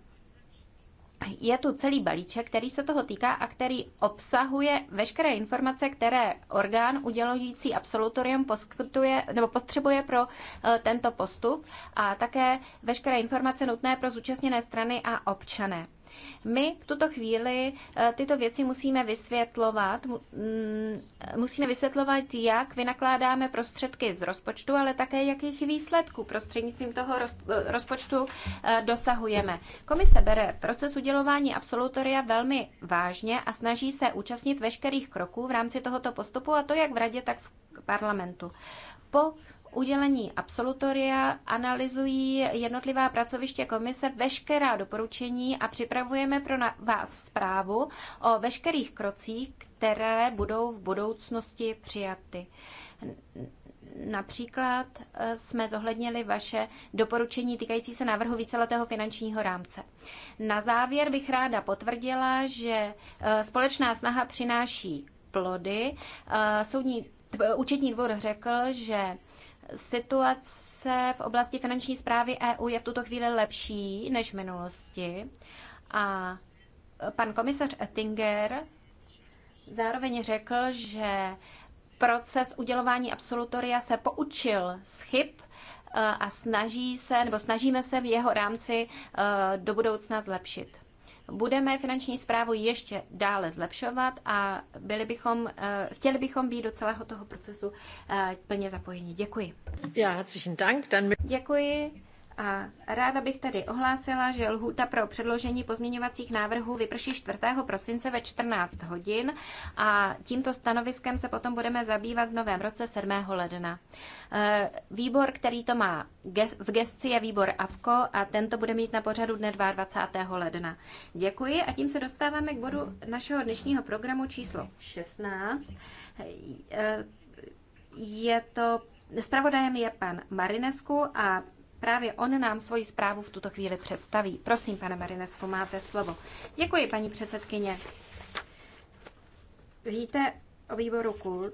je tu celý balíček, který se toho týká a který obsahuje veškeré informace, které orgán udělující absolutorium poskytuje nebo potřebuje pro eh, tento postup a také veškeré informace nutné pro zúčastněné strany a občané. My v tuto chvíli eh, tyto věci musíme vysvětlovat. Mm, musíme vysvětlovat, jak vynakládáme prostředky z rozpočtu, ale také jakých výsledků prostřednictvím toho eh, rozpočtu eh, dosahujeme. Komise bere proces udělování absolutoria velmi vážně a snaží se účastnit veškerých kroků v rámci tohoto postupu, a to jak v radě, tak v parlamentu. Po udělení absolutoria analyzují jednotlivá pracoviště komise veškerá doporučení a připravujeme pro vás zprávu o veškerých krocích, které budou v budoucnosti přijaty. Například eh, jsme zohlednili vaše doporučení týkající se návrhu víceletého finančního rámce. Na závěr bych ráda potvrdila, že eh, společná snaha přináší plody. Eh, soudní Účetní dvor řekl, že Situace v oblasti finanční zprávy EU je v tuto chvíli lepší než v minulosti a pan komisař Ettinger zároveň řekl, že proces udělování absolutoria se poučil z chyb eh, a snaží se, nebo snažíme se v jeho rámci eh, do budoucna zlepšit budeme finanční zprávu ještě dále zlepšovat a byli bychom, eh, chtěli bychom být do celého toho procesu eh, plně zapojeni. Děkuji. Ja, herzlichen Dank. Dann... Děkuji. A ráda bych tady ohlásila, že lhůta pro předložení pozměňovacích návrhů vyprší 4. prosince ve 14 hodin a tímto stanoviskem se potom budeme zabývat v novém roce 7. ledna. E, výbor, který to má v gesci, je výbor AVKO a tento bude mít na pořadu dne 22. ledna. Děkuji a tím se dostáváme k bodu našeho dnešního programu číslo 16. E, je to Spravodajem je pan Marinesku a Právě on nám svoji zprávu v tuto chvíli představí. Prosím, pane Marinesku, máte slovo. Děkuji, paní předsedkyně. Víte o výboru KULT?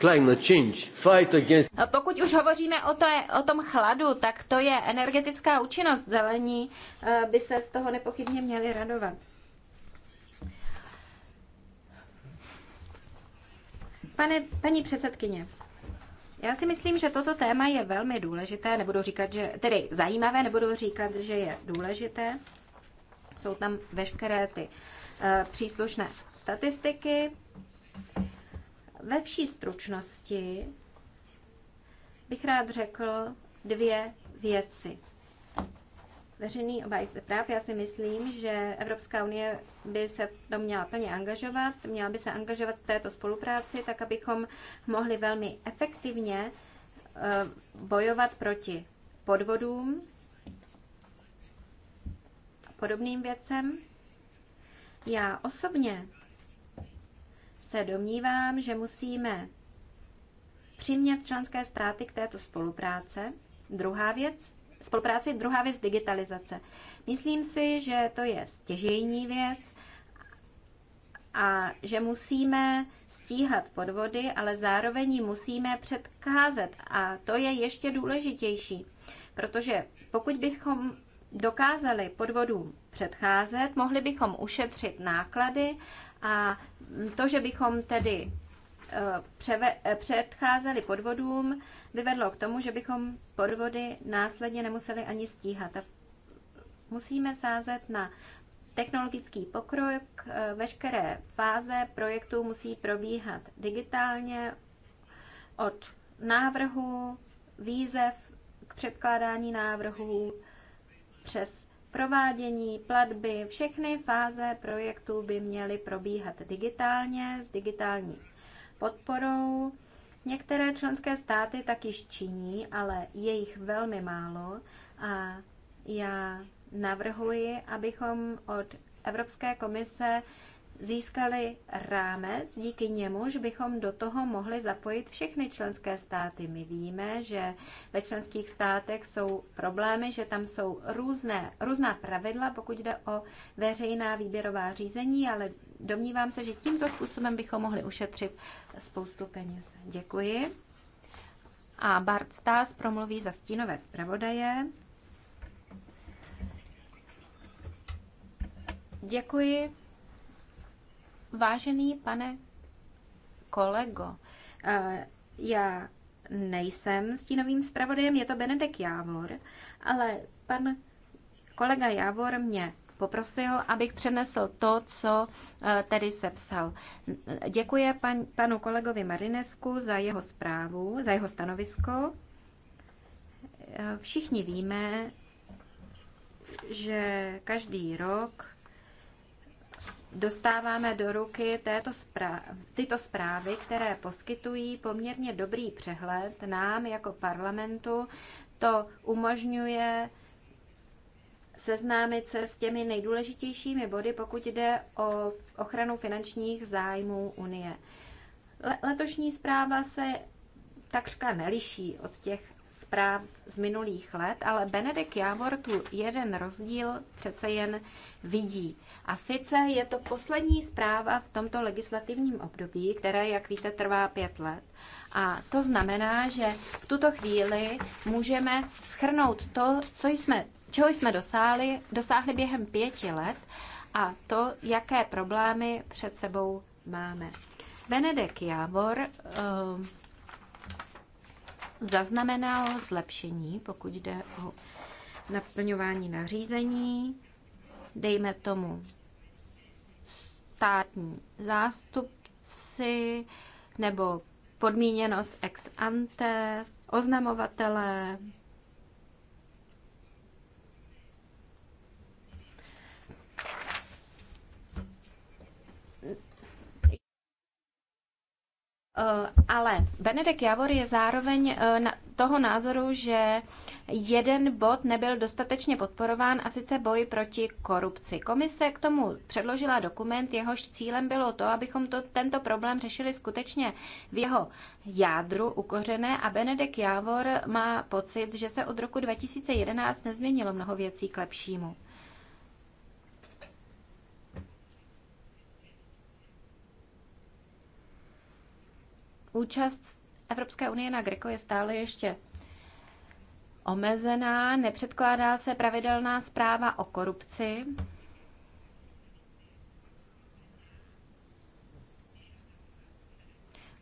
Climate change, fight against... Pokud už hovoříme o, to, o tom chladu, tak to je energetická účinnost zelení, eh, by se z toho nepochybně měli radovat. Pane, paní předsedkyně, já si myslím, že toto téma je velmi důležité, nebudu říkat, že, tedy zajímavé, nebudu říkat, že je důležité. Jsou tam veškeré ty e, příslušné statistiky. Ve vší stručnosti bych rád řekl dvě věci veřejný obhájce práv. Já si myslím, že Evropská unie by se tom měla plně angažovat, měla by se angažovat v této spolupráci, tak abychom mohli velmi efektivně eh, bojovat proti podvodům a podobným věcem. Já osobně se domnívám, že musíme přimět členské státy k této spolupráce. Druhá věc, spolupráci, druhá věc digitalizace. Myslím si, že to je stěžejní věc a že musíme stíhat podvody, ale zároveň musíme předcházet. A to je ještě důležitější, protože pokud bychom dokázali podvodům předcházet, mohli bychom ušetřit náklady a to, že bychom tedy předcházeli podvodům, by vedlo k tomu, že bychom podvody následně nemuseli ani stíhat. A musíme sázet na technologický pokrok. Veškeré fáze projektu musí probíhat digitálně od návrhu, výzev k předkládání návrhů přes provádění, platby, všechny fáze projektu by měly probíhat digitálně s digitální podporou. Některé členské státy tak již činí, ale je jich velmi málo a já navrhuji, abychom od Evropské komise získali rámec, díky němuž bychom do toho mohli zapojit všechny členské státy. My víme, že ve členských státech jsou problémy, že tam jsou různé, různá pravidla, pokud jde o veřejná výběrová řízení, ale domnívám se, že tímto způsobem bychom mohli ušetřit spoustu peněz. Děkuji. A Bart Stas promluví za stínové zpravodaje. Děkuji. Vážený pane kolego, eh, já nejsem stínovým zpravodajem, je to Benedek Jávor, ale pan kolega Jávor mě poprosil, abych přenesl to, co eh, tedy sepsal. Děkuji pan, panu kolegovi Marinesku za jeho zprávu, za jeho stanovisko. Eh, všichni víme, že každý rok dostáváme do ruky této zprávy, tyto zprávy, které poskytují poměrně dobrý přehled nám jako parlamentu. To umožňuje seznámit se s těmi nejdůležitějšími body, pokud jde o ochranu finančních zájmů Unie. Letošní zpráva se takřka neliší od těch zpráv z minulých let, ale Benedek Jávor tu jeden rozdíl přece jen vidí. A sice je to poslední zpráva v tomto legislativním období, které, jak víte, trvá pět let. A to znamená, že v tuto chvíli můžeme schrnout to, co jsme, čeho jsme dosáhli, dosáhli během pěti let a to, jaké problémy před sebou máme. Benedek Jávor uh, eh, zaznamenal zlepšení, pokud jde o naplňování nařízení, dejme tomu státní zástupci nebo podmíněnost ex ante, oznamovatele. Eh, ale Benedek Javor je zároveň eh, toho názoru, že jeden bod nebyl dostatečně podporován, a sice boj proti korupci. Komise k tomu předložila dokument, jehož cílem bylo to, abychom to, tento problém řešili skutečně v jeho jádru ukořené a Benedek Javor má pocit, že se od roku 2011 nezměnilo mnoho věcí k lepšímu. účast Evropské unie na Greco je stále ještě omezená, nepředkládá se pravidelná zpráva o korupci.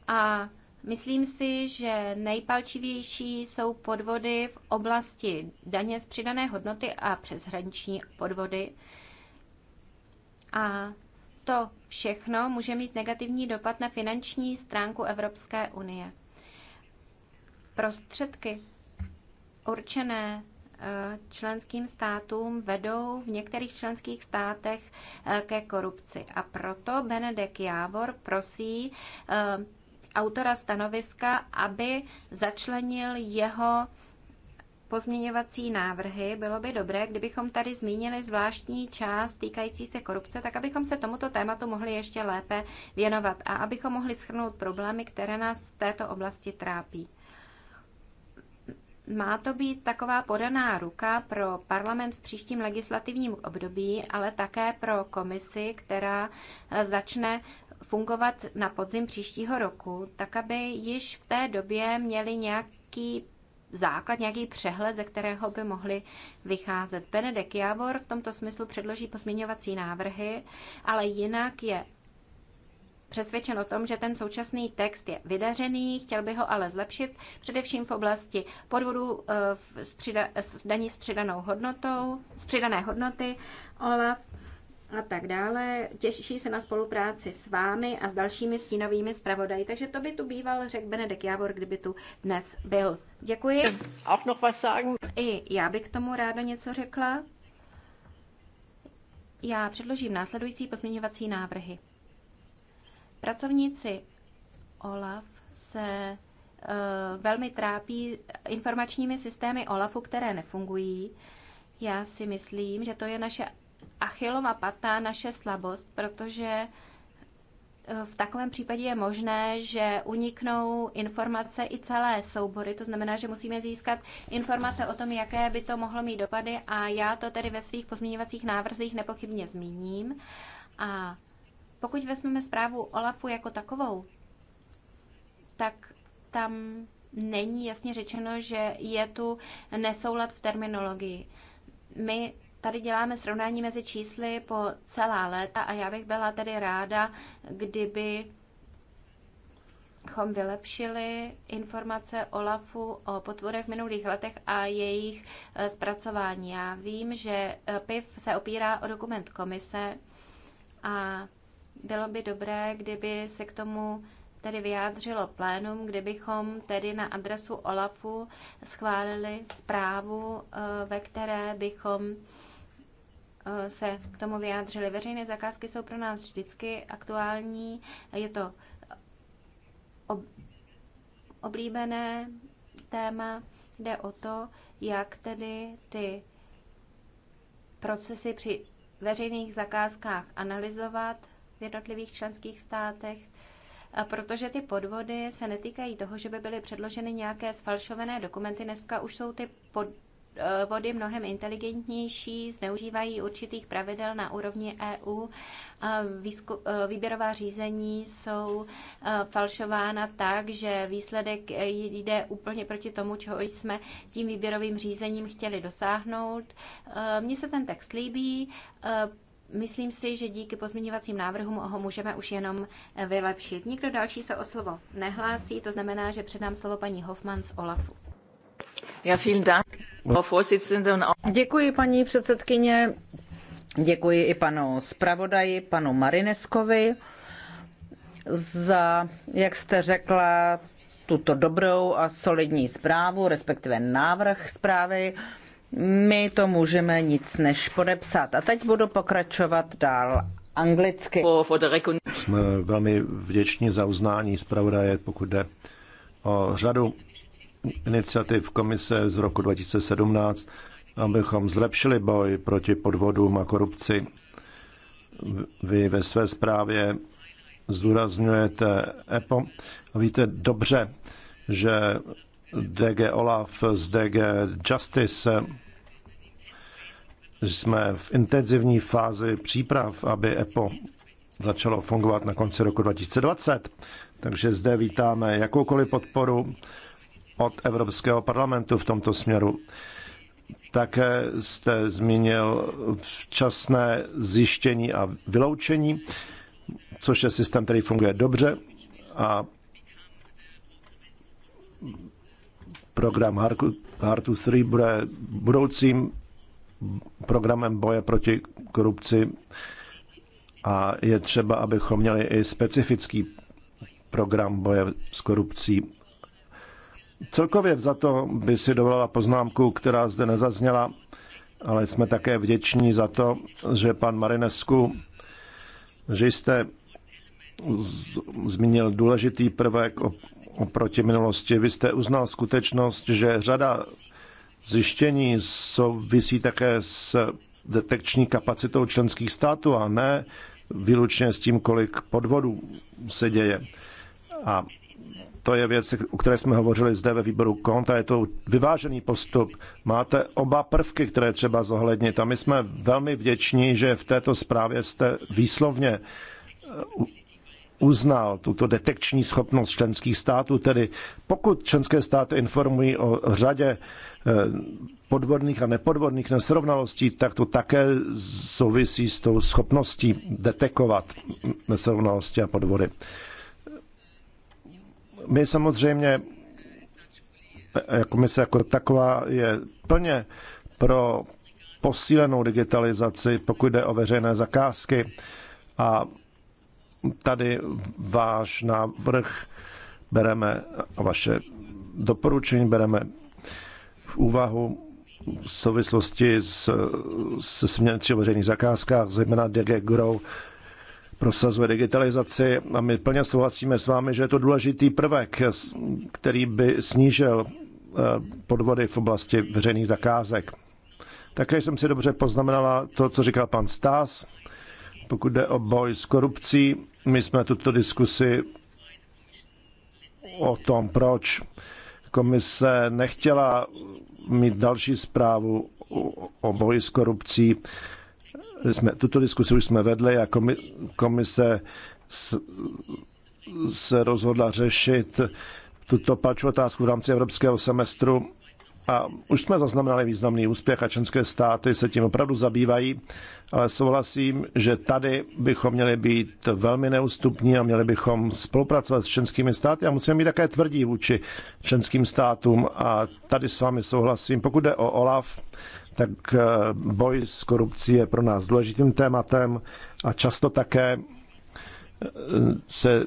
A myslím si, že nejpalčivější jsou podvody v oblasti daně z přidané hodnoty a přeshraniční podvody. A to všechno může mít negativní dopad na finanční stránku Evropské unie. Prostředky určené eh, členským státům vedou v některých členských státech eh, ke korupci. A proto Benedek Jávor prosí eh, autora stanoviska, aby začlenil jeho pozměňovací návrhy, bylo by dobré, kdybychom tady zmínili zvláštní část týkající se korupce, tak abychom se tomuto tématu mohli ještě lépe věnovat a abychom mohli schrnout problémy, které nás v této oblasti trápí. Má to být taková podaná ruka pro parlament v příštím legislativním období, ale také pro komisi, která eh, začne fungovat na podzim příštího roku, tak aby již v té době měli nějaký základ, nějaký přehled, ze kterého by mohli vycházet. Benedek Javor v tomto smyslu předloží pozměňovací návrhy, ale jinak je přesvědčen o tom, že ten současný text je vydařený, chtěl by ho ale zlepšit, především v oblasti podvodu eh, s, přida, s daní s přidanou hodnotou, s přidané hodnoty. Olaf a tak dále. Těší se na spolupráci s vámi a s dalšími stínovými zpravodaji. Takže to by tu býval, řekl Benedek Javor, kdyby tu dnes byl. Děkuji. Auch noch was sagen. I já bych k tomu ráda něco řekla. Já předložím následující pozměňovací návrhy. Pracovníci OLAF se eh, velmi trápí informačními systémy OLAFu, které nefungují. Já si myslím, že to je naše Achillova pata naše slabost, protože eh, v takovém případě je možné, že uniknou informace i celé soubory, to znamená, že musíme získat informace o tom, jaké by to mohlo mít dopady a já to tedy ve svých pozměňovacích návrzích nepochybně zmíním. A pokud vezmeme zprávu OLAFu jako takovou, tak tam není jasně řečeno, že je tu nesoulad v terminologii. My tady děláme srovnání mezi čísly po celá léta a já bych byla tedy ráda, kdyby bychom vylepšili informace OLAFu o potvorech v minulých letech a jejich eh, zpracování. Já vím, že eh, PIV se opírá o dokument komise a bylo by dobré, kdyby se k tomu tedy vyjádřilo plénum, kdybychom tedy na adresu OLAFu schválili zprávu, eh, ve které bychom Eh, se k tomu vyjádřili. Veřejné zakázky jsou pro nás vždycky aktuální. Je to oblíbené téma. Jde o to, jak tedy ty procesy při veřejných zakázkách analyzovat v jednotlivých členských státech, eh, protože ty podvody se netýkají toho, že by byly předloženy nějaké sfalšované dokumenty. Dneska už jsou ty pod, Eh, vody mnohem inteligentnější, zneužívají určitých pravidel na úrovni EU. Výzku, eh, výběrová řízení jsou eh, falšována tak, že výsledek jde úplně proti tomu, čeho jsme tím výběrovým řízením chtěli dosáhnout. Mně se ten text líbí. Myslím si, že díky pozměňovacím návrhům ho můžeme už jenom vylepšit. Nikdo další se o slovo nehlásí, to znamená, že předám slovo paní Hoffman z OLAFu. Děkuji, paní předsedkyně. Děkuji i panu zpravodaji, panu Marineskovi za, jak jste řekla, tuto dobrou a solidní zprávu, respektive návrh zprávy. My to můžeme nic než podepsat. A teď budu pokračovat dál anglicky. Jsme velmi vděční za uznání zpravodaje, pokud jde o řadu iniciativ komise z roku 2017, abychom zlepšili boj proti podvodům a korupci. Vy ve své zprávě zdůrazňujete EPO a víte dobře, že DG Olaf z DG Justice jsme v intenzivní fázi příprav, aby EPO začalo fungovat na konci roku 2020. Takže zde vítáme jakoukoliv podporu od Evropského parlamentu v tomto směru. Také jste zmínil včasné zjištění a vyloučení, což je systém, který funguje dobře a program Hartu 3 bude budoucím programem boje proti korupci a je třeba, abychom měli i specifický program boje s korupcí Celkově za to by si dovolila poznámku, která zde nezazněla, ale jsme také vděční za to, že pan Marinesku, že jste zmínil důležitý prvek oproti minulosti. Vy jste uznal skutečnost, že řada zjištění souvisí také s detekční kapacitou členských států a ne výlučně s tím, kolik podvodů se děje. A to je věc, o které jsme hovořili zde ve výboru Konta. Je to vyvážený postup. Máte oba prvky, které třeba zohlednit. A my jsme velmi vděční, že v této zprávě jste výslovně eh, uznal tuto detekční schopnost členských států, tedy pokud členské státy informují o řadě eh, podvodných a nepodvodných nesrovnalostí, tak to také souvisí s tou schopností detekovat nesrovnalosti a podvody. My samozřejmě, komise jako, jako taková je plně pro posílenou digitalizaci, pokud jde o veřejné zakázky. A tady váš návrh bereme a vaše doporučení bereme v úvahu v souvislosti s, s směrnicí o veřejných zakázkách, zejména DG Grow prosazuje digitalizaci a my plně souhlasíme s vámi, že je to důležitý prvek, který by snížil eh, podvody v oblasti veřejných zakázek. Také jsem si dobře poznamenala to, co říkal pan Stás. Pokud jde o boj s korupcí, my jsme tuto diskusi o tom, proč komise nechtěla mít další zprávu o boji s korupcí jsme, tuto diskusi už jsme vedli a komise se rozhodla řešit tuto pač otázku v rámci evropského semestru a už jsme zaznamenali významný úspěch a členské státy se tím opravdu zabývají, ale souhlasím, že tady bychom měli být velmi neústupní a měli bychom spolupracovat s členskými státy a musíme být také tvrdí vůči členským státům a tady s vámi souhlasím. Pokud jde o OLAF, tak eh, boj s korupcí je pro nás důležitým tématem a často také eh, se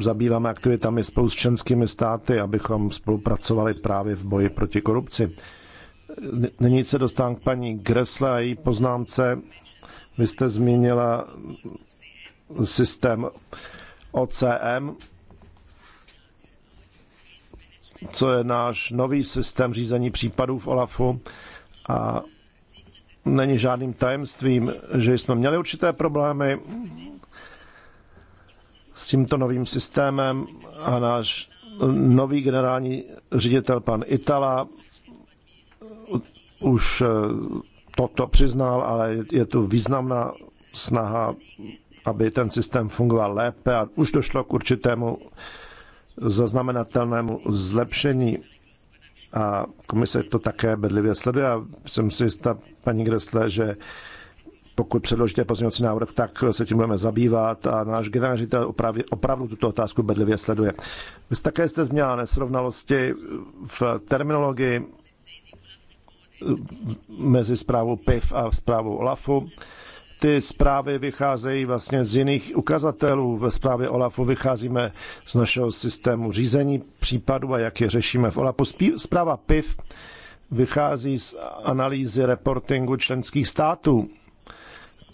zabýváme aktivitami spolu s členskými státy, abychom spolupracovali právě v boji proti korupci. Nyní se dostám k paní Gresle a její poznámce. Vy jste zmínila systém OCM, co je náš nový systém řízení případů v OLAFu a není žádným tajemstvím, že jsme měli určité problémy s tímto novým systémem a náš nový generální ředitel pan Itala už eh, toto přiznal, ale je tu významná snaha, aby ten systém fungoval lépe a už došlo k určitému zaznamenatelnému zlepšení a komise to také bedlivě sleduje a jsem si jistá, paní Gressle, že pokud předložíte pozměňovací návrh, tak se tím budeme zabývat a náš generální ředitel opravdu, opravdu tuto otázku bedlivě sleduje. Vy jste také jste změnila nesrovnalosti v terminologii mezi zprávou PIF a zprávou OLAFu ty zprávy vycházejí vlastně z jiných ukazatelů. Ve zprávě OLAFu vycházíme z našeho systému řízení případů a jak je řešíme v OLAFu. Zpráva PIV vychází z analýzy reportingu členských států.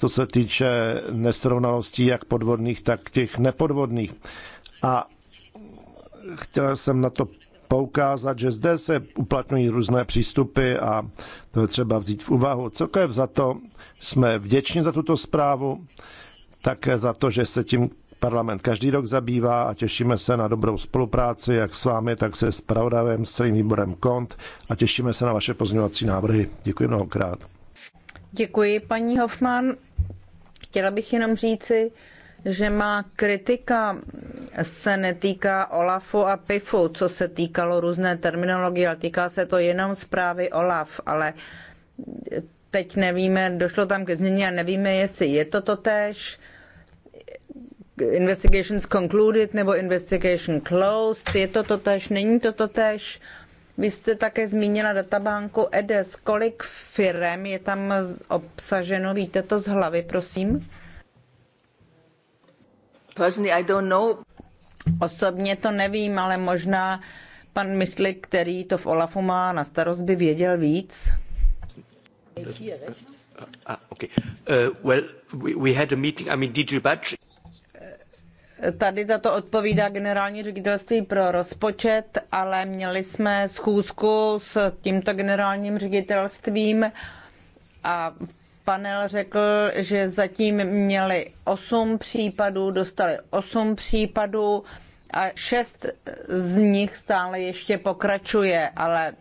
To se týče nesrovnalostí jak podvodných, tak těch nepodvodných. A chtěl jsem na to poukázat, že zde se uplatňují různé přístupy a to je třeba vzít v úvahu. Celkem za to jsme vděční za tuto zprávu, také za to, že se tím parlament každý rok zabývá a těšíme se na dobrou spolupráci jak s vámi, tak se spravodavem, s celým výborem KONT a těšíme se na vaše pozměňovací návrhy. Děkuji mnohokrát. Děkuji, paní Hoffman. Chtěla bych jenom říci, že má kritika se netýká OLAFu a PIFu, co se týkalo různé terminologie, ale týká se to jenom zprávy OLAF, ale teď nevíme, došlo tam ke změně a nevíme, jestli je to totéž investigations concluded nebo investigation closed, je to totéž, není to totéž. Vy jste také zmínila databánku EDES. Kolik firem je tam obsaženo? Víte to z hlavy, prosím? Personally, I don't know. Osobně to nevím, ale možná pan Myšlik, který to v Olafu má na starost, by věděl víc. Tady za to odpovídá generální ředitelství pro rozpočet, ale měli jsme schůzku s tímto generálním ředitelstvím a panel řekl, že zatím měli 8 případů, dostali 8 případů a 6 z nich stále ještě pokračuje, ale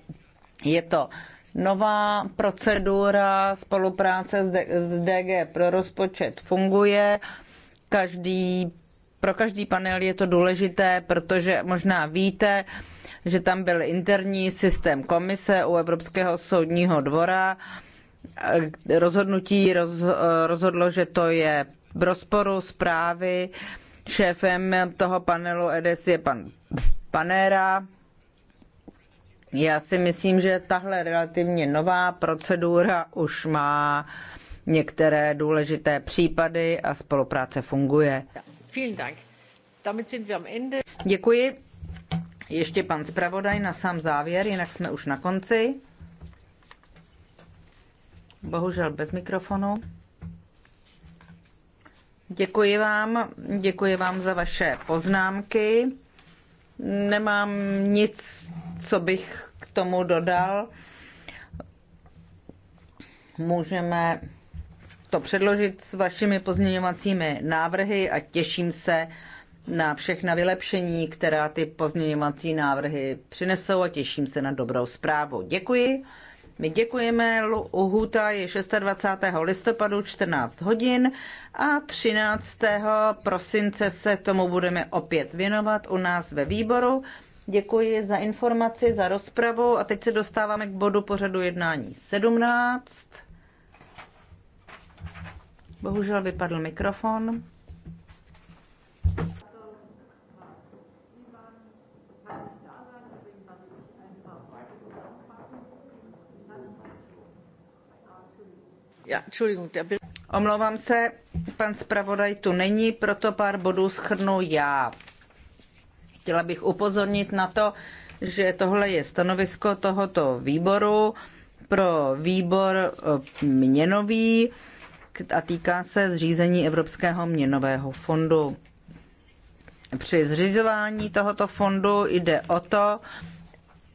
je to nová procedura spolupráce s DG pro rozpočet funguje. Každý, pro každý panel je to důležité, protože možná víte, že tam byl interní systém komise u Evropského soudního dvora, Eh, rozhodnutí eh, rozhodlo, že to je v rozporu s právy. Šéfem toho panelu EDES je pan Panera. Já si myslím, že tahle relativně nová procedura už má některé důležité případy a spolupráce funguje. Děkuji. Ještě pan zpravodaj na sám závěr, jinak jsme už na konci bohužel bez mikrofonu. Děkuji vám, děkuji vám za vaše poznámky. Nemám nic, co bych k tomu dodal. Můžeme to předložit s vašimi pozměňovacími návrhy a těším se na všechna vylepšení, která ty pozměňovací návrhy přinesou a těším se na dobrou zprávu. Děkuji. My děkujeme. Lhuta je 26. listopadu 14 hodin a 13. prosince se tomu budeme opět věnovat u nás ve výboru. Děkuji za informaci, za rozpravu a teď se dostáváme k bodu pořadu jednání 17. Bohužel vypadl mikrofon. Ja, Entschuldigung, der Omlouvám se, pan zpravodaj tu není, proto pár bodů schrnu já. Chtěla bych upozornit na to, že tohle je stanovisko tohoto výboru pro výbor eh, měnový a týká se zřízení Evropského měnového fondu. Při zřizování tohoto fondu jde o to,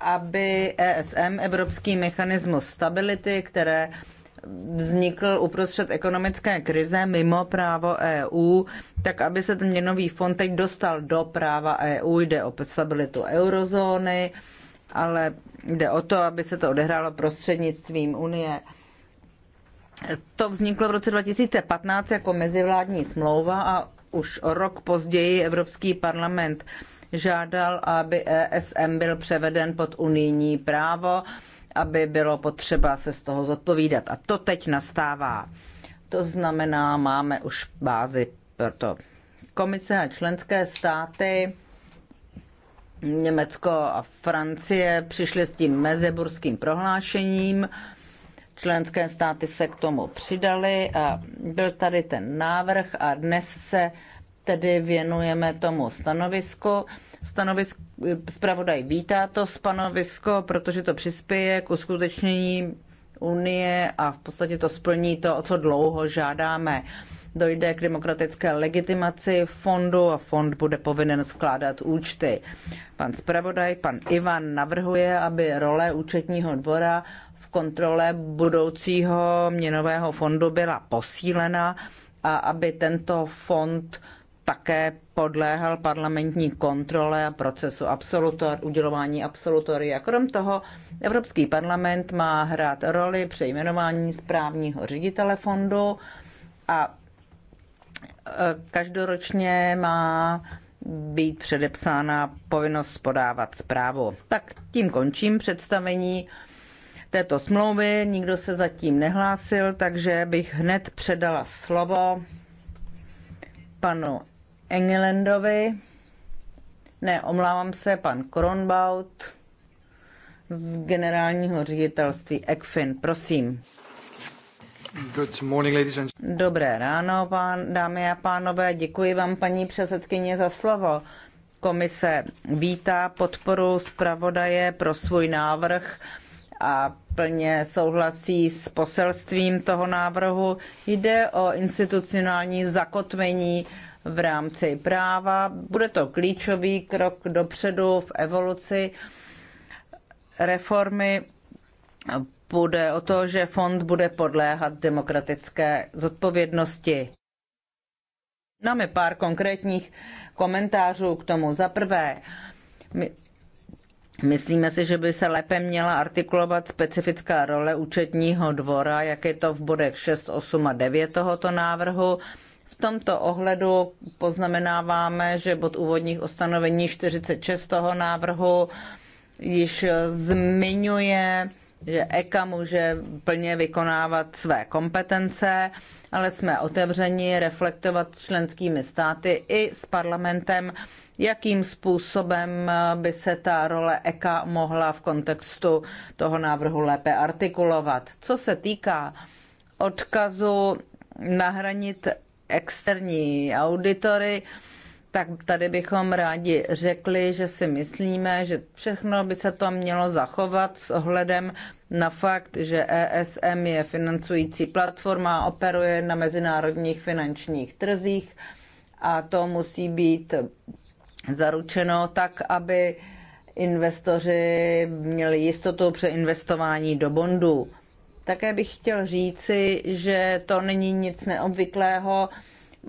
aby ESM, Evropský mechanismus stability, které vznikl uprostřed ekonomické krize mimo právo EU, tak aby se ten měnový fond teď dostal do práva EU, jde o stabilitu eurozóny, ale jde o to, aby se to odehrálo prostřednictvím Unie. To vzniklo v roce 2015 jako mezivládní smlouva a už rok později Evropský parlament žádal, aby ESM byl převeden pod unijní právo aby bylo potřeba se z toho zodpovídat. A to teď nastává. To znamená, máme už bázi pro to. Komise a členské státy, Německo a Francie přišly s tím mezeburským prohlášením. Členské státy se k tomu přidaly a byl tady ten návrh a dnes se tedy věnujeme tomu stanovisku. Stanovisk, zpravodaj vítá to stanovisko, protože to přispěje k uskutečnění Unie a v podstatě to splní to, o co dlouho žádáme. Dojde k demokratické legitimaci fondu a fond bude povinen skládat účty. Pan zpravodaj, pan Ivan navrhuje, aby role účetního dvora v kontrole budoucího měnového fondu byla posílena a aby tento fond také podléhal parlamentní kontrole a procesu absolutor, udělování A Krom toho Evropský parlament má hrát roli přejmenování správního ředitele fondu a e, každoročně má být předepsána povinnost podávat zprávu. Tak tím končím představení této smlouvy. Nikdo se zatím nehlásil, takže bych hned předala slovo panu Engelendovi. Ne, omlávám se, pan Kronbaut z generálního ředitelství ECFIN. Prosím. Good morning, ladies and... Dobré ráno, pán, dámy a pánové. Děkuji vám, paní předsedkyně, za slovo. Komise vítá podporu zpravodaje pro svůj návrh a plně souhlasí s poselstvím toho návrhu. Jde o institucionální zakotvení uh, v rámci práva. Bude to klíčový krok dopředu v evoluci reformy. Bude o to, že fond bude podléhat demokratické zodpovědnosti. Máme pár konkrétních komentářů k tomu. Za prvé, my Myslíme si, že by se lépe měla artikulovat specifická role účetního dvora, jak je to v bodech 6, 8 a 9 tohoto návrhu tomto ohledu poznamenáváme, že bod úvodních ustanovení 46 toho návrhu již zmiňuje, že EKA může plně vykonávat své kompetence, ale jsme otevřeni reflektovat s členskými státy i s parlamentem, jakým způsobem by se ta role EKA mohla v kontextu toho návrhu lépe artikulovat. Co se týká odkazu nahranit externí auditory, tak tady bychom rádi řekli, že si myslíme, že všechno by se to mělo zachovat s ohledem na fakt, že ESM je financující platforma, operuje na mezinárodních finančních trzích a to musí být zaručeno tak, aby investoři měli jistotu při investování do bondů. Také bych chtěl říci, že to není nic neobvyklého.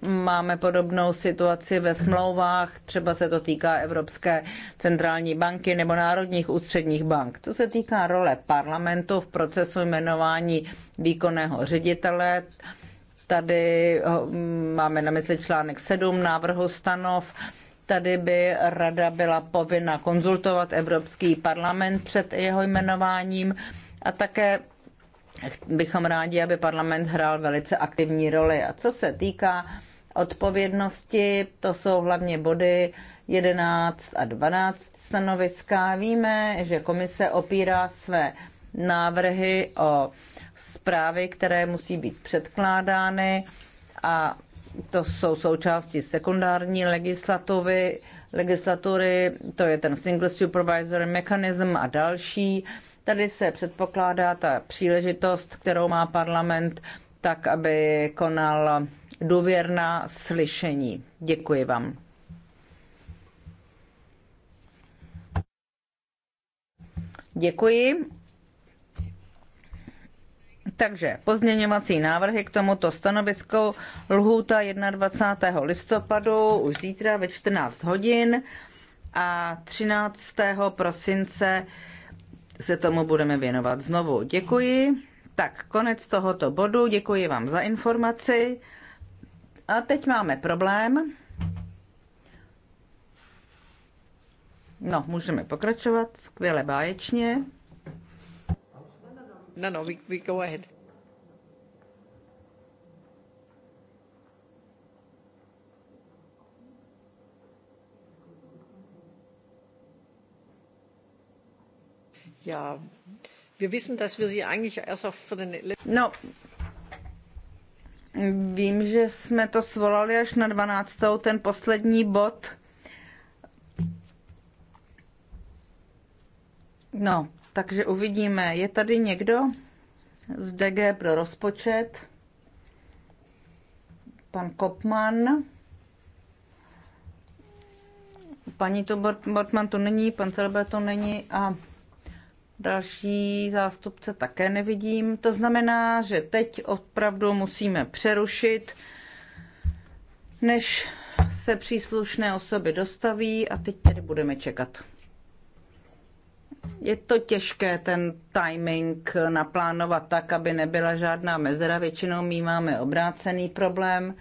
Máme podobnou situaci ve smlouvách, třeba se to týká Evropské centrální banky nebo národních ústředních bank. Co se týká role parlamentu v procesu jmenování výkonného ředitele, tady mm, máme na mysli článek 7 návrhu stanov, tady by rada byla povinna konzultovat Evropský parlament před jeho jmenováním a také bychom rádi, aby parlament hrál velice aktivní roli. A co se týká odpovědnosti, to jsou hlavně body 11 a 12 stanoviska. Víme, že komise opírá své návrhy o zprávy, které musí být předkládány a to jsou součásti sekundární legislativy, legislatury, to je ten single supervisory mechanism a další. Tady se předpokládá ta příležitost, kterou má parlament, tak aby konal důvěrná slyšení. Děkuji vám. Děkuji. Takže pozměňovací návrhy k tomuto stanovisku lhůta 21. listopadu už zítra ve 14 hodin a 13. prosince se tomu budeme věnovat znovu. Děkuji. Tak, konec tohoto bodu. Děkuji vám za informaci. A teď máme problém. No, můžeme pokračovat. Skvěle báječně. No, no, we, we go ahead. Ja, wir wissen, dass wir sie eigentlich erst auf für den No, vím, že jsme to svolali až na 12. ten poslední bod. No, takže uvidíme. Je tady někdo z DG pro rozpočet? Pan Kopman. Paní to Bortman to není, pan Celber to není a Další zástupce také nevidím. To znamená, že teď opravdu musíme přerušit, než se příslušné osoby dostaví a teď tedy budeme čekat. Je to těžké ten timing naplánovat tak, aby nebyla žádná mezera. Většinou my máme obrácený problém.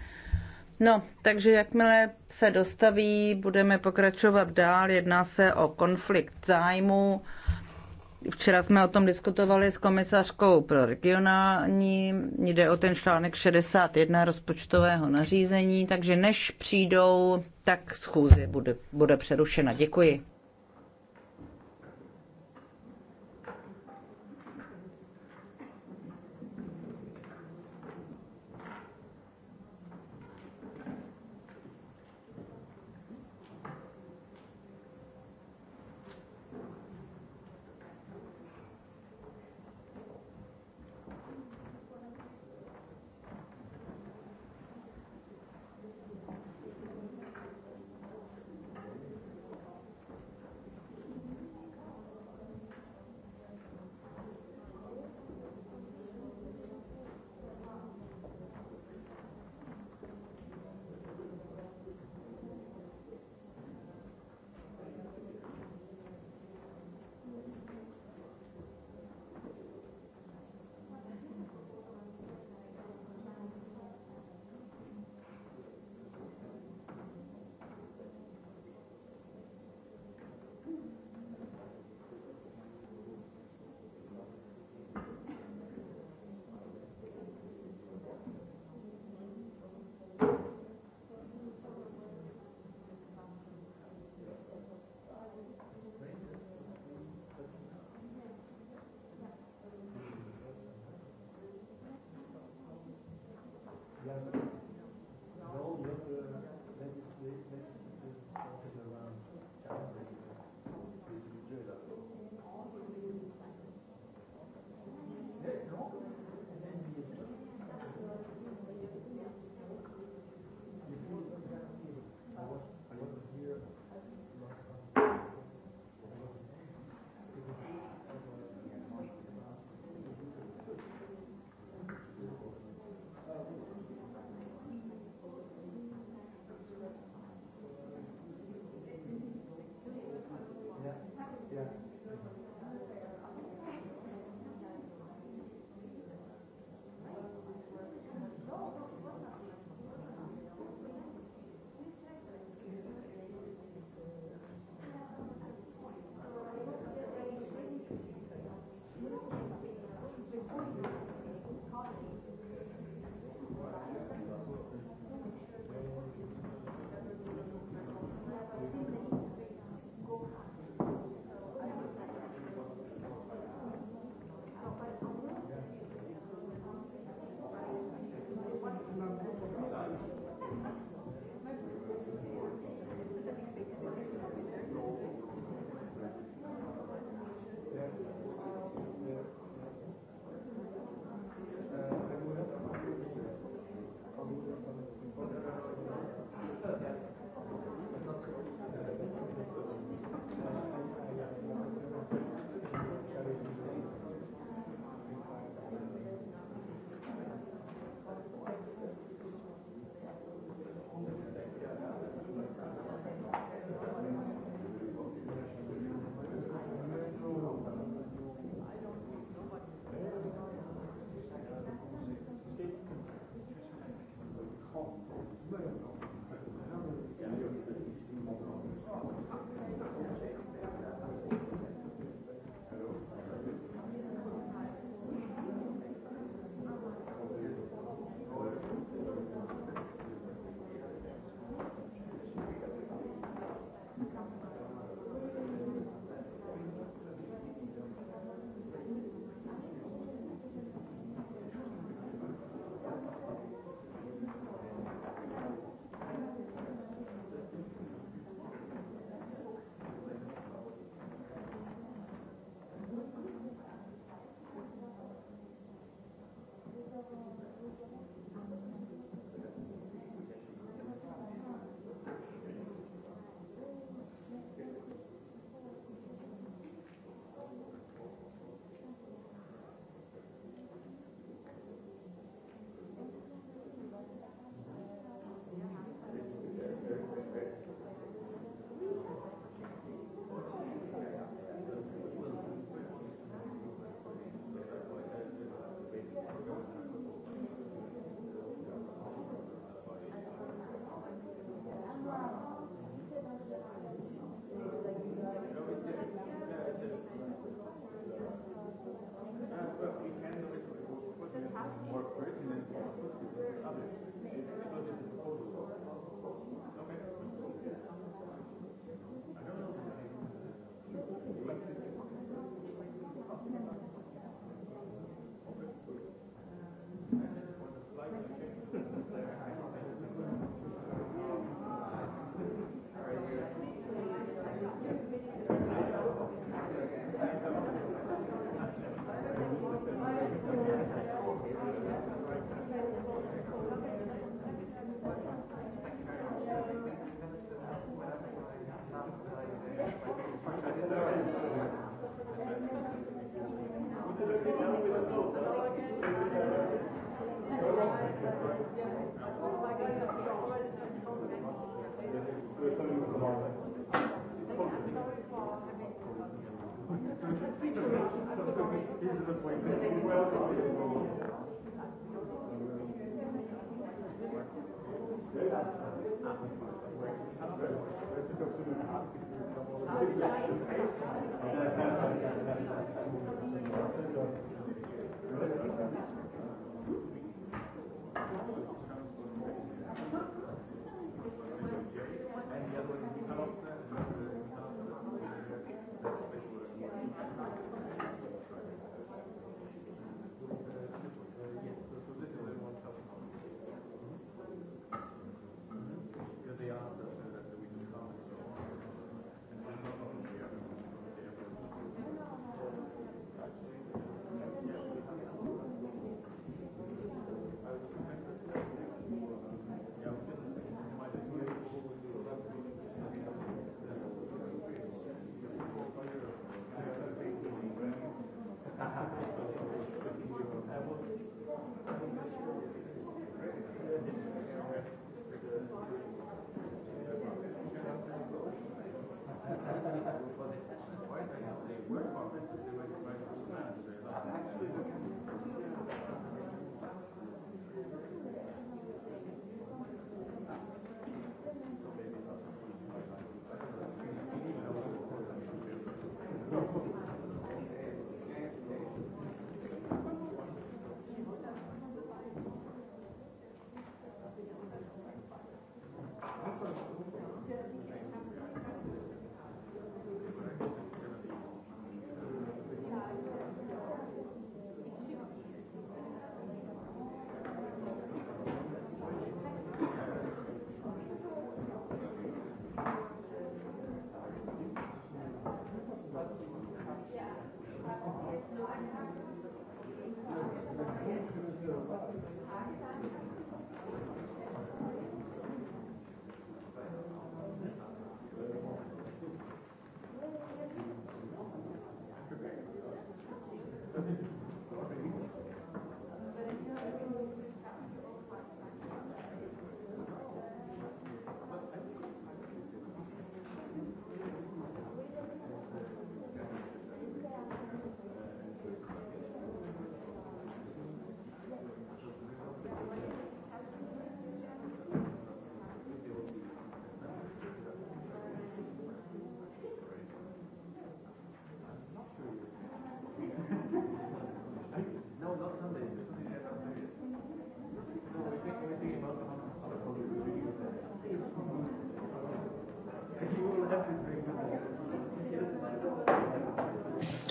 No, takže jakmile se dostaví, budeme pokračovat dál. Jedná se o konflikt zájmu. Včera jsme o tom diskutovali s komisařkou pro regionální, jde o ten článek 61 rozpočtového nařízení, takže než přijdou, tak schůzi bude, bude přerušena. Děkuji.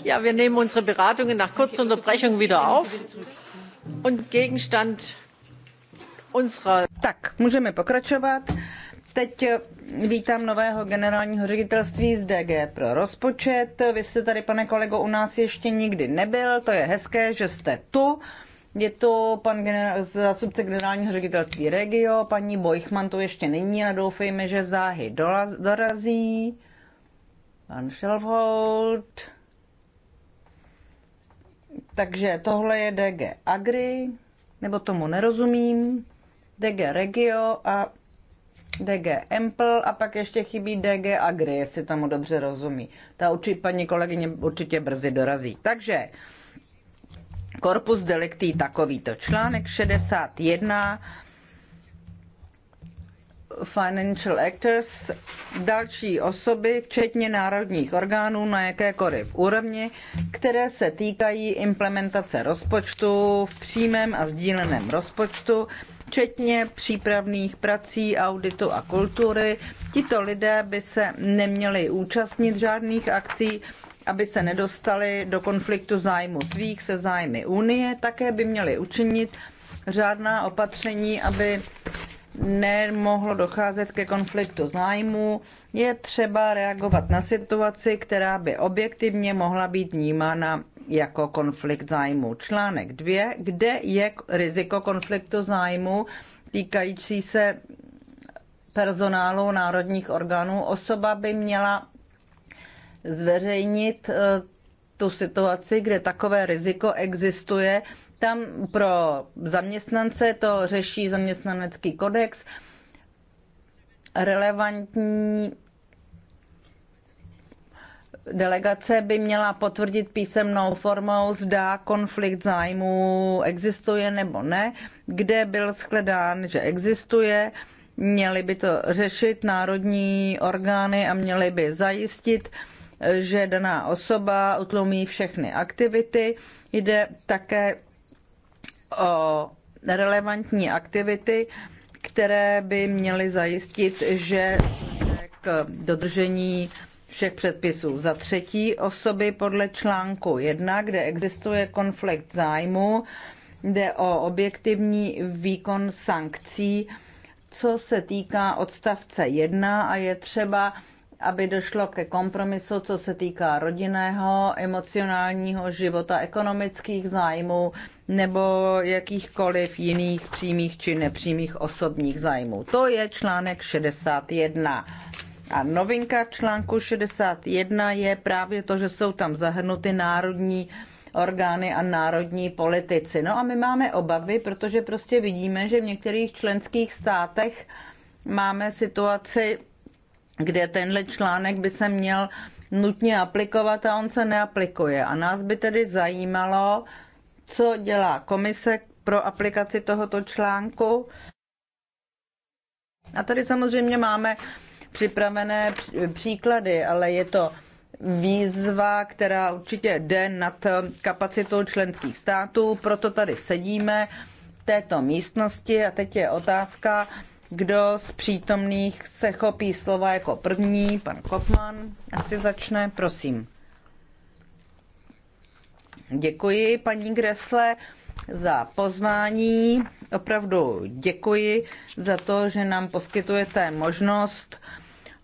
Ja, wir nehmen unsere Beratungen nach kurzer Unterbrechung wieder auf. Und Gegenstand unserer... Tak, můžeme pokračovat. Teď eh, vítám nového generálního ředitelství z DG pro rozpočet. Vy jste tady, pane kolego, u nás ještě nikdy nebyl. To je hezké, že jste tu. Je to pan generál, zástupce generálního ředitelství Regio, paní Bojchman tu ještě není, ale doufejme, že záhy doraz, dorazí. Pan Schelfhout. Takže tohle je DG Agri, nebo tomu nerozumím, DG Regio a DG Empl a pak ještě chybí DG Agri, jestli tomu dobře rozumí. Ta určitě, paní kolegyně určitě brzy dorazí. Takže korpus deliktý takovýto článek 61 financial actors, další osoby, včetně národních orgánů na jakékoliv úrovni, které se týkají implementace rozpočtu v přímém a sdíleném rozpočtu, včetně přípravných prací, auditu a kultury. Tito lidé by se neměli účastnit žádných akcí, aby se nedostali do konfliktu zájmu svých se zájmy Unie. Také by měli učinit řádná opatření, aby nemohlo docházet ke konfliktu zájmu, je třeba reagovat na situaci, která by objektivně mohla být vnímána jako konflikt zájmu. Článek 2, kde je riziko konfliktu zájmu týkající se personálu národních orgánů. Osoba by měla zveřejnit eh, tu situaci, kde takové riziko existuje, tam pro zaměstnance to řeší zaměstnanecký kodex. Relevantní delegace by měla potvrdit písemnou formou, zda konflikt zájmů existuje nebo ne, kde byl shledán, že existuje. Měly by to řešit národní orgány a měly by zajistit, že daná osoba utlumí všechny aktivity. Jde také o relevantní aktivity, které by měly zajistit, že k dodržení všech předpisů. Za třetí osoby podle článku 1, kde existuje konflikt zájmu, jde o objektivní výkon sankcí, co se týká odstavce 1 a je třeba, aby došlo ke kompromisu, co se týká rodinného, emocionálního života, ekonomických zájmů, nebo jakýchkoliv jiných přímých či nepřímých osobních zájmů. To je článek 61. A novinka článku 61 je právě to, že jsou tam zahrnuty národní orgány a národní politici. No a my máme obavy, protože prostě vidíme, že v některých členských státech máme situaci, kde tenhle článek by se měl nutně aplikovat a on se neaplikuje. A nás by tedy zajímalo, co dělá komise pro aplikaci tohoto článku. A tady samozřejmě máme připravené příklady, ale je to výzva, která určitě jde nad kapacitou členských států, proto tady sedíme v této místnosti a teď je otázka, kdo z přítomných se chopí slova jako první. Pan Kopman asi začne, prosím. Děkuji paní Gresle za pozvání. Opravdu děkuji za to, že nám poskytujete možnost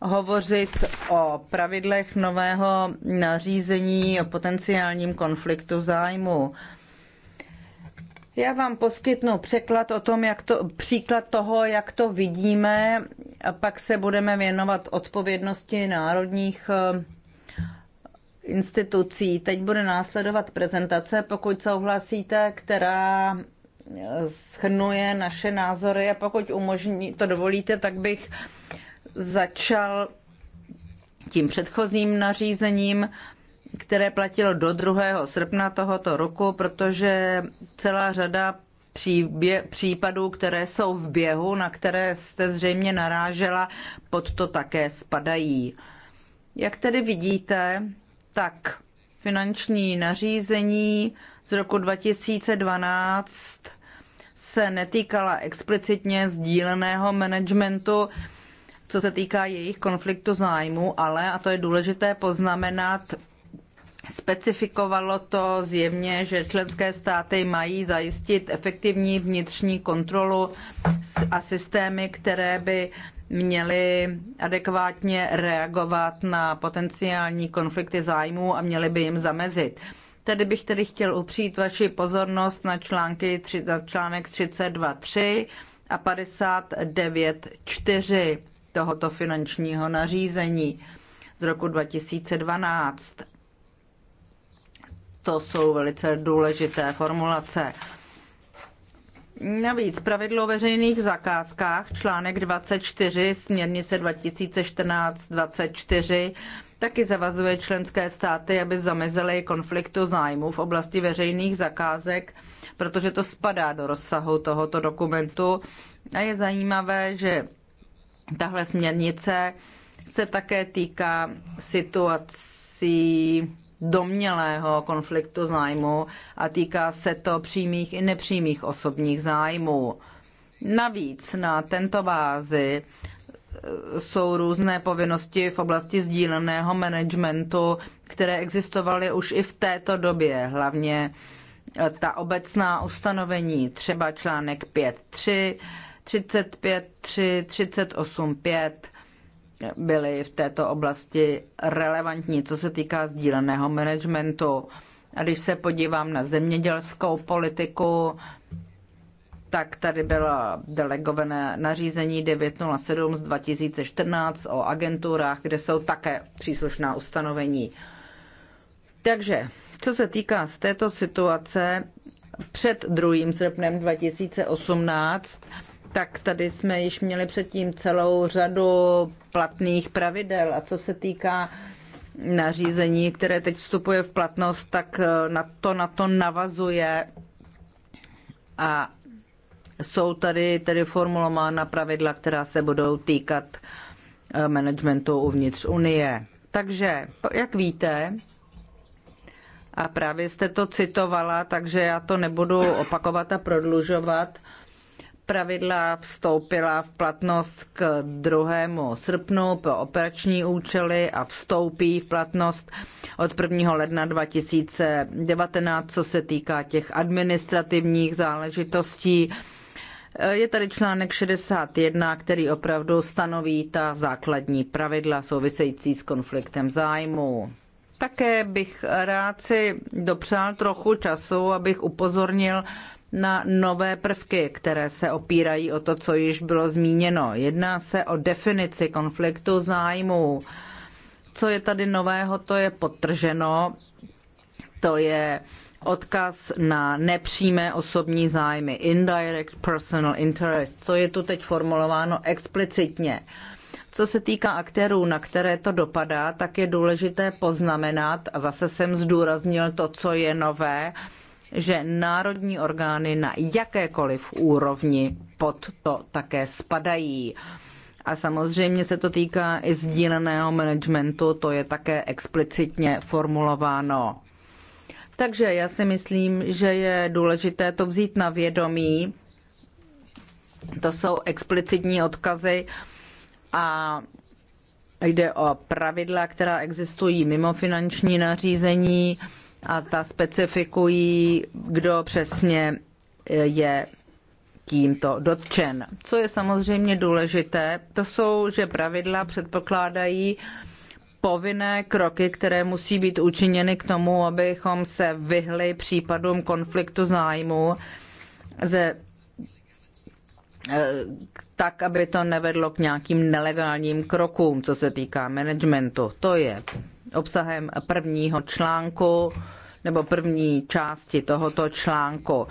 hovořit o pravidlech nového nařízení o potenciálním konfliktu zájmu. Já vám poskytnu překlad o tom, jak to, příklad toho, jak to vidíme, a pak se budeme věnovat odpovědnosti národních institucí. Teď bude následovat prezentace, pokud souhlasíte, která eh, schrnuje naše názory a pokud umožní, to dovolíte, tak bych začal tím předchozím nařízením, které platilo do 2. srpna tohoto roku, protože celá řada příbě, případů, které jsou v běhu, na které jste zřejmě narážela, pod to také spadají. Jak tedy vidíte, tak finanční nařízení z roku 2012 se netýkala explicitně sdíleného managementu, co se týká jejich konfliktu zájmu, ale, a to je důležité poznamenat, specifikovalo to zjevně, že členské státy mají zajistit efektivní vnitřní kontrolu a systémy, které by měli adekvátně reagovat na potenciální konflikty zájmů a měli by jim zamezit. Tedy bych tedy chtěl upřít vaši pozornost na, články, na článek 32.3 a 59.4 tohoto finančního nařízení z roku 2012. To jsou velice důležité formulace. Navíc pravidlo o veřejných zakázkách, článek 24 směrnice 2014-24, taky zavazuje členské státy, aby zamezily konfliktu zájmu v oblasti veřejných zakázek, protože to spadá do rozsahu tohoto dokumentu. A je zajímavé, že tahle směrnice se také týká situací domnělého konfliktu zájmu a týká se to přímých i nepřímých osobních zájmů. Navíc na tento bázi eh, jsou různé povinnosti v oblasti sdíleného managementu, které existovaly už i v této době, hlavně eh, ta obecná ustanovení, třeba článek 5.3, 35.3, 38.5 byli v této oblasti relevantní, co se týká sdíleného managementu. A když se podívám na zemědělskou politiku, tak tady byla delegované nařízení 907 z 2014 o agenturách, kde jsou také příslušná ustanovení. Takže, co se týká z této situace, před 2. srpnem 2018 tak tady jsme již měli předtím celou řadu platných pravidel. A co se týká nařízení, které teď vstupuje v platnost, tak eh, na to, na to navazuje a jsou tady tedy formulována pravidla, která se budou týkat eh, managementu uvnitř Unie. Takže, jak víte, a právě jste to citovala, takže já to nebudu opakovat a prodlužovat, pravidla vstoupila v platnost k 2. srpnu pro operační účely a vstoupí v platnost od 1. ledna 2019, co se týká těch administrativních záležitostí. Je tady článek 61, který opravdu stanoví ta základní pravidla související s konfliktem zájmu. Také bych rád si dopřál trochu času, abych upozornil na nové prvky, které se opírají o to, co již bylo zmíněno. Jedná se o definici konfliktu zájmů. Co je tady nového, to je potrženo. To je odkaz na nepřímé osobní zájmy, indirect personal interest. To je tu teď formulováno explicitně. Co se týká aktérů, na které to dopadá, tak je důležité poznamenat, a zase jsem zdůraznil to, co je nové, že národní orgány na jakékoliv úrovni pod to také spadají. A samozřejmě se to týká i sdíleného managementu, to je také explicitně formulováno. Takže já si myslím, že je důležité to vzít na vědomí. To jsou explicitní odkazy a jde o pravidla, která existují mimo finanční nařízení a ta specifikují, kdo přesně eh, je tímto dotčen. Co je samozřejmě důležité, to jsou, že pravidla předpokládají povinné kroky, které musí být učiněny k tomu, abychom se vyhli případům konfliktu zájmu ze eh, tak, aby to nevedlo k nějakým nelegálním krokům, co se týká managementu. To je obsahem prvního článku nebo první části tohoto článku.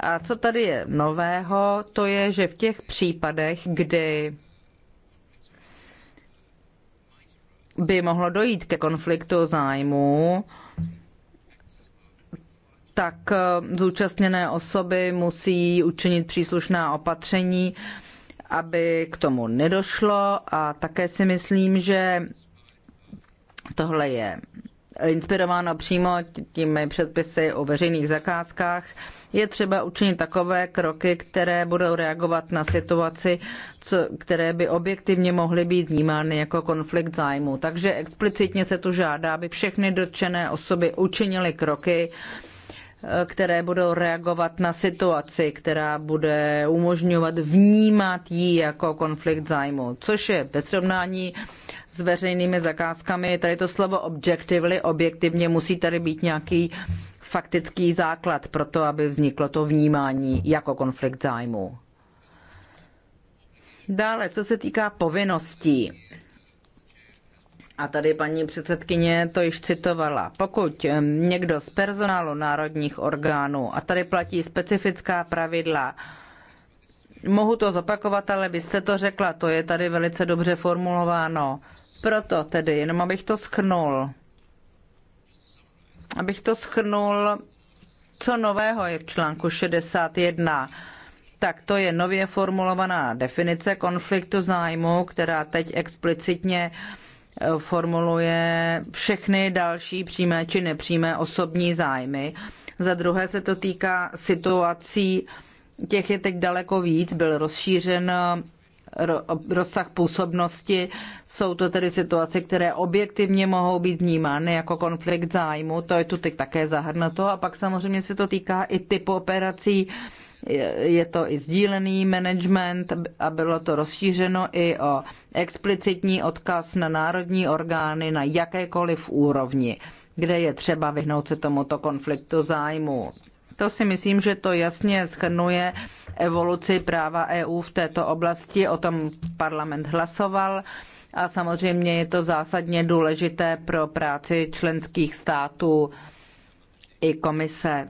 A co tady je nového, to je, že v těch případech, kdy by mohlo dojít ke konfliktu zájmů, tak eh, zúčastněné osoby musí učinit příslušná opatření, aby k tomu nedošlo. A také si myslím, že Tohle je inspirováno přímo těmi předpisy o veřejných zakázkách. Je třeba učinit takové kroky, které budou reagovat na situaci, co, které by objektivně mohly být vnímány jako konflikt zájmu. Takže explicitně se tu žádá, aby všechny dotčené osoby učinily kroky, které budou reagovat na situaci, která bude umožňovat vnímat ji jako konflikt zájmu, což je ve srovnání s veřejnými zakázkami. Je tady to slovo objectively, objektivně musí tady být nějaký faktický základ pro to, aby vzniklo to vnímání jako konflikt zájmu. Dále, co se týká povinností. A tady paní předsedkyně to již citovala. Pokud někdo z personálu národních orgánů, a tady platí specifická pravidla, mohu to zopakovat, ale byste to řekla, to je tady velice dobře formulováno. Proto tedy, jenom abych to schrnul. Abych to schrnul, co nového je v článku 61 tak to je nově formulovaná definice konfliktu zájmu, která teď explicitně eh, formuluje všechny další přímé či nepřímé osobní zájmy. Za druhé se to týká situací, těch je teď daleko víc, byl rozšířen eh, rozsah působnosti. Jsou to tedy situace, které objektivně mohou být vnímány jako konflikt zájmu. To je tu teď také zahrnuto. A pak samozřejmě se to týká i typu operací, je to i sdílený management a bylo to rozšířeno i o explicitní odkaz na národní orgány na jakékoliv úrovni, kde je třeba vyhnout se tomuto konfliktu zájmu. To si myslím, že to jasně schrnuje evoluci práva EU v této oblasti. O tom parlament hlasoval a samozřejmě je to zásadně důležité pro práci členských států i komise.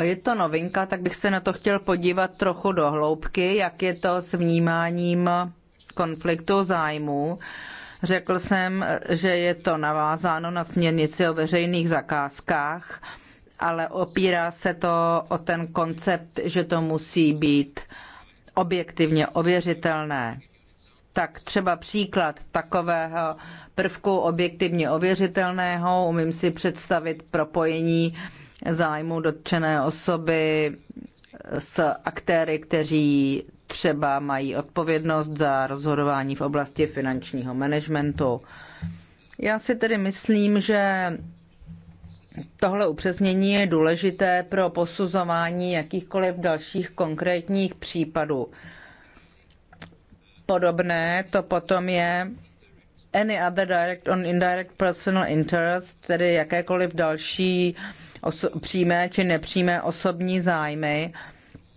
Je to novinka, tak bych se na to chtěl podívat trochu do hloubky, jak je to s vnímáním konfliktu zájmů. Řekl jsem, že je to navázáno na směrnici o veřejných zakázkách ale opírá se to o ten koncept, že to musí být objektivně ověřitelné. Tak třeba příklad takového prvku objektivně ověřitelného, umím si představit propojení zájmu dotčené osoby s aktéry, kteří třeba mají odpovědnost za rozhodování v oblasti finančního managementu. Já si tedy myslím, že Tohle upřesnění je důležité pro posuzování jakýchkoliv dalších konkrétních případů. Podobné to potom je any other direct on indirect personal interest, tedy jakékoliv další přímé či nepřímé osobní zájmy.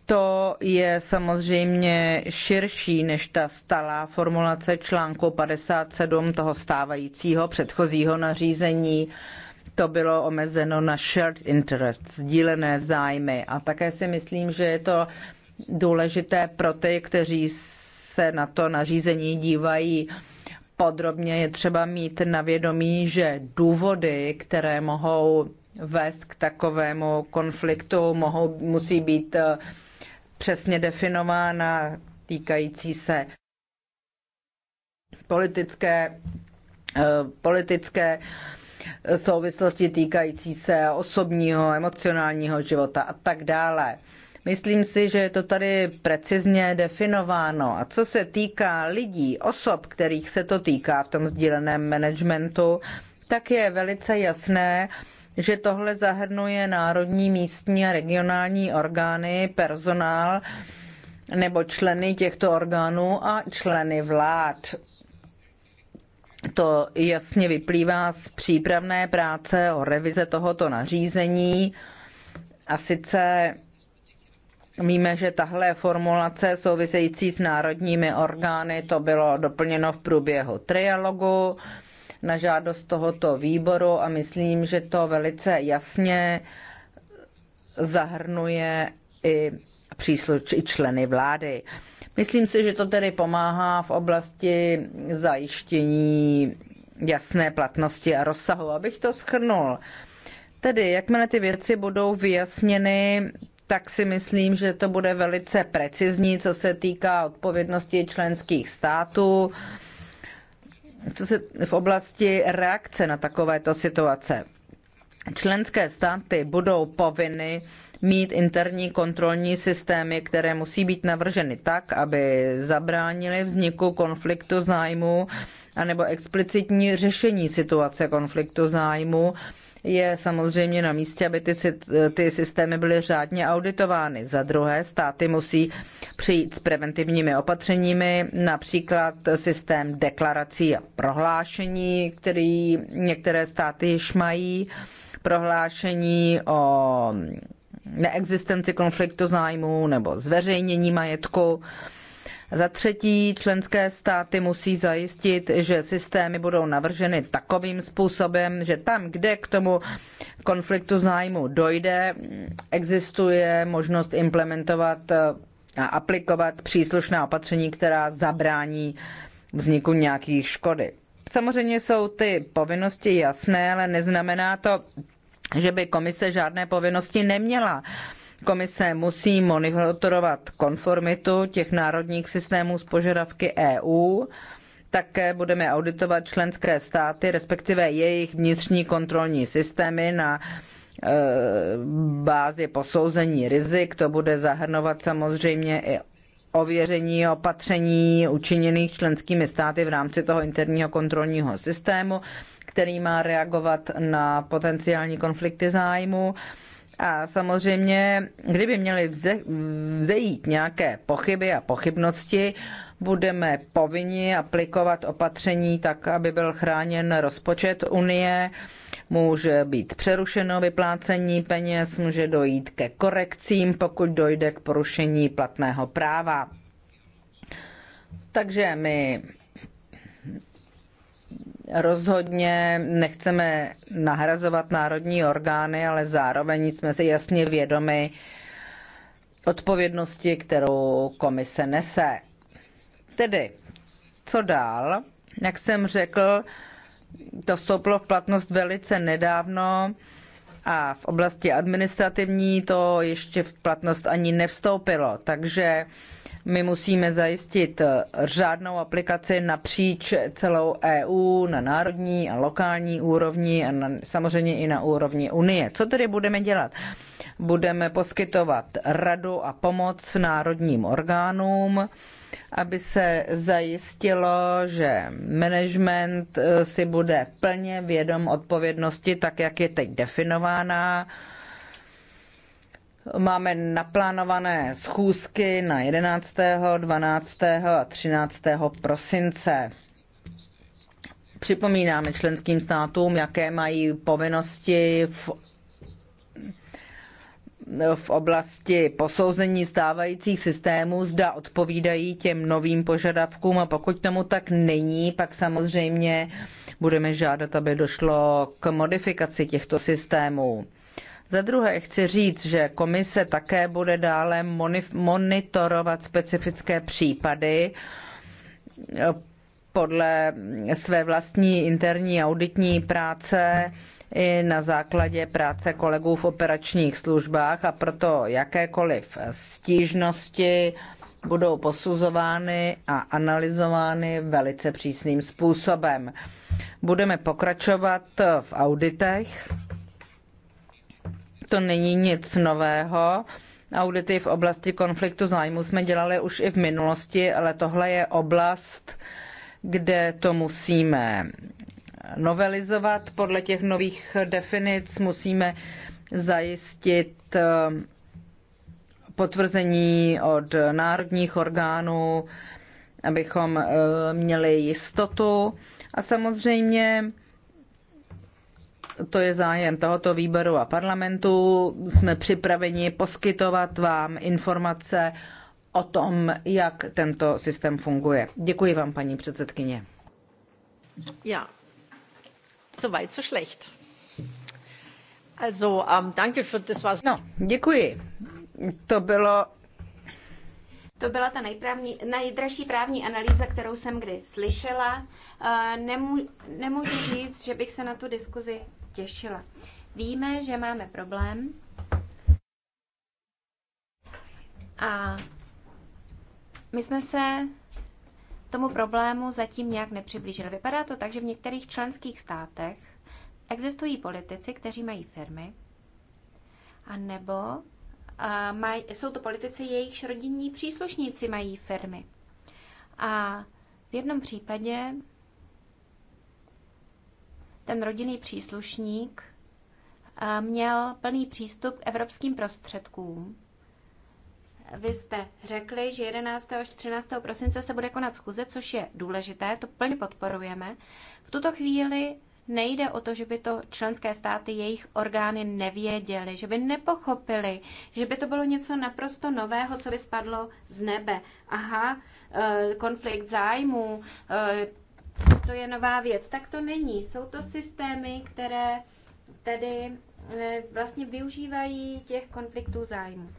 To je samozřejmě širší než ta stalá formulace článku 57 toho stávajícího předchozího nařízení to bylo omezeno na shared interest, sdílené zájmy. A také si myslím, že je to důležité pro ty, kteří se na to nařízení dívají podrobně, je třeba mít na vědomí, že důvody, které mohou vést k takovému konfliktu, mohou, musí být eh, přesně definována týkající se politické, eh, politické souvislosti týkající se osobního, emocionálního života a tak dále. Myslím si, že je to tady precizně definováno. A co se týká lidí, osob, kterých se to týká v tom sdíleném managementu, tak je velice jasné, že tohle zahrnuje národní, místní a regionální orgány, personál nebo členy těchto orgánů a členy vlád. To jasně vyplývá z přípravné práce o revize tohoto nařízení. A sice Víme, že tahle formulace související s národními orgány, to bylo doplněno v průběhu trialogu na žádost tohoto výboru a myslím, že to velice jasně zahrnuje i příslušní členy vlády. Myslím si, že to tedy pomáhá v oblasti zajištění jasné platnosti a rozsahu. Abych to schrnul, tedy jakmile ty věci budou vyjasněny, tak si myslím, že to bude velice precizní, co se týká odpovědnosti členských států co se v oblasti reakce na takovéto situace. Členské státy budou povinny mít interní kontrolní systémy, které musí být navrženy tak, aby zabránili vzniku konfliktu zájmu anebo explicitní řešení situace konfliktu zájmu je samozřejmě na místě, aby ty, ty systémy byly řádně auditovány. Za druhé, státy musí přijít s preventivními opatřeními, například systém deklarací a prohlášení, který některé státy již mají, prohlášení o neexistenci konfliktu zájmů nebo zveřejnění majetku. Za třetí, členské státy musí zajistit, že systémy budou navrženy takovým způsobem, že tam, kde k tomu konfliktu zájmu dojde, existuje možnost implementovat a aplikovat příslušná opatření, která zabrání vzniku nějakých škody. Samozřejmě jsou ty povinnosti jasné, ale neznamená to, že by komise žádné povinnosti neměla. Komise musí monitorovat konformitu těch národních systémů s požadavky EU. Také budeme auditovat členské státy, respektive jejich vnitřní kontrolní systémy na e, bázi posouzení rizik. To bude zahrnovat samozřejmě i ověření opatření učiněných členskými státy v rámci toho interního kontrolního systému který má reagovat na potenciální konflikty zájmu. A samozřejmě, kdyby měly vzejít nějaké pochyby a pochybnosti, budeme povinni aplikovat opatření tak, aby byl chráněn rozpočet Unie. Může být přerušeno vyplácení peněz, může dojít ke korekcím, pokud dojde k porušení platného práva. Takže my Rozhodně nechceme nahrazovat národní orgány, ale zároveň jsme si jasně vědomi odpovědnosti, kterou komise nese. Tedy, co dál? Jak jsem řekl, to vstoupilo v platnost velice nedávno a v oblasti administrativní to ještě v platnost ani nevstoupilo. Takže my musíme zajistit eh, řádnou aplikaci napříč celou EU na národní a lokální úrovni a na, samozřejmě i na úrovni Unie. Co tedy budeme dělat? Budeme poskytovat radu a pomoc národním orgánům, aby se zajistilo, že management eh, si bude plně vědom odpovědnosti, tak jak je teď definována Máme naplánované schůzky na 11., 12. a 13. prosince. Připomínáme členským státům, jaké mají povinnosti v v oblasti posouzení stávajících systémů, zda odpovídají těm novým požadavkům a pokud tomu tak není, pak samozřejmě budeme žádat, aby došlo k modifikaci těchto systémů. Za druhé chci říct, že komise také bude dále monitorovat specifické případy eh, podle své vlastní interní auditní práce i na základě práce kolegů v operačních službách a proto jakékoliv stížnosti budou posuzovány a analyzovány velice přísným způsobem. Budeme pokračovat v auditech to není nic nového. Audity v oblasti konfliktu zájmu jsme dělali už i v minulosti, ale tohle je oblast, kde to musíme novelizovat. Podle těch nových definic musíme zajistit eh, potvrzení od národních orgánů, abychom eh, měli jistotu. A samozřejmě to je zájem tohoto výboru a parlamentu. Jsme připraveni poskytovat vám informace o tom, jak tento systém funguje. Děkuji vám, paní předsedkyně. Ja, so weit, so schlecht. Also, um, danke für das, was... No, děkuji. To bylo to byla ta nejprávní, nejdražší právní analýza, kterou jsem kdy slyšela. Ehm, nemů, nemůžu říct, že bych se na tu diskuzi těšila. Víme, že máme problém a my jsme se tomu problému zatím nějak nepřiblížili. Vypadá to tak, že v některých členských státech existují politici, kteří mají firmy, a nebo uh, maj, jsou to politici, jejichž rodinní příslušníci mají firmy. A v jednom případě ten rodinný příslušník eh, měl plný přístup k evropským prostředkům. Vy jste řekli, že 11. až 13. prosince se bude konat schůze, což je důležité, to plně podporujeme. V tuto chvíli nejde o to, že by to členské státy, jejich orgány nevěděly, že by nepochopili, že by to bylo něco naprosto nového, co by spadlo z nebe. Aha, eh, konflikt zájmů, eh, to je nová věc. Tak to není. Jsou to systémy, které tedy eh, vlastně využívají těch konfliktů zájmu.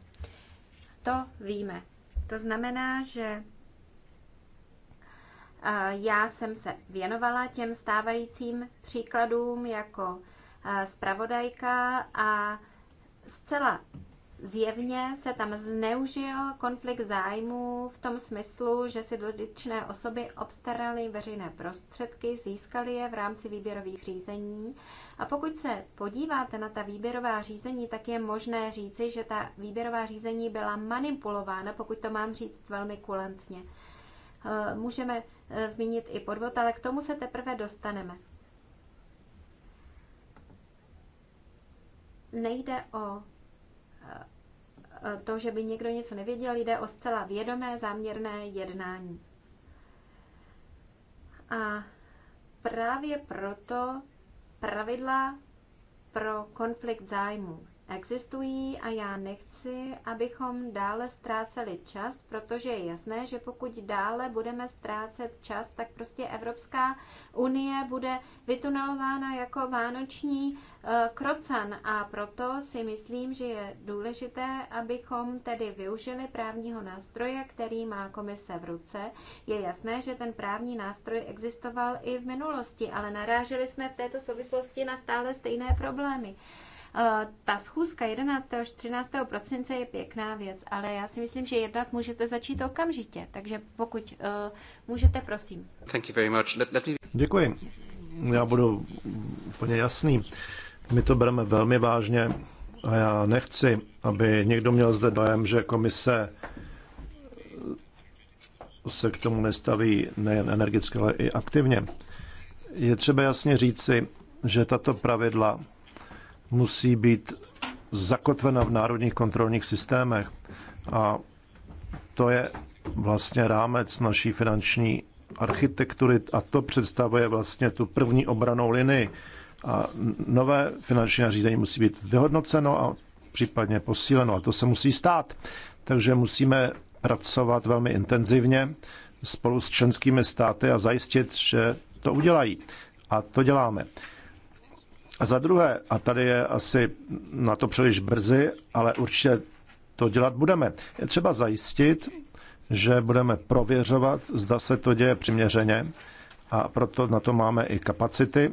To víme. To znamená, že eh, já jsem se věnovala těm stávajícím příkladům jako eh, zpravodajka a zcela Zjevně se tam zneužil konflikt zájmů v tom smyslu, že si dotyčné osoby obstaraly veřejné prostředky, získaly je v rámci výběrových řízení. A pokud se podíváte na ta výběrová řízení, tak je možné říci, že ta výběrová řízení byla manipulována, pokud to mám říct velmi kulantně. Eh, můžeme eh, zmínit i podvod, ale k tomu se teprve dostaneme. Nejde o Eh, to, že by někdo něco nevěděl, jde o zcela vědomé záměrné jednání. A právě proto pravidla pro konflikt zájmu existují a já nechci, abychom dále ztráceli čas, protože je jasné, že pokud dále budeme ztrácet čas, tak prostě Evropská unie bude vytunelována jako vánoční krocan a proto si myslím, že je důležité, abychom tedy využili právního nástroje, který má komise v ruce. Je jasné, že ten právní nástroj existoval i v minulosti, ale naráželi jsme v této souvislosti na stále stejné problémy. Eh, ta schůzka 11. až 13. prosince je pěkná věc, ale já si myslím, že jednat můžete začít okamžitě. Takže pokud uh, můžete, prosím. Děkuji. Já budu úplně jasný. My to bereme velmi vážně a já nechci, aby někdo měl zde dojem, že komise se k tomu nestaví nejen energicky, ale i aktivně. Je třeba jasně říci, že tato pravidla musí být zakotvena v národních kontrolních systémech a to je vlastně rámec naší finanční architektury a to představuje vlastně tu první obranou linii a nové finanční nařízení musí být vyhodnoceno a případně posíleno. A to se musí stát. Takže musíme pracovat velmi intenzivně spolu s členskými státy a zajistit, že to udělají. A to děláme. A za druhé, a tady je asi na to příliš brzy, ale určitě to dělat budeme. Je třeba zajistit, že budeme prověřovat, zda se to děje přiměřeně a proto na to máme i kapacity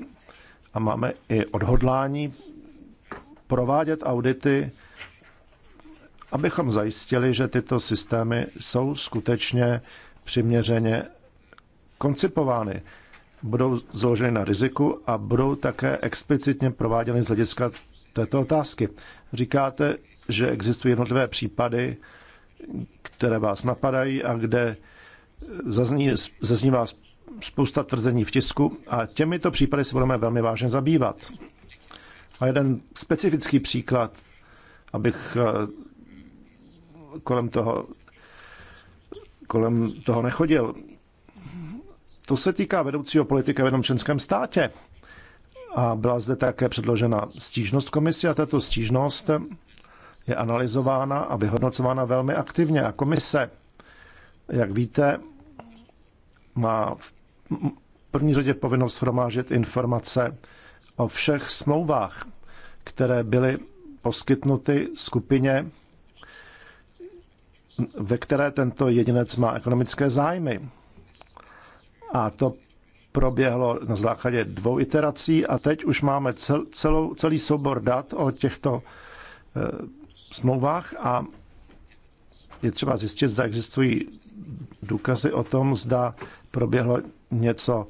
a máme i odhodlání provádět audity, abychom zajistili, že tyto systémy jsou skutečně přiměřeně koncipovány. Budou založeny na riziku a budou také explicitně prováděny z hlediska této otázky. Říkáte, že existují jednotlivé případy, které vás napadají a kde zazní, zaznívá spousta tvrzení v tisku a těmito případy se budeme velmi vážně zabývat. A jeden specifický příklad, abych eh, kolem toho, kolem toho nechodil. To se týká vedoucího politika v jednom členském státě. A byla zde také předložena stížnost komisi a tato stížnost je analyzována a vyhodnocována velmi aktivně. A komise, jak víte, má v v první řadě povinnost shromážit informace o všech smlouvách, které byly poskytnuty skupině, ve které tento jedinec má ekonomické zájmy. A to proběhlo na základě dvou iterací a teď už máme cel, celou, celý soubor dat o těchto e, smlouvách a je třeba zjistit, zda existují důkazy o tom, zda proběhlo něco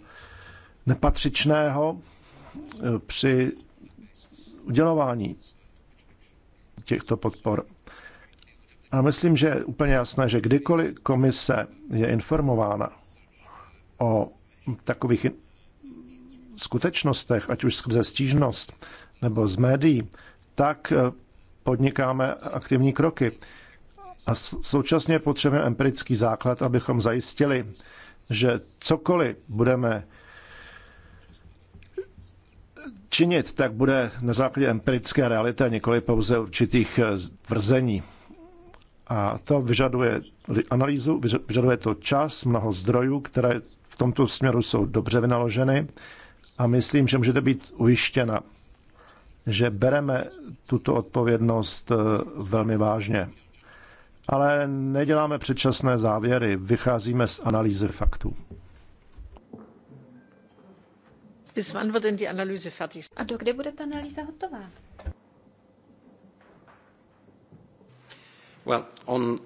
nepatřičného e, při udělování těchto podpor. A myslím, že je úplně jasné, že kdykoliv komise je informována o takových skutečnostech, ať už skrze stížnost nebo z médií, tak e, podnikáme aktivní kroky. A současně potřebujeme empirický základ, abychom zajistili, že cokoliv budeme činit, tak bude na základě empirické reality a nikoli pouze určitých eh, tvrzení. A to vyžaduje analýzu, vyžaduje to čas, mnoho zdrojů, které v tomto směru jsou dobře vynaloženy a myslím, že můžete být ujištěna, že bereme tuto odpovědnost eh, velmi vážně ale neděláme předčasné závěry, vycházíme z analýzy faktů. Bis wann wird denn die Analyse fertig? A do kdy bude ta analýza hotová? Well, on, uh...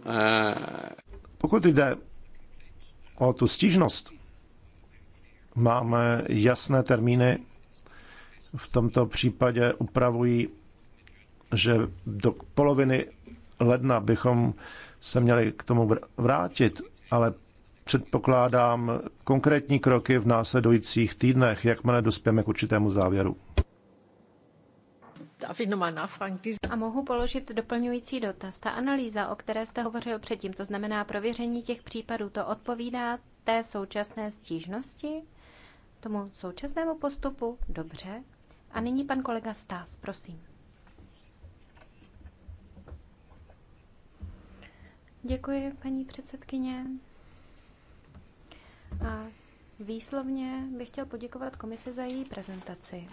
Pokud jde o tu stížnost, máme jasné termíny. V tomto případě upravují, že do poloviny ledna bychom se měli k tomu vrátit, ale předpokládám konkrétní kroky v následujících týdnech, jakmile dospěme k určitému závěru. A mohu položit doplňující dotaz. Ta analýza, o které jste hovořil předtím, to znamená prověření těch případů, to odpovídá té současné stížnosti, tomu současnému postupu? Dobře. A nyní pan kolega Stás, prosím. Děkuji, paní předsedkyně. A výslovně bych chtěl poděkovat komisi za její prezentaci.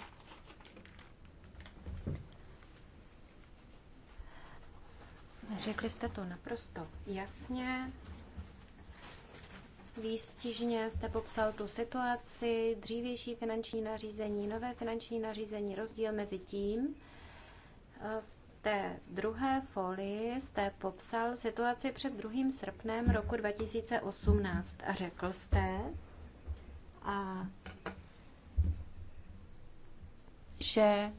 Řekli jste to naprosto jasně. Výstižně jste popsal tu situaci, dřívější finanční nařízení, nové finanční nařízení, rozdíl mezi tím té druhé folii jste popsal situaci před 2. srpnem roku 2018 a řekl jste, a že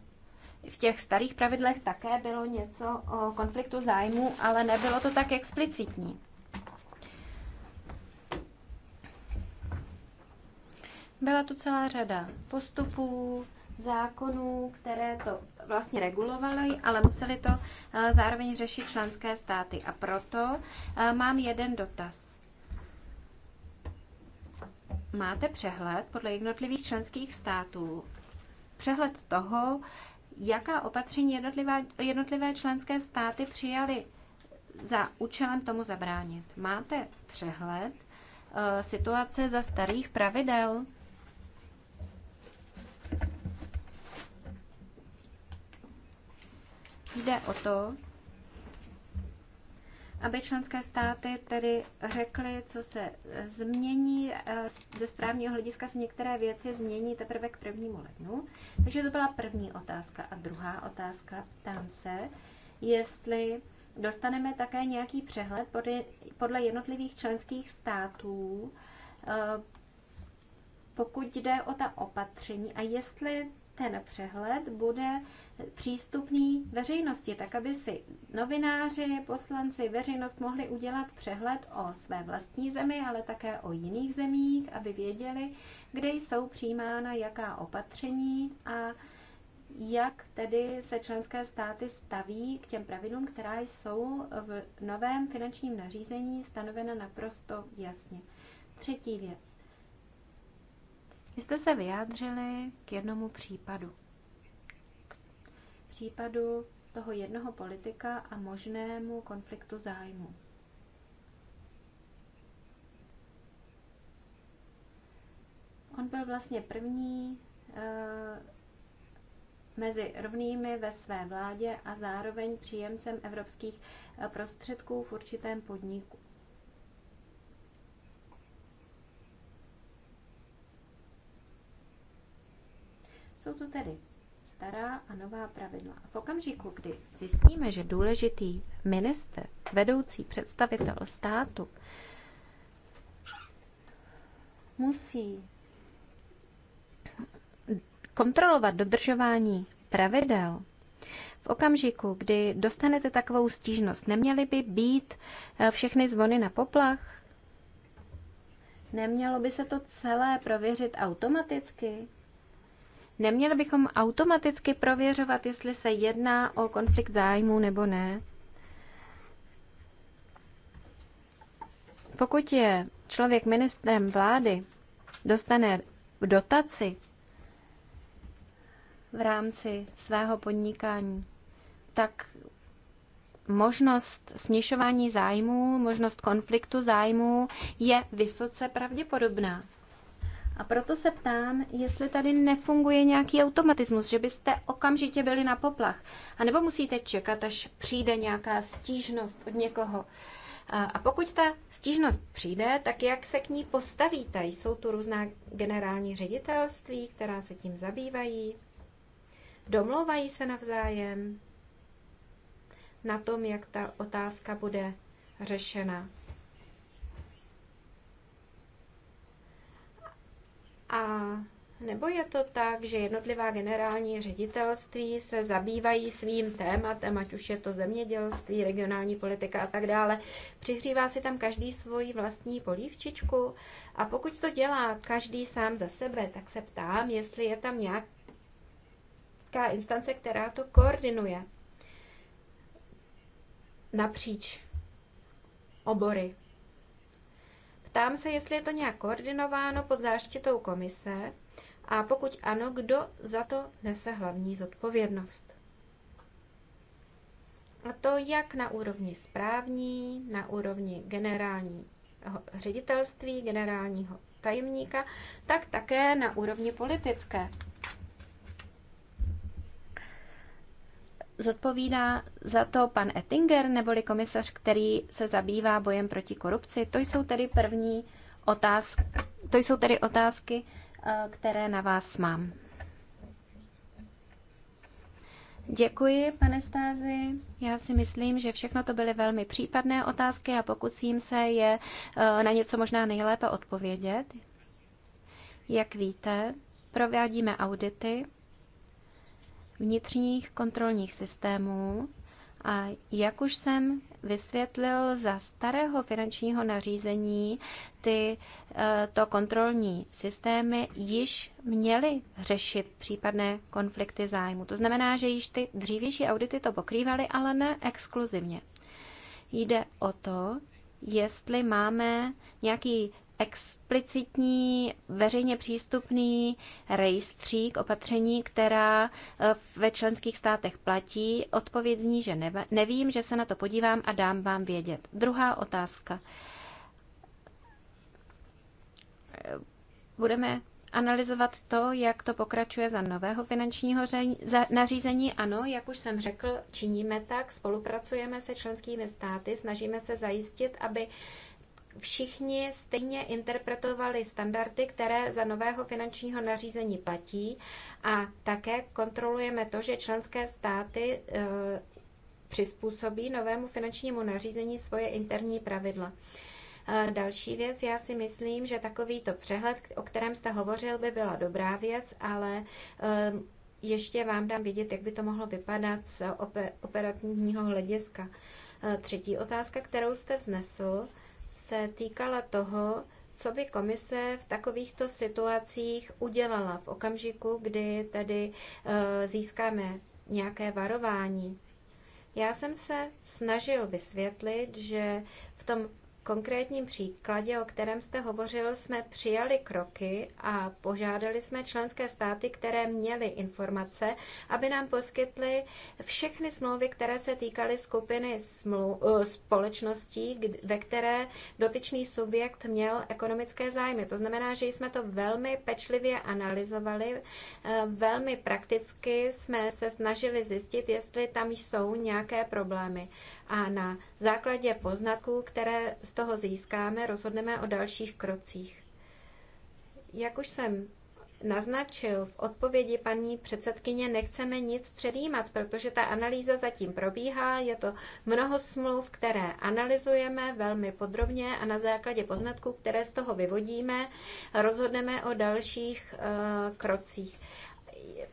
v těch starých pravidlech také bylo něco o konfliktu zájmu, ale nebylo to tak explicitní. Byla tu celá řada postupů, zákonů, které to vlastně regulovaly, ale museli to eh, zároveň řešit členské státy. A proto eh, mám jeden dotaz. Máte přehled podle jednotlivých členských států? Přehled toho, jaká opatření jednotlivé členské státy přijaly za účelem tomu zabránit. Máte přehled eh, situace za starých pravidel? Jde o to, aby členské státy tedy řekly, co se eh, změní. Eh, ze správního hlediska se některé věci změní teprve k prvnímu lednu. Takže to byla první otázka. A druhá otázka, ptám se, jestli dostaneme také nějaký přehled podle jednotlivých členských států, eh, pokud jde o ta opatření a jestli ten přehled bude přístupný veřejnosti, tak aby si novináři, poslanci, veřejnost mohli udělat přehled o své vlastní zemi, ale také o jiných zemích, aby věděli, kde jsou přijímána jaká opatření a jak tedy se členské státy staví k těm pravidlům, která jsou v novém finančním nařízení stanovena naprosto jasně. Třetí věc. Vy jste se vyjádřili k jednomu případu. K případu toho jednoho politika a možnému konfliktu zájmu. On byl vlastně první e, mezi rovnými ve své vládě a zároveň příjemcem evropských eh, prostředků v určitém podniku. Jsou tu tedy stará a nová pravidla. A v okamžiku, kdy zjistíme, že důležitý minister, vedoucí představitel státu, musí kontrolovat dodržování pravidel, v okamžiku, kdy dostanete takovou stížnost, neměly by být eh, všechny zvony na poplach? Nemělo by se to celé prověřit automaticky? Neměli bychom automaticky prověřovat, jestli se jedná o konflikt zájmu nebo ne. Pokud je člověk ministrem vlády, dostane dotaci v rámci svého podnikání, tak možnost snižování zájmů, možnost konfliktu zájmů je vysoce pravděpodobná. A proto se ptám, jestli tady nefunguje nějaký automatismus, že byste okamžitě byli na poplach. A nebo musíte čekat, až přijde nějaká stížnost od někoho. A pokud ta stížnost přijde, tak jak se k ní postavíte? Jsou tu různá generální ředitelství, která se tím zabývají, domlouvají se navzájem na tom, jak ta otázka bude řešena. A nebo je to tak, že jednotlivá generální ředitelství se zabývají svým tématem, ať už je to zemědělství, regionální politika a tak dále. Přihřívá si tam každý svoji vlastní polívčičku a pokud to dělá každý sám za sebe, tak se ptám, jestli je tam nějaká instance, která to koordinuje napříč obory Ptám se, jestli je to nějak koordinováno pod záštitou komise a pokud ano, kdo za to nese hlavní zodpovědnost. A to jak na úrovni správní, na úrovni generálního ředitelství, generálního tajemníka, tak také na úrovni politické. zodpovídá za to pan Ettinger neboli komisař, který se zabývá bojem proti korupci? To jsou tedy první otázky, to jsou tedy otázky, eh, které na vás mám. Děkuji, pane Stázi. Já si myslím, že všechno to byly velmi případné otázky a pokusím se je eh, na něco možná nejlépe odpovědět. Jak víte, provádíme audity vnitřních kontrolních systémů a jak už jsem vysvětlil za starého finančního nařízení, ty e, to kontrolní systémy již měly řešit případné konflikty zájmu. To znamená, že již ty dřívější audity to pokrývaly, ale ne exkluzivně. Jde o to, jestli máme nějaký explicitní veřejně přístupný rejstřík opatření, která eh, ve členských státech platí. Odpověď zní, že nevím, že se na to podívám a dám vám vědět. Druhá otázka. Eh, budeme analyzovat to, jak to pokračuje za nového finančního nařízení. Ano, jak už jsem řekl, činíme tak, spolupracujeme se členskými státy, snažíme se zajistit, aby všichni stejně interpretovali standardy, které za nového finančního nařízení platí a také kontrolujeme to, že členské státy e, přizpůsobí novému finančnímu nařízení svoje interní pravidla. E, další věc, já si myslím, že takovýto přehled, o kterém jste hovořil, by byla dobrá věc, ale e, ještě vám dám vidět, jak by to mohlo vypadat z operativního hlediska. Třetí otázka, kterou jste vznesl, se týkala toho, co by komise v takovýchto situacích udělala v okamžiku, kdy tedy eh, získáme nějaké varování. Já jsem se snažil vysvětlit, že v tom konkrétním příkladě, o kterém jste hovořil, jsme přijali kroky a požádali jsme členské státy, které měly informace, aby nám poskytly všechny smlouvy, které se týkaly skupiny smlu- eh, společností, ve které dotyčný subjekt měl ekonomické zájmy. To znamená, že jsme to velmi pečlivě analyzovali, eh, velmi prakticky jsme se snažili zjistit, jestli tam jsou nějaké problémy a na základě poznatků, které z toho získáme, rozhodneme o dalších krocích. Jak už jsem naznačil v odpovědi paní předsedkyně, nechceme nic předjímat, protože ta analýza zatím probíhá. Je to mnoho smluv, které analyzujeme velmi podrobně a na základě poznatků, které z toho vyvodíme, rozhodneme o dalších uh, krocích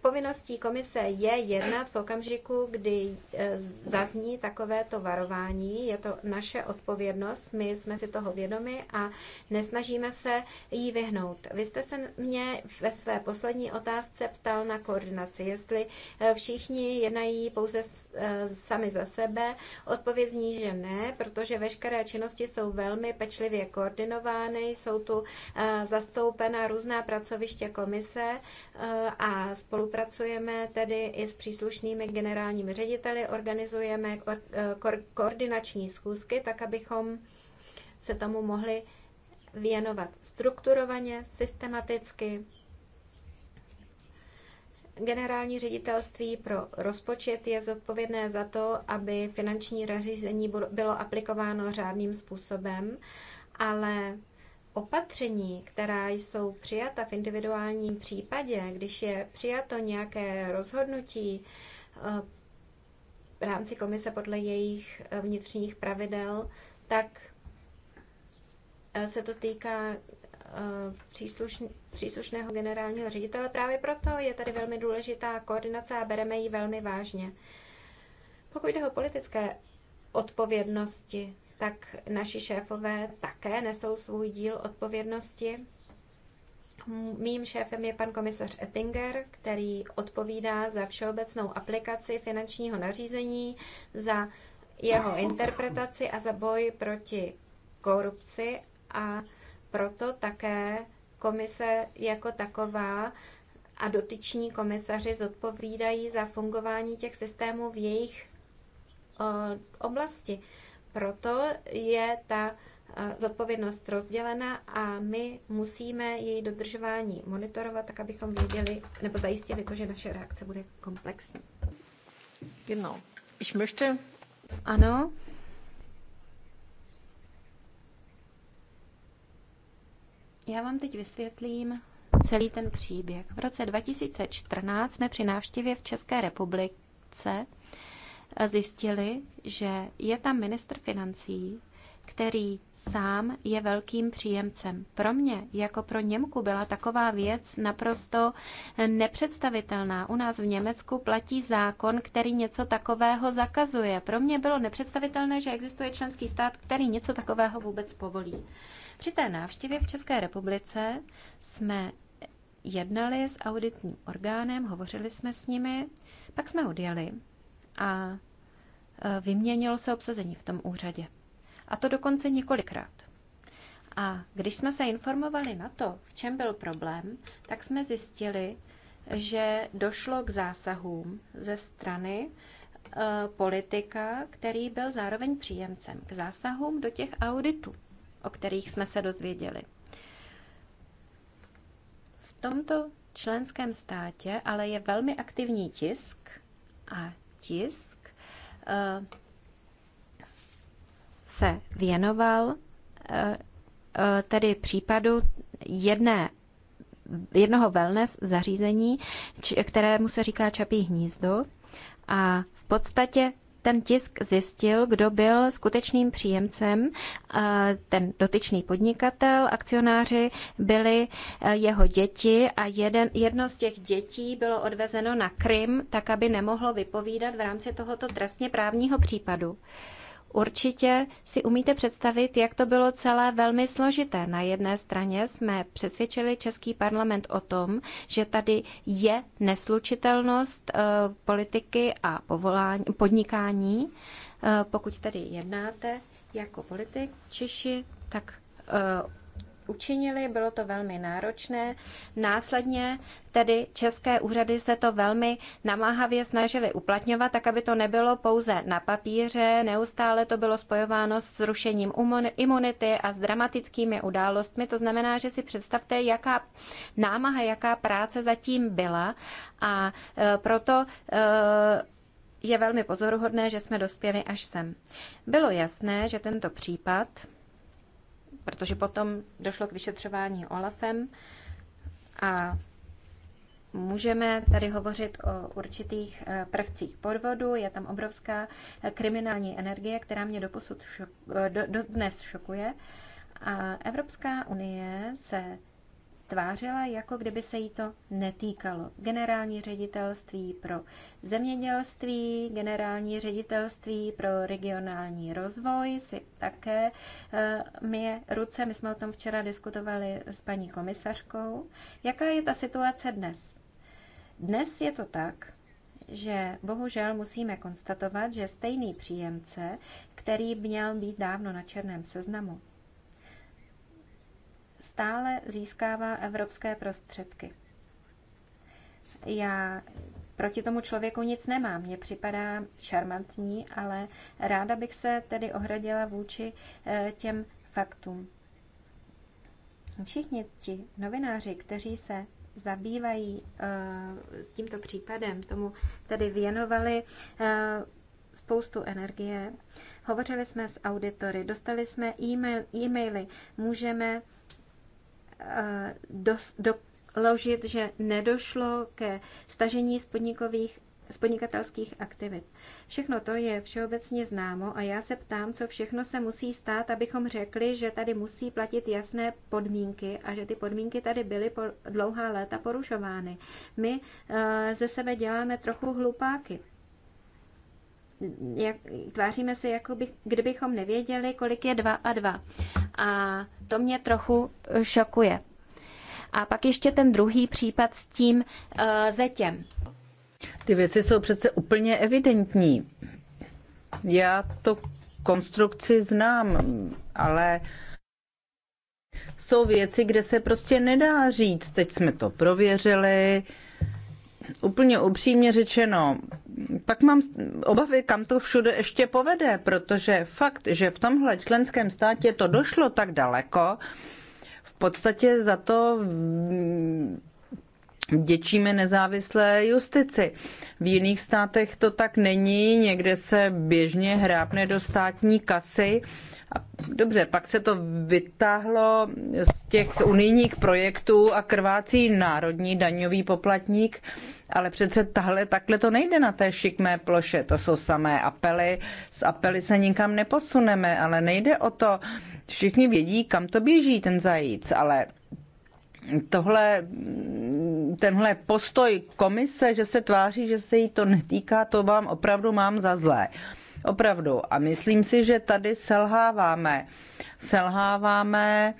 povinností komise je jednat v okamžiku, kdy e, zazní takovéto varování. Je to naše odpovědnost, my jsme si toho vědomi a nesnažíme se jí vyhnout. Vy jste se mě ve své poslední otázce ptal na koordinaci, jestli e, všichni jednají pouze e, sami za sebe. Odpověď zní, že ne, protože veškeré činnosti jsou velmi pečlivě koordinovány, jsou tu zastoupena různá pracoviště komise a Spolupracujeme tedy i s příslušnými generálními řediteli, organizujeme koordinační schůzky, tak abychom se tomu mohli věnovat strukturovaně, systematicky. Generální ředitelství pro rozpočet je zodpovědné za to, aby finanční řízení bylo aplikováno řádným způsobem, ale Opatření, která jsou přijata v individuálním případě, když je přijato nějaké rozhodnutí eh, v rámci komise podle jejich eh, vnitřních pravidel, tak eh, se to týká příslušného generálního ředitele. Právě proto je tady velmi důležitá koordinace a bereme ji velmi vážně. Pokud jde o politické odpovědnosti, tak naši šéfové také nesou svůj díl odpovědnosti. Mým šéfem je pan komisař Ettinger, který odpovídá za všeobecnou aplikaci finančního nařízení, za jeho interpretaci a za boj proti korupci a proto také komise jako taková a dotyční komisaři zodpovídají za fungování těch systémů v jejich eh, oblasti proto je ta eh, zodpovědnost rozdělena a my musíme její dodržování monitorovat, tak abychom věděli nebo zajistili to, že naše reakce bude komplexní. Genau. Ich möchte... Ano. Já vám teď vysvětlím celý ten příběh. V roce 2014 jsme při návštěvě v České republice zjistili, že je tam ministr financí, který sám je velkým příjemcem. Pro mě, jako pro Němku, byla taková věc naprosto nepředstavitelná. U nás v Německu platí zákon, který něco takového zakazuje. Pro mě bylo nepředstavitelné, že existuje členský stát, který něco takového vůbec povolí. Při té návštěvě v České republice jsme jednali s auditním orgánem, hovořili jsme s nimi, pak jsme odjeli a e, vyměnilo se obsazení v tom úřadě. A to dokonce několikrát. A když jsme se informovali na to, v čem byl problém, tak jsme zjistili, že došlo k zásahům ze strany e, politika, který byl zároveň příjemcem, k zásahům do těch auditů, o kterých jsme se dozvěděli. V tomto členském státě ale je velmi aktivní tisk a tisk eh, se věnoval eh, eh, tedy případu jedné jednoho wellness zařízení, kterému se říká Čapí hnízdo. A v podstatě ten tisk zjistil, kdo byl skutečným příjemcem. Ten dotyčný podnikatel, akcionáři byli e, jeho děti a jeden, jedno z těch dětí bylo odvezeno na Krym, tak aby nemohlo vypovídat v rámci tohoto trestně právního případu. Určitě si umíte představit, jak to bylo celé velmi složité. Na jedné straně jsme přesvědčili Český parlament o tom, že tady je neslučitelnost eh, politiky a povolání, podnikání. Eh, pokud tady jednáte jako politik Češi, tak eh, učinili, bylo to velmi náročné. Následně tedy české úřady se to velmi namáhavě snažily uplatňovat, tak aby to nebylo pouze na papíře, neustále to bylo spojováno s zrušením imunity a s dramatickými událostmi. To znamená, že si představte, jaká námaha, jaká práce zatím byla a e, proto e, je velmi pozoruhodné, že jsme dospěli až sem. Bylo jasné, že tento případ protože potom došlo k vyšetřování Olafem a Můžeme tady hovořit o určitých eh, prvcích podvodu, je tam obrovská eh, kriminální energie, která mě doposud šok, eh, do, do dnes šokuje. A Evropská unie se tvářila, jako kdyby se jí to netýkalo. Generální ředitelství pro zemědělství, generální ředitelství pro regionální rozvoj si také eh, mě ruce, my jsme o tom včera diskutovali s paní komisařkou. Jaká je ta situace dnes? Dnes je to tak, že bohužel musíme konstatovat, že stejný příjemce, který měl být dávno na černém seznamu, stále získává evropské prostředky. Já proti tomu člověku nic nemám, mně připadá šarmantní, ale ráda bych se tedy ohradila vůči eh, těm faktům. Všichni ti novináři, kteří se zabývají eh, tímto případem, tomu tedy věnovali eh, spoustu energie. Hovořili jsme s auditory, dostali jsme e-maily, můžeme Eh, doložit, že nedošlo ke stažení z podnikových z podnikatelských aktivit. Všechno to je všeobecně známo a já se ptám, co všechno se musí stát, abychom řekli, že tady musí platit jasné podmínky a že ty podmínky tady byly po dlouhá léta porušovány. My eh, ze sebe děláme trochu hlupáky jak, tváříme se, jako by, kdybychom nevěděli, kolik je dva a dva. A to mě trochu eh, šokuje. A pak ještě ten druhý případ s tím uh, zetěm. Ty věci jsou přece úplně evidentní. Já to konstrukci znám, ale jsou věci, kde se prostě nedá říct. Teď jsme to prověřili, uh, úplně upřímně řečeno, pak mám obavy, kam to všude ještě povede, protože fakt, že v tomhle členském státě to došlo tak daleko, v podstatě za to děčíme nezávislé justici. V jiných státech to tak není, někde se běžně hrábne do státní kasy Dobře, pak se to vytáhlo z těch unijních projektů a krvácí národní daňový poplatník, ale přece tahle, takhle to nejde na té šikmé ploše. To jsou samé apely. S apely se nikam neposuneme, ale nejde o to. Všichni vědí, kam to běží ten zajíc, ale tohle, tenhle postoj komise, že se tváří, že se jí to netýká, to vám opravdu mám za zlé. Opravdu. A myslím si, že tady selháváme. Selháváme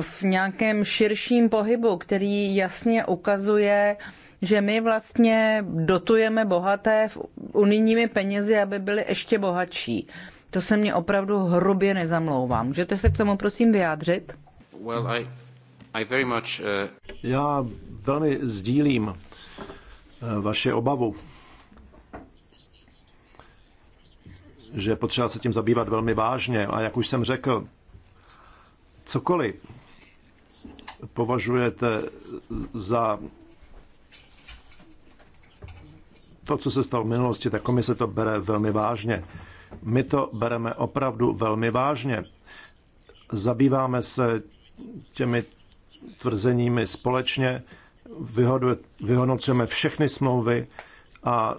v nějakém širším pohybu, který jasně ukazuje, že my vlastně dotujeme bohaté unijními penězi, aby byli ještě bohatší. To se mě opravdu hrubě nezamlouvá. Můžete se k tomu prosím vyjádřit? Well, I, I very much, uh... Já velmi sdílím eh, vaše obavu že potřeba se tím zabývat velmi vážně. A jak už jsem řekl, cokoliv považujete za to, co se stalo v minulosti, tak komise to bere velmi vážně. My to bereme opravdu velmi vážně. Zabýváme se těmi tvrzeními společně, vyhodnocujeme všechny smlouvy a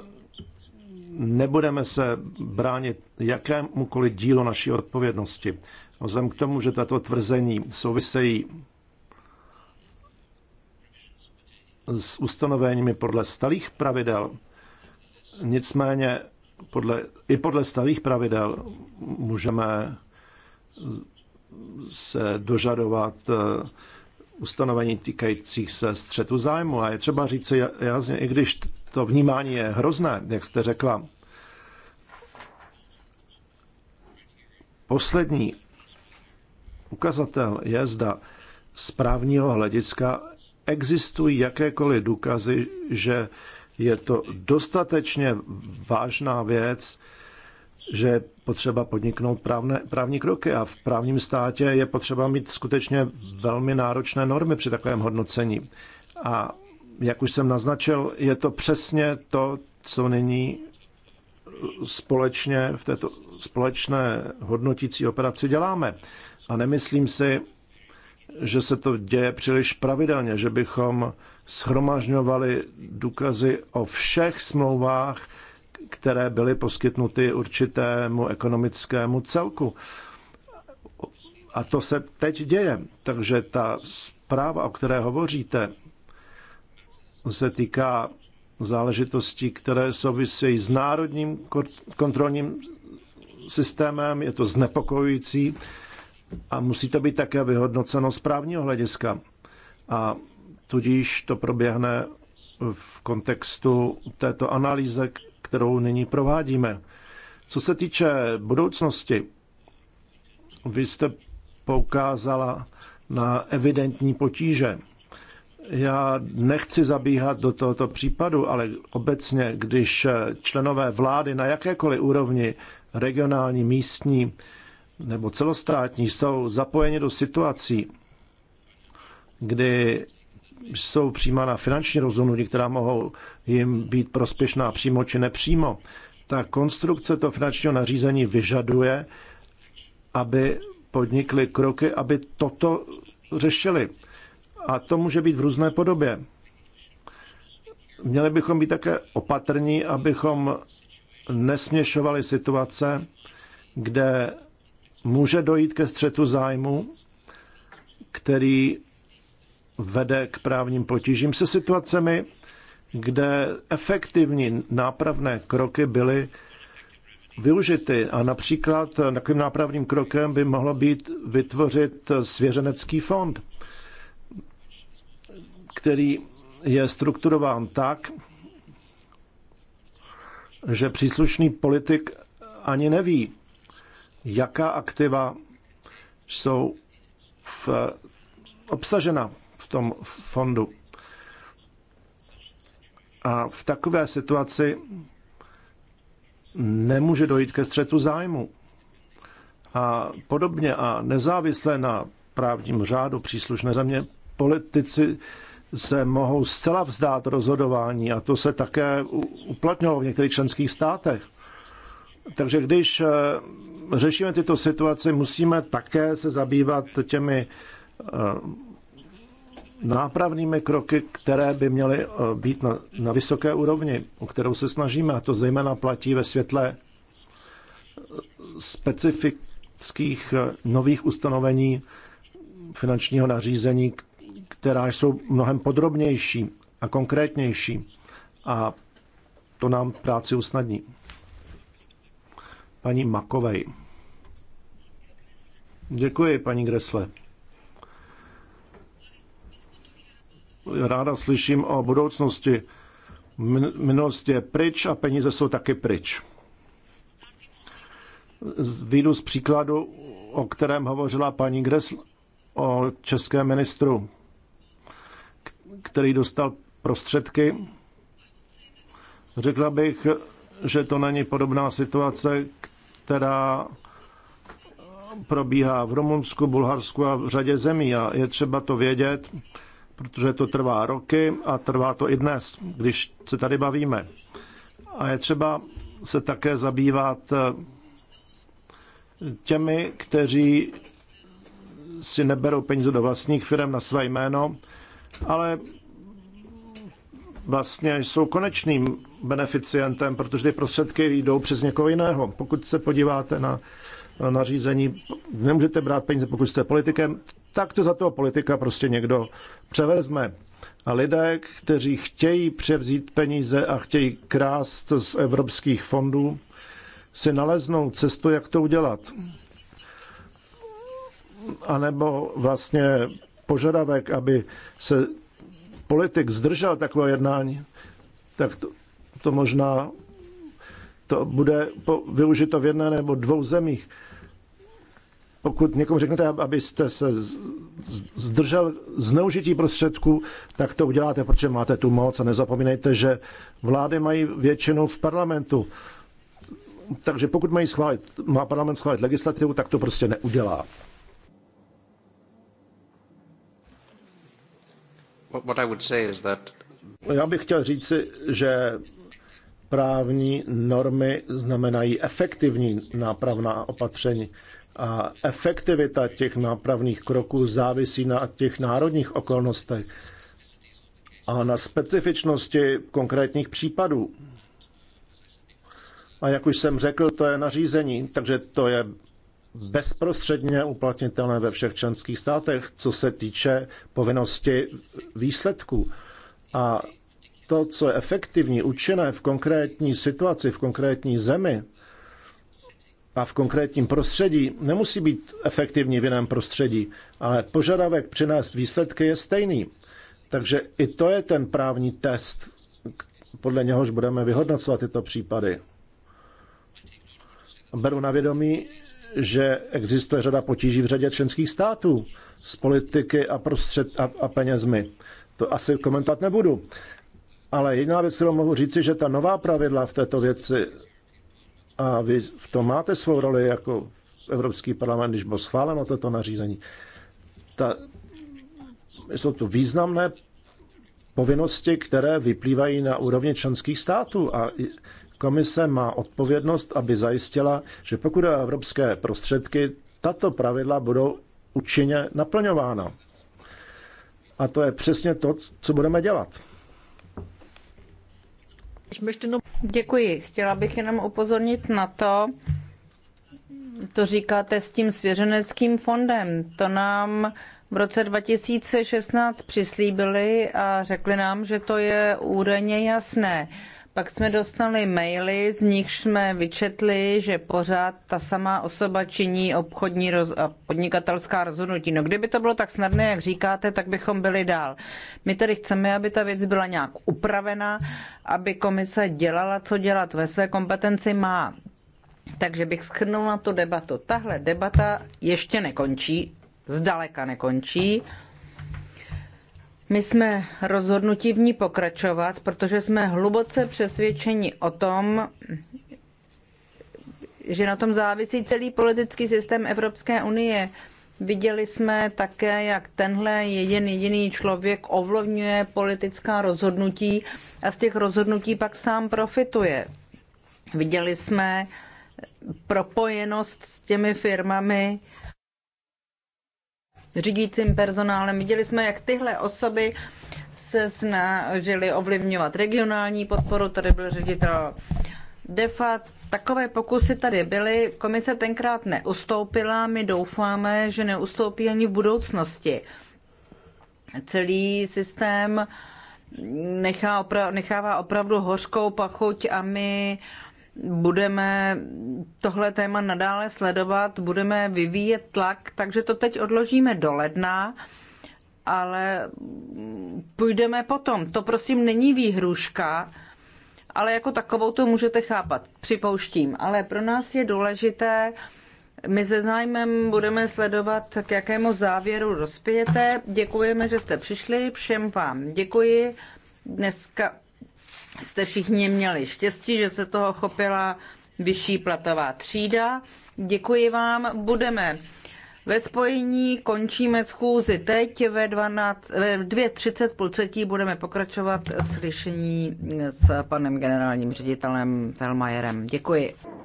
nebudeme se bránit jakémukoliv dílu naší odpovědnosti. Vzhledem k tomu, že tato tvrzení souvisejí s ustanoveními podle starých pravidel, nicméně podle, i podle starých pravidel můžeme se dožadovat eh, ustanovení týkajících se střetu zájmu. A je třeba říct jasně, i když to vnímání je hrozné, jak jste řekla. Poslední ukazatel je, zda z právního hlediska existují jakékoliv důkazy, že je to dostatečně vážná věc, že je potřeba podniknout právne, právní kroky a v právním státě je potřeba mít skutečně velmi náročné normy při takovém hodnocení. A jak už jsem naznačil, je to přesně to, co nyní společně v této společné hodnotící operaci děláme. A nemyslím si, že se to děje příliš pravidelně, že bychom schromažňovali důkazy o všech smlouvách, které byly poskytnuty určitému ekonomickému celku. A to se teď děje. Takže ta zpráva, o které hovoříte, se týká záležitostí, které souvisejí s národním kontrolním systémem. Je to znepokojující a musí to být také vyhodnoceno z právního hlediska. A tudíž to proběhne v kontextu této analýze, kterou nyní provádíme. Co se týče budoucnosti, vy jste poukázala na evidentní potíže já nechci zabíhat do tohoto případu, ale obecně, když členové vlády na jakékoliv úrovni, regionální, místní nebo celostátní, jsou zapojeni do situací, kdy jsou přijímána finanční rozhodnutí, která mohou jim být prospěšná přímo či nepřímo, ta konstrukce toho finančního nařízení vyžaduje, aby podnikly kroky, aby toto řešili. A to může být v různé podobě. Měli bychom být také opatrní, abychom nesměšovali situace, kde může dojít ke střetu zájmu, který vede k právním potížím se situacemi, kde efektivní nápravné kroky byly využity. A například takovým nápravným krokem by mohlo být vytvořit svěřenecký fond který je strukturován tak, že příslušný politik ani neví, jaká aktiva jsou v, obsažena v tom fondu. A v takové situaci nemůže dojít ke střetu zájmu. A podobně a nezávisle na právním řádu příslušné země politici se mohou zcela vzdát rozhodování a to se také uplatňovalo v některých členských státech. Takže když eh, řešíme tyto situace, musíme také se zabývat těmi eh, nápravnými kroky, které by měly eh, být na, na vysoké úrovni, o kterou se snažíme, a to zejména platí ve světle specifických nových ustanovení finančního nařízení, která jsou mnohem podrobnější a konkrétnější a to nám práci usnadní. Paní Makovej. Děkuji, paní Gresle. Ráda slyším o budoucnosti. Minulost je pryč a peníze jsou taky pryč. Výjdu z příkladu, o kterém hovořila paní Gresle, o českém ministru který dostal prostředky. Řekla bych, že to není podobná situace, která probíhá v Rumunsku, Bulharsku a v řadě zemí. A je třeba to vědět, protože to trvá roky a trvá to i dnes, když se tady bavíme. A je třeba se také zabývat těmi, kteří si neberou peníze do vlastních firm na své jméno ale vlastně jsou konečným beneficientem, protože ty prostředky jdou přes někoho jiného. Pokud se podíváte na nařízení, nemůžete brát peníze, pokud jste politikem, tak to za toho politika prostě někdo převezme. A lidé, kteří chtějí převzít peníze a chtějí krást z evropských fondů, si naleznou cestu, jak to udělat. A nebo vlastně požadavek, aby se politik zdržel takového jednání, tak to, to možná to bude po, využito v jedné nebo dvou zemích. Pokud někomu řeknete, abyste se zdržel zneužití prostředků, tak to uděláte, protože máte tu moc a nezapomínejte, že vlády mají většinu v parlamentu. Takže pokud mají schválit, má parlament schválit legislativu, tak to prostě neudělá. Já bych chtěl říci, že právní normy znamenají efektivní nápravná opatření. A efektivita těch nápravných kroků závisí na těch národních okolnostech a na specifičnosti konkrétních případů. A jak už jsem řekl, to je nařízení, takže to je bezprostředně uplatnitelné ve všech členských státech, co se týče povinnosti výsledků. A to, co je efektivní, účinné v konkrétní situaci, v konkrétní zemi a v konkrétním prostředí, nemusí být efektivní v jiném prostředí, ale požadavek přinést výsledky je stejný. Takže i to je ten právní test, podle něhož budeme vyhodnocovat tyto případy. Beru na vědomí, že existuje řada potíží v řadě členských států s politiky a, prostřed, a, a penězmi. To asi komentovat nebudu. Ale jediná věc, kterou mohu říci, že ta nová pravidla v této věci, a vy v tom máte svou roli jako Evropský parlament, když bylo schváleno toto nařízení, ta, jsou to významné povinnosti, které vyplývají na úrovni členských států. A Komise má odpovědnost, aby zajistila, že pokud je evropské prostředky, tato pravidla budou účinně naplňována. A to je přesně to, co budeme dělat. Děkuji. Chtěla bych jenom upozornit na to, to říkáte s tím svěřeneckým fondem. To nám v roce 2016 přislíbili a řekli nám, že to je údajně jasné. Pak jsme dostali maily, z nich jsme vyčetli, že pořád ta samá osoba činí obchodní roz- a podnikatelská rozhodnutí. No kdyby to bylo tak snadné, jak říkáte, tak bychom byli dál. My tedy chceme, aby ta věc byla nějak upravena, aby komise dělala, co dělat ve své kompetenci má. Takže bych schrnul na tu debatu. Tahle debata ještě nekončí, zdaleka nekončí. My jsme rozhodnutí v ní pokračovat, protože jsme hluboce přesvědčeni o tom, že na tom závisí celý politický systém Evropské unie. Viděli jsme také, jak tenhle jeden jediný člověk ovlivňuje politická rozhodnutí a z těch rozhodnutí pak sám profituje. Viděli jsme propojenost s těmi firmami, řídícím personálem. Viděli jsme, jak tyhle osoby se snažili ovlivňovat regionální podporu. Tady byl ředitel DEFA. Takové pokusy tady byly. Komise tenkrát neustoupila. My doufáme, že neustoupí ani v budoucnosti. Celý systém nechá opra- nechává opravdu hořkou pachuť a my uh, budeme tohle téma nadále sledovat, budeme vyvíjet tlak, takže to teď odložíme do ledna, ale půjdeme potom. To prosím není výhruška, ale jako takovou to můžete chápat, připouštím. Ale pro nás je důležité, my se zájmem budeme sledovat, k jakému závěru rozpijete. Děkujeme, že jste přišli, všem vám děkuji. Dneska jste všichni měli štěstí, že se toho chopila vyšší platová třída. Děkuji vám, budeme ve spojení, končíme schůzi teď ve, 12, ve 2.30 půl třetí budeme pokračovat slyšení s panem generálním ředitelem Zelmajerem. Děkuji.